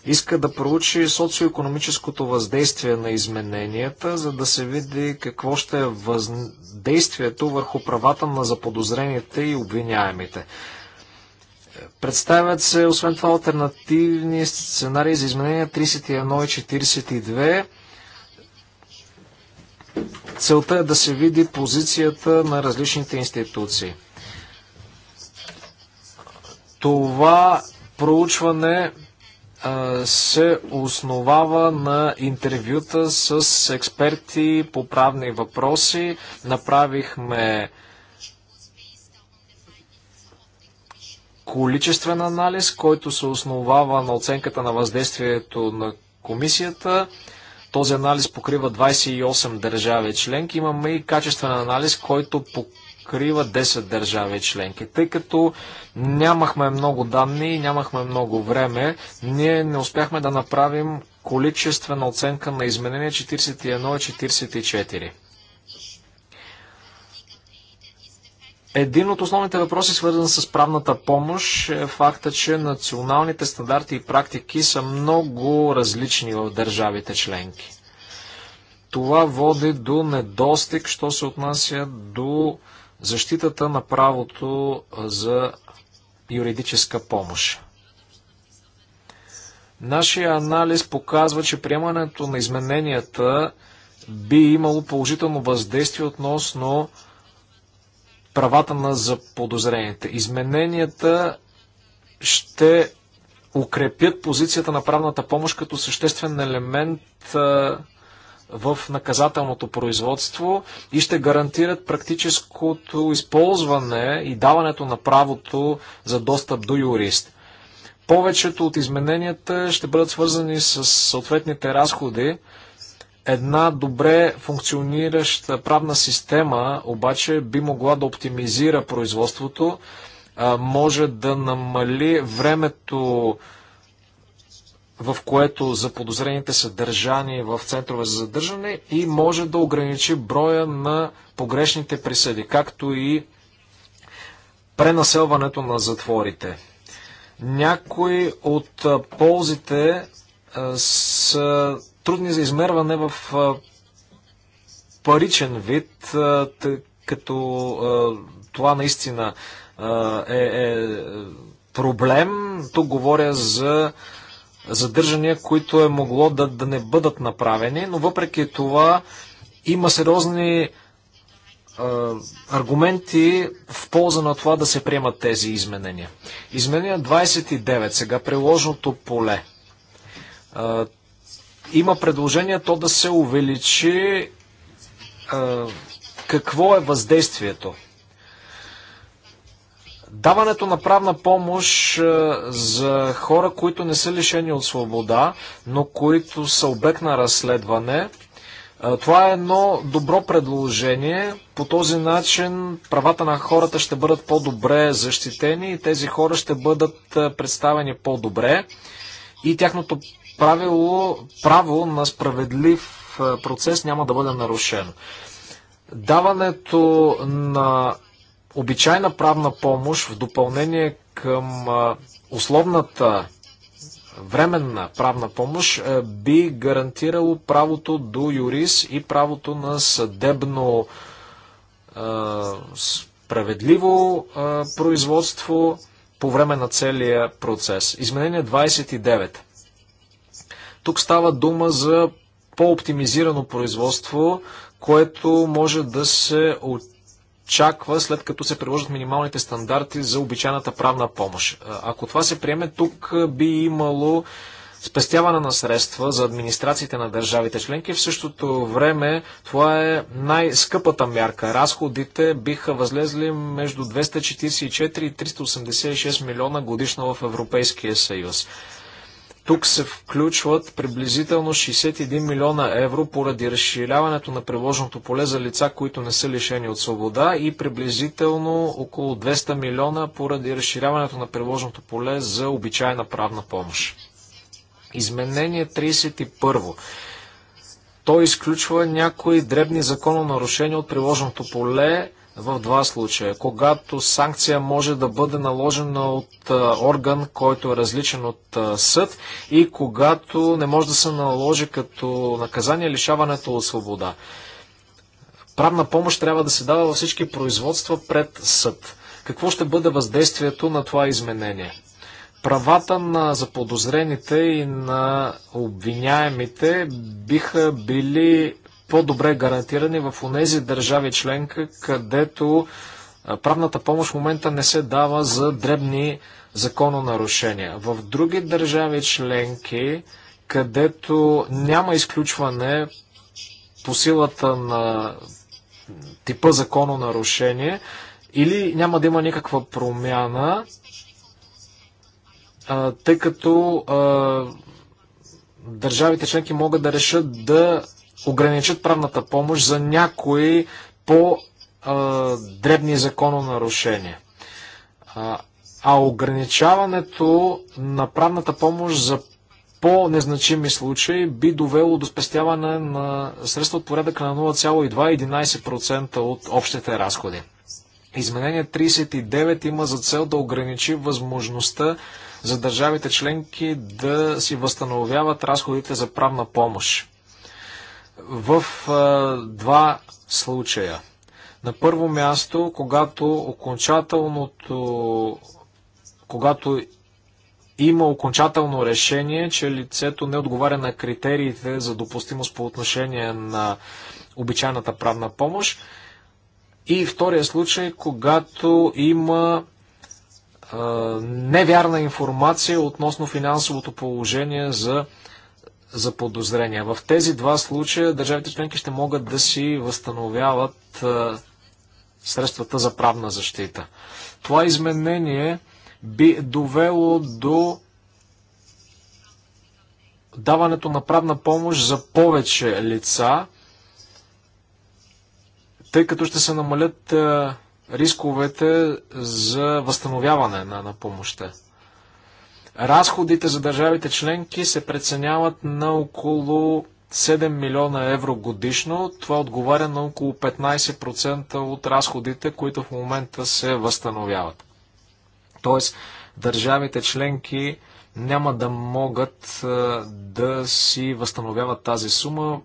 иска да проучи социоекономическото въздействие на измененията, за да се види какво ще е въздействието върху правата на заподозрените и обвиняемите. Представят се, освен това, альтернативни сценарии за изменения 31 и 42 Целта е да се види позицията на различните институции. Това проучване се основава на интервюта с експерти по правни въпроси. Направихме количествен анализ, който се основава на оценката на въздействието на комисията. Този анализ покрива 28 държави членки. Имаме и качествен анализ, който покрива 10 държави членки. Тъй като нямахме много данни, нямахме много време, ние не успяхме да направим количествена оценка на изменение 41 и 44. Един от основните въпроси, свързан с правната помощ, е факта, че националните стандарти и практики са много различни в държавите членки. Това води до недостиг, що се отнася до защитата на правото за юридическа помощ. Нашия анализ показва, че приемането на измененията би имало положително въздействие относно правата на заподозрените. Измененията ще укрепят позицията на правната помощ като съществен елемент в наказателното производство и ще гарантират практическото използване и даването на правото за достъп до юрист. Повечето от измененията ще бъдат свързани с съответните разходи, Една добре функционираща правна система обаче би могла да оптимизира производството, може да намали времето, в което заподозрените са държани в центрове за задържане и може да ограничи броя на погрешните присъди, както и пренаселването на затворите. Някои от ползите са трудни за измерване в паричен вид, като това наистина е, е проблем. Тук говоря за задържания, които е могло да, да не бъдат направени, но въпреки това има сериозни аргументи в полза на това да се приемат тези изменения. Изменение 29, сега приложното поле. Има предложение то да се увеличи. Какво е въздействието? Даването на правна помощ за хора, които не са лишени от свобода, но които са обект на разследване, това е едно добро предложение. По този начин правата на хората ще бъдат по-добре защитени и тези хора ще бъдат представени по-добре и тяхното правило, право на справедлив е, процес няма да бъде нарушено. Даването на обичайна правна помощ в допълнение към е, условната временна правна помощ е, би гарантирало правото до юрис и правото на съдебно справедливо производство по време на целия процес. Изменение 29. Тук става дума за по-оптимизирано производство, което може да се очаква след като се приложат минималните стандарти за обичайната правна помощ. Ако това се приеме, тук би имало спестяване на средства за администрациите на държавите членки. В същото време това е най-скъпата мярка. Разходите биха възлезли между 244 и 386 милиона годишно в Европейския съюз. Тук се включват приблизително 61 милиона евро поради разширяването на приложното поле за лица, които не са лишени от свобода и приблизително около 200 милиона поради разширяването на приложното поле за обичайна правна помощ. Изменение 31. То изключва някои дребни закононарушения от приложното поле в два случая. Когато санкция може да бъде наложена от орган, който е различен от съд и когато не може да се наложи като наказание лишаването от свобода. Правна помощ трябва да се дава във всички производства пред съд. Какво ще бъде въздействието на това изменение? Правата на заподозрените и на обвиняемите биха били по-добре гарантирани в тези държави членка, където правната помощ в момента не се дава за дребни закононарушения. В други държави членки, където няма изключване по силата на типа закононарушение, или няма да има никаква промяна, тъй като държавите членки могат да решат да ограничат правната помощ за някои по-дребни закононарушения. А ограничаването на правната помощ за по-незначими случаи би довело до спестяване на средства от порядъка на 0,2-11% от общите разходи. Изменение 39 има за цел да ограничи възможността за държавите членки да си възстановяват разходите за правна помощ в а, два случая. На първо място, когато окончателното, когато има окончателно решение, че лицето не отговаря на критериите за допустимост по отношение на обичайната правна помощ. И втория случай, когато има невярна информация относно финансовото положение за за подозрения. В тези два случая държавите членки ще могат да си възстановяват средствата за правна защита. Това изменение би довело до даването на правна помощ за повече лица, тъй като ще се намалят рисковете за възстановяване на, на помощта. Разходите за държавите членки се преценяват на около 7 милиона евро годишно. Това отговаря на около 15% от разходите, които в момента се възстановяват. Тоест, държавите членки няма да могат да си възстановяват тази сума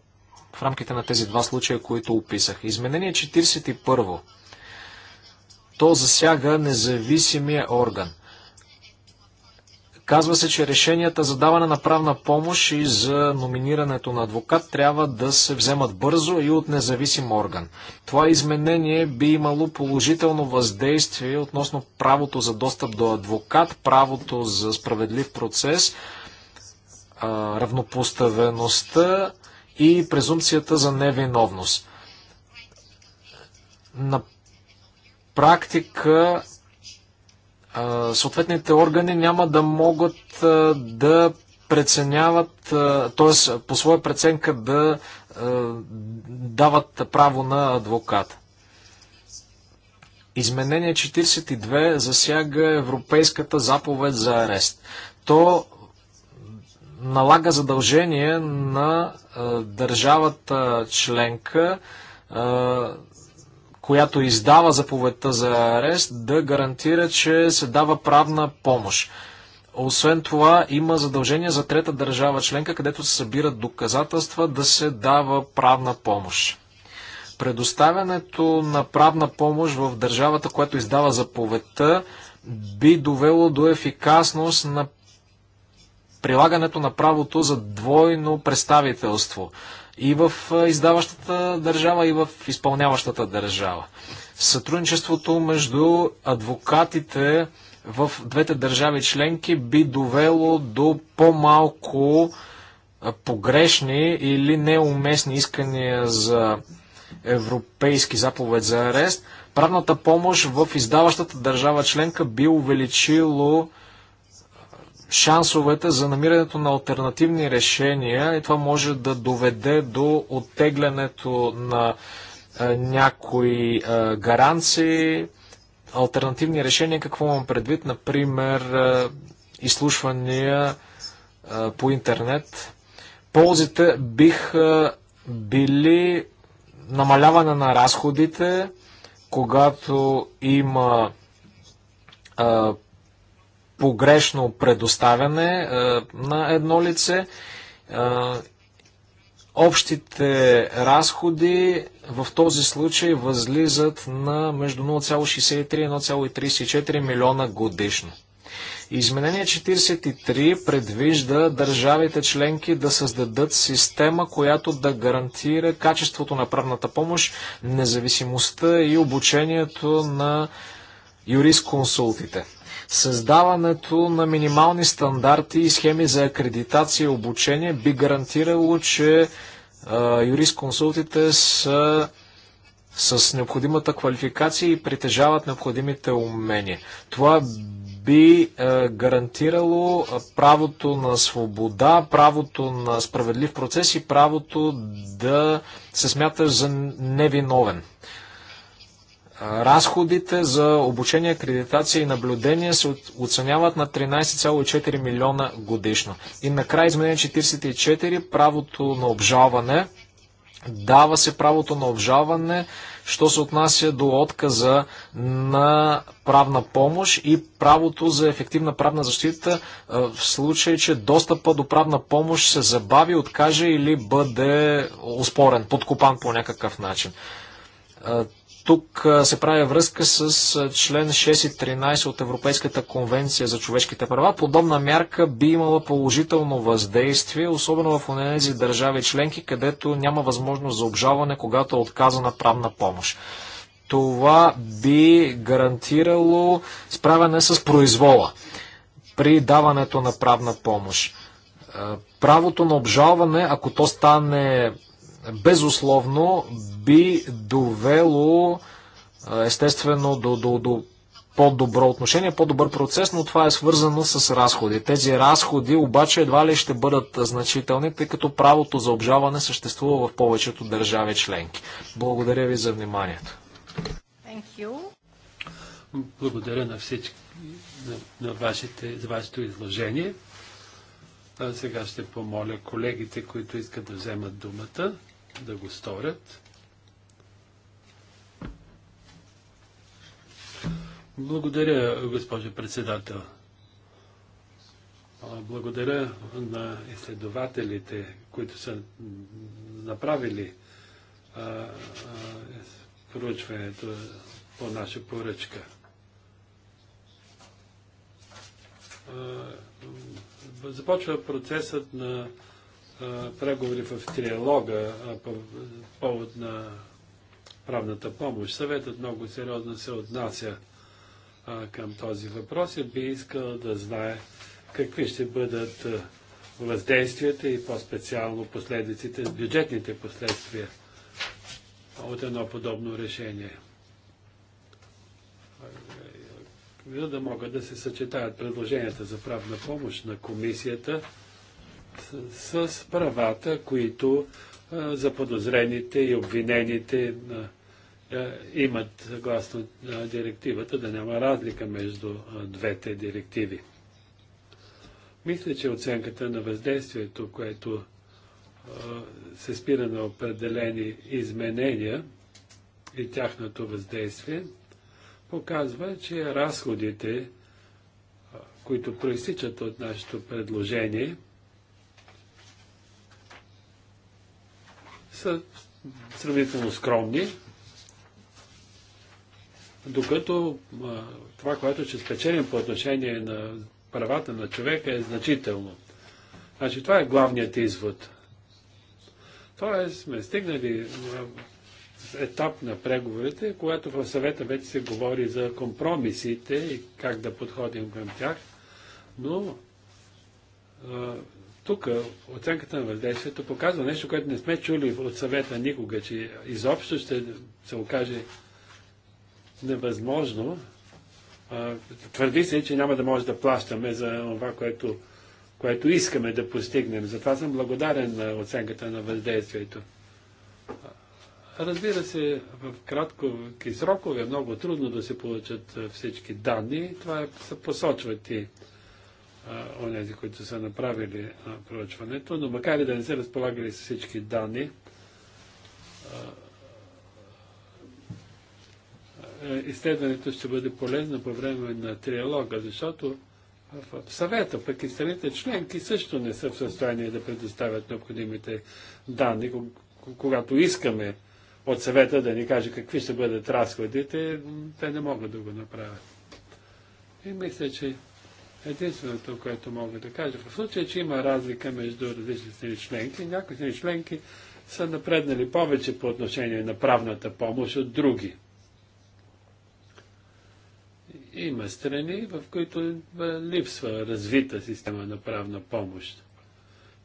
в рамките на тези два случая, които описах. Изменение 41. То засяга независимия орган. Казва се, че решенията за даване на правна помощ и за номинирането на адвокат трябва да се вземат бързо и от независим орган. Това изменение би имало положително въздействие относно правото за достъп до адвокат, правото за справедлив процес, равнопоставеността и презумпцията за невиновност. На практика съответните органи няма да могат да преценяват, т.е. по своя преценка да дават право на адвоката. Изменение 42 засяга Европейската заповед за арест. То налага задължение на държавата членка която издава заповедта за арест, да гарантира, че се дава правна помощ. Освен това, има задължение за трета държава членка, където се събират доказателства да се дава правна помощ. Предоставянето на правна помощ в държавата, която издава заповедта, би довело до ефикасност на прилагането на правото за двойно представителство и в издаващата държава, и в изпълняващата държава. Сътрудничеството между адвокатите в двете държави членки би довело до по-малко погрешни или неуместни искания за европейски заповед за арест. Правната помощ в издаващата държава членка би увеличило шансовете за намирането на альтернативни решения и това може да доведе до оттеглянето на някои гаранции, альтернативни решения, какво имам предвид, например, изслушвания по интернет. Ползите биха били намаляване на разходите, когато има погрешно предоставяне е, на едно лице. Е, общите разходи в този случай възлизат на между 0,63 и 1,34 милиона годишно. Изменение 43 предвижда държавите членки да създадат система, която да гарантира качеството на правната помощ, независимостта и обучението на юрисконсултите. Създаването на минимални стандарти и схеми за акредитация и обучение би гарантирало, че юрисконсултите са с необходимата квалификация и притежават необходимите умения. Това би гарантирало правото на свобода, правото на справедлив процес и правото да се смяташ за невиновен Разходите за обучение, акредитация и наблюдение се оценяват на 13,4 милиона годишно. И накрая изменение 44, правото на обжалване. Дава се правото на обжалване, що се отнася до отказа на правна помощ и правото за ефективна правна защита в случай, че достъпа до правна помощ се забави, откаже или бъде успорен, подкопан по някакъв начин тук се прави връзка с член 6 и 13 от Европейската конвенция за човешките права. Подобна мярка би имала положително въздействие, особено в тези държави членки, където няма възможност за обжалване, когато е отказана правна помощ. Това би гарантирало справяне с произвола при даването на правна помощ правото на обжалване, ако то стане безусловно би довело естествено до, до, до по-добро отношение, по-добър процес, но това е свързано с разходи. Тези разходи обаче едва ли ще бъдат значителни, тъй като правото за обжаване съществува в повечето държави членки. Благодаря ви за вниманието. Благодаря на всички на, на вашите, за вашето изложение. А сега ще помоля колегите, които искат да вземат думата, да го сторят. Благодаря, госпожо председател. Благодаря на изследователите, които са направили а, проучването по наша поръчка. започва процесът на преговори в триалога по повод на правната помощ. Съветът много сериозно се отнася а, към този въпрос и би искал да знае какви ще бъдат въздействията и по-специално последиците, бюджетните последствия от едно подобно решение. За да могат да се съчетаят предложенията за правна помощ на комисията, с, с правата, които а, за подозрените и обвинените а, имат съгласно а, директивата, да няма разлика между а, двете директиви. Мисля, че оценката на въздействието, което а, се спира на определени изменения и тяхното въздействие, показва, че разходите, които проистичат от нашето предложение, са сравнително скромни, докато това, което ще спечелим по отношение на правата на човека е значително. Значи това е главният извод. Тоест сме стигнали етап на преговорите, когато в съвета вече се говори за компромисите и как да подходим към тях, но тук оценката на въздействието показва нещо, което не сме чули от съвета никога, че изобщо ще се окаже невъзможно. твърди се, че няма да може да плащаме за това, което, което искаме да постигнем. Затова съм благодарен на оценката на въздействието. Разбира се, в кратки срокове е много трудно да се получат всички данни. Това е, са посочват и онези, които са направили проучването, но макар и да не се разполагали с всички данни, изследването ще бъде полезно по време на триалога, защото в, в съвета, пък и страните членки също не са в състояние да предоставят необходимите данни, когато искаме от съвета да ни каже какви ще бъдат разходите, те не могат да го направят. И мисля, че Единственото, което мога да кажа в случая, е, че има разлика между различни страни членки. Някои страни членки са напреднали повече по отношение на правната помощ от други. Има страни, в които е, липсва развита система на правна помощ.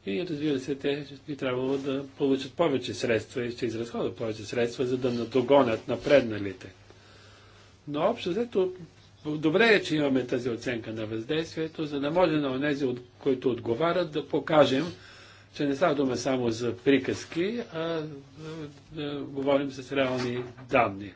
И разбира се, те би трябвало да получат повече средства и ще изразходят повече средства, за да надогонят напредналите. Но общо взето Добре е, че имаме тази оценка на въздействието, за да може на онези, от които отговарят, да покажем, че не става дума само за приказки, а да говорим с реални данни.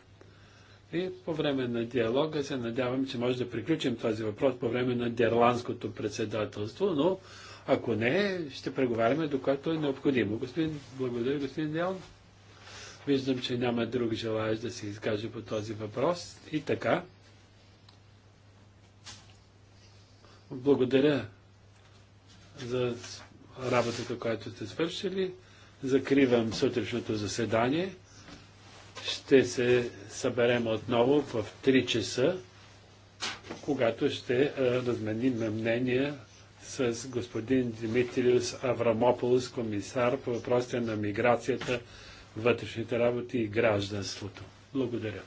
И по време на диалога се надявам, че може да приключим този въпрос по време на дерландското председателство, но ако не, ще преговаряме докато е необходимо. Господин, благодаря, господин Дион. Виждам, че няма друг желаящ да се изкаже по този въпрос. И така. Благодаря за работата, която сте свършили. Закривам сутрешното заседание. Ще се съберем отново в 3 часа, когато ще е, разменим мнения с господин Димитриус Аврамополос, комисар по въпросите на миграцията, вътрешните работи и гражданството. Благодаря.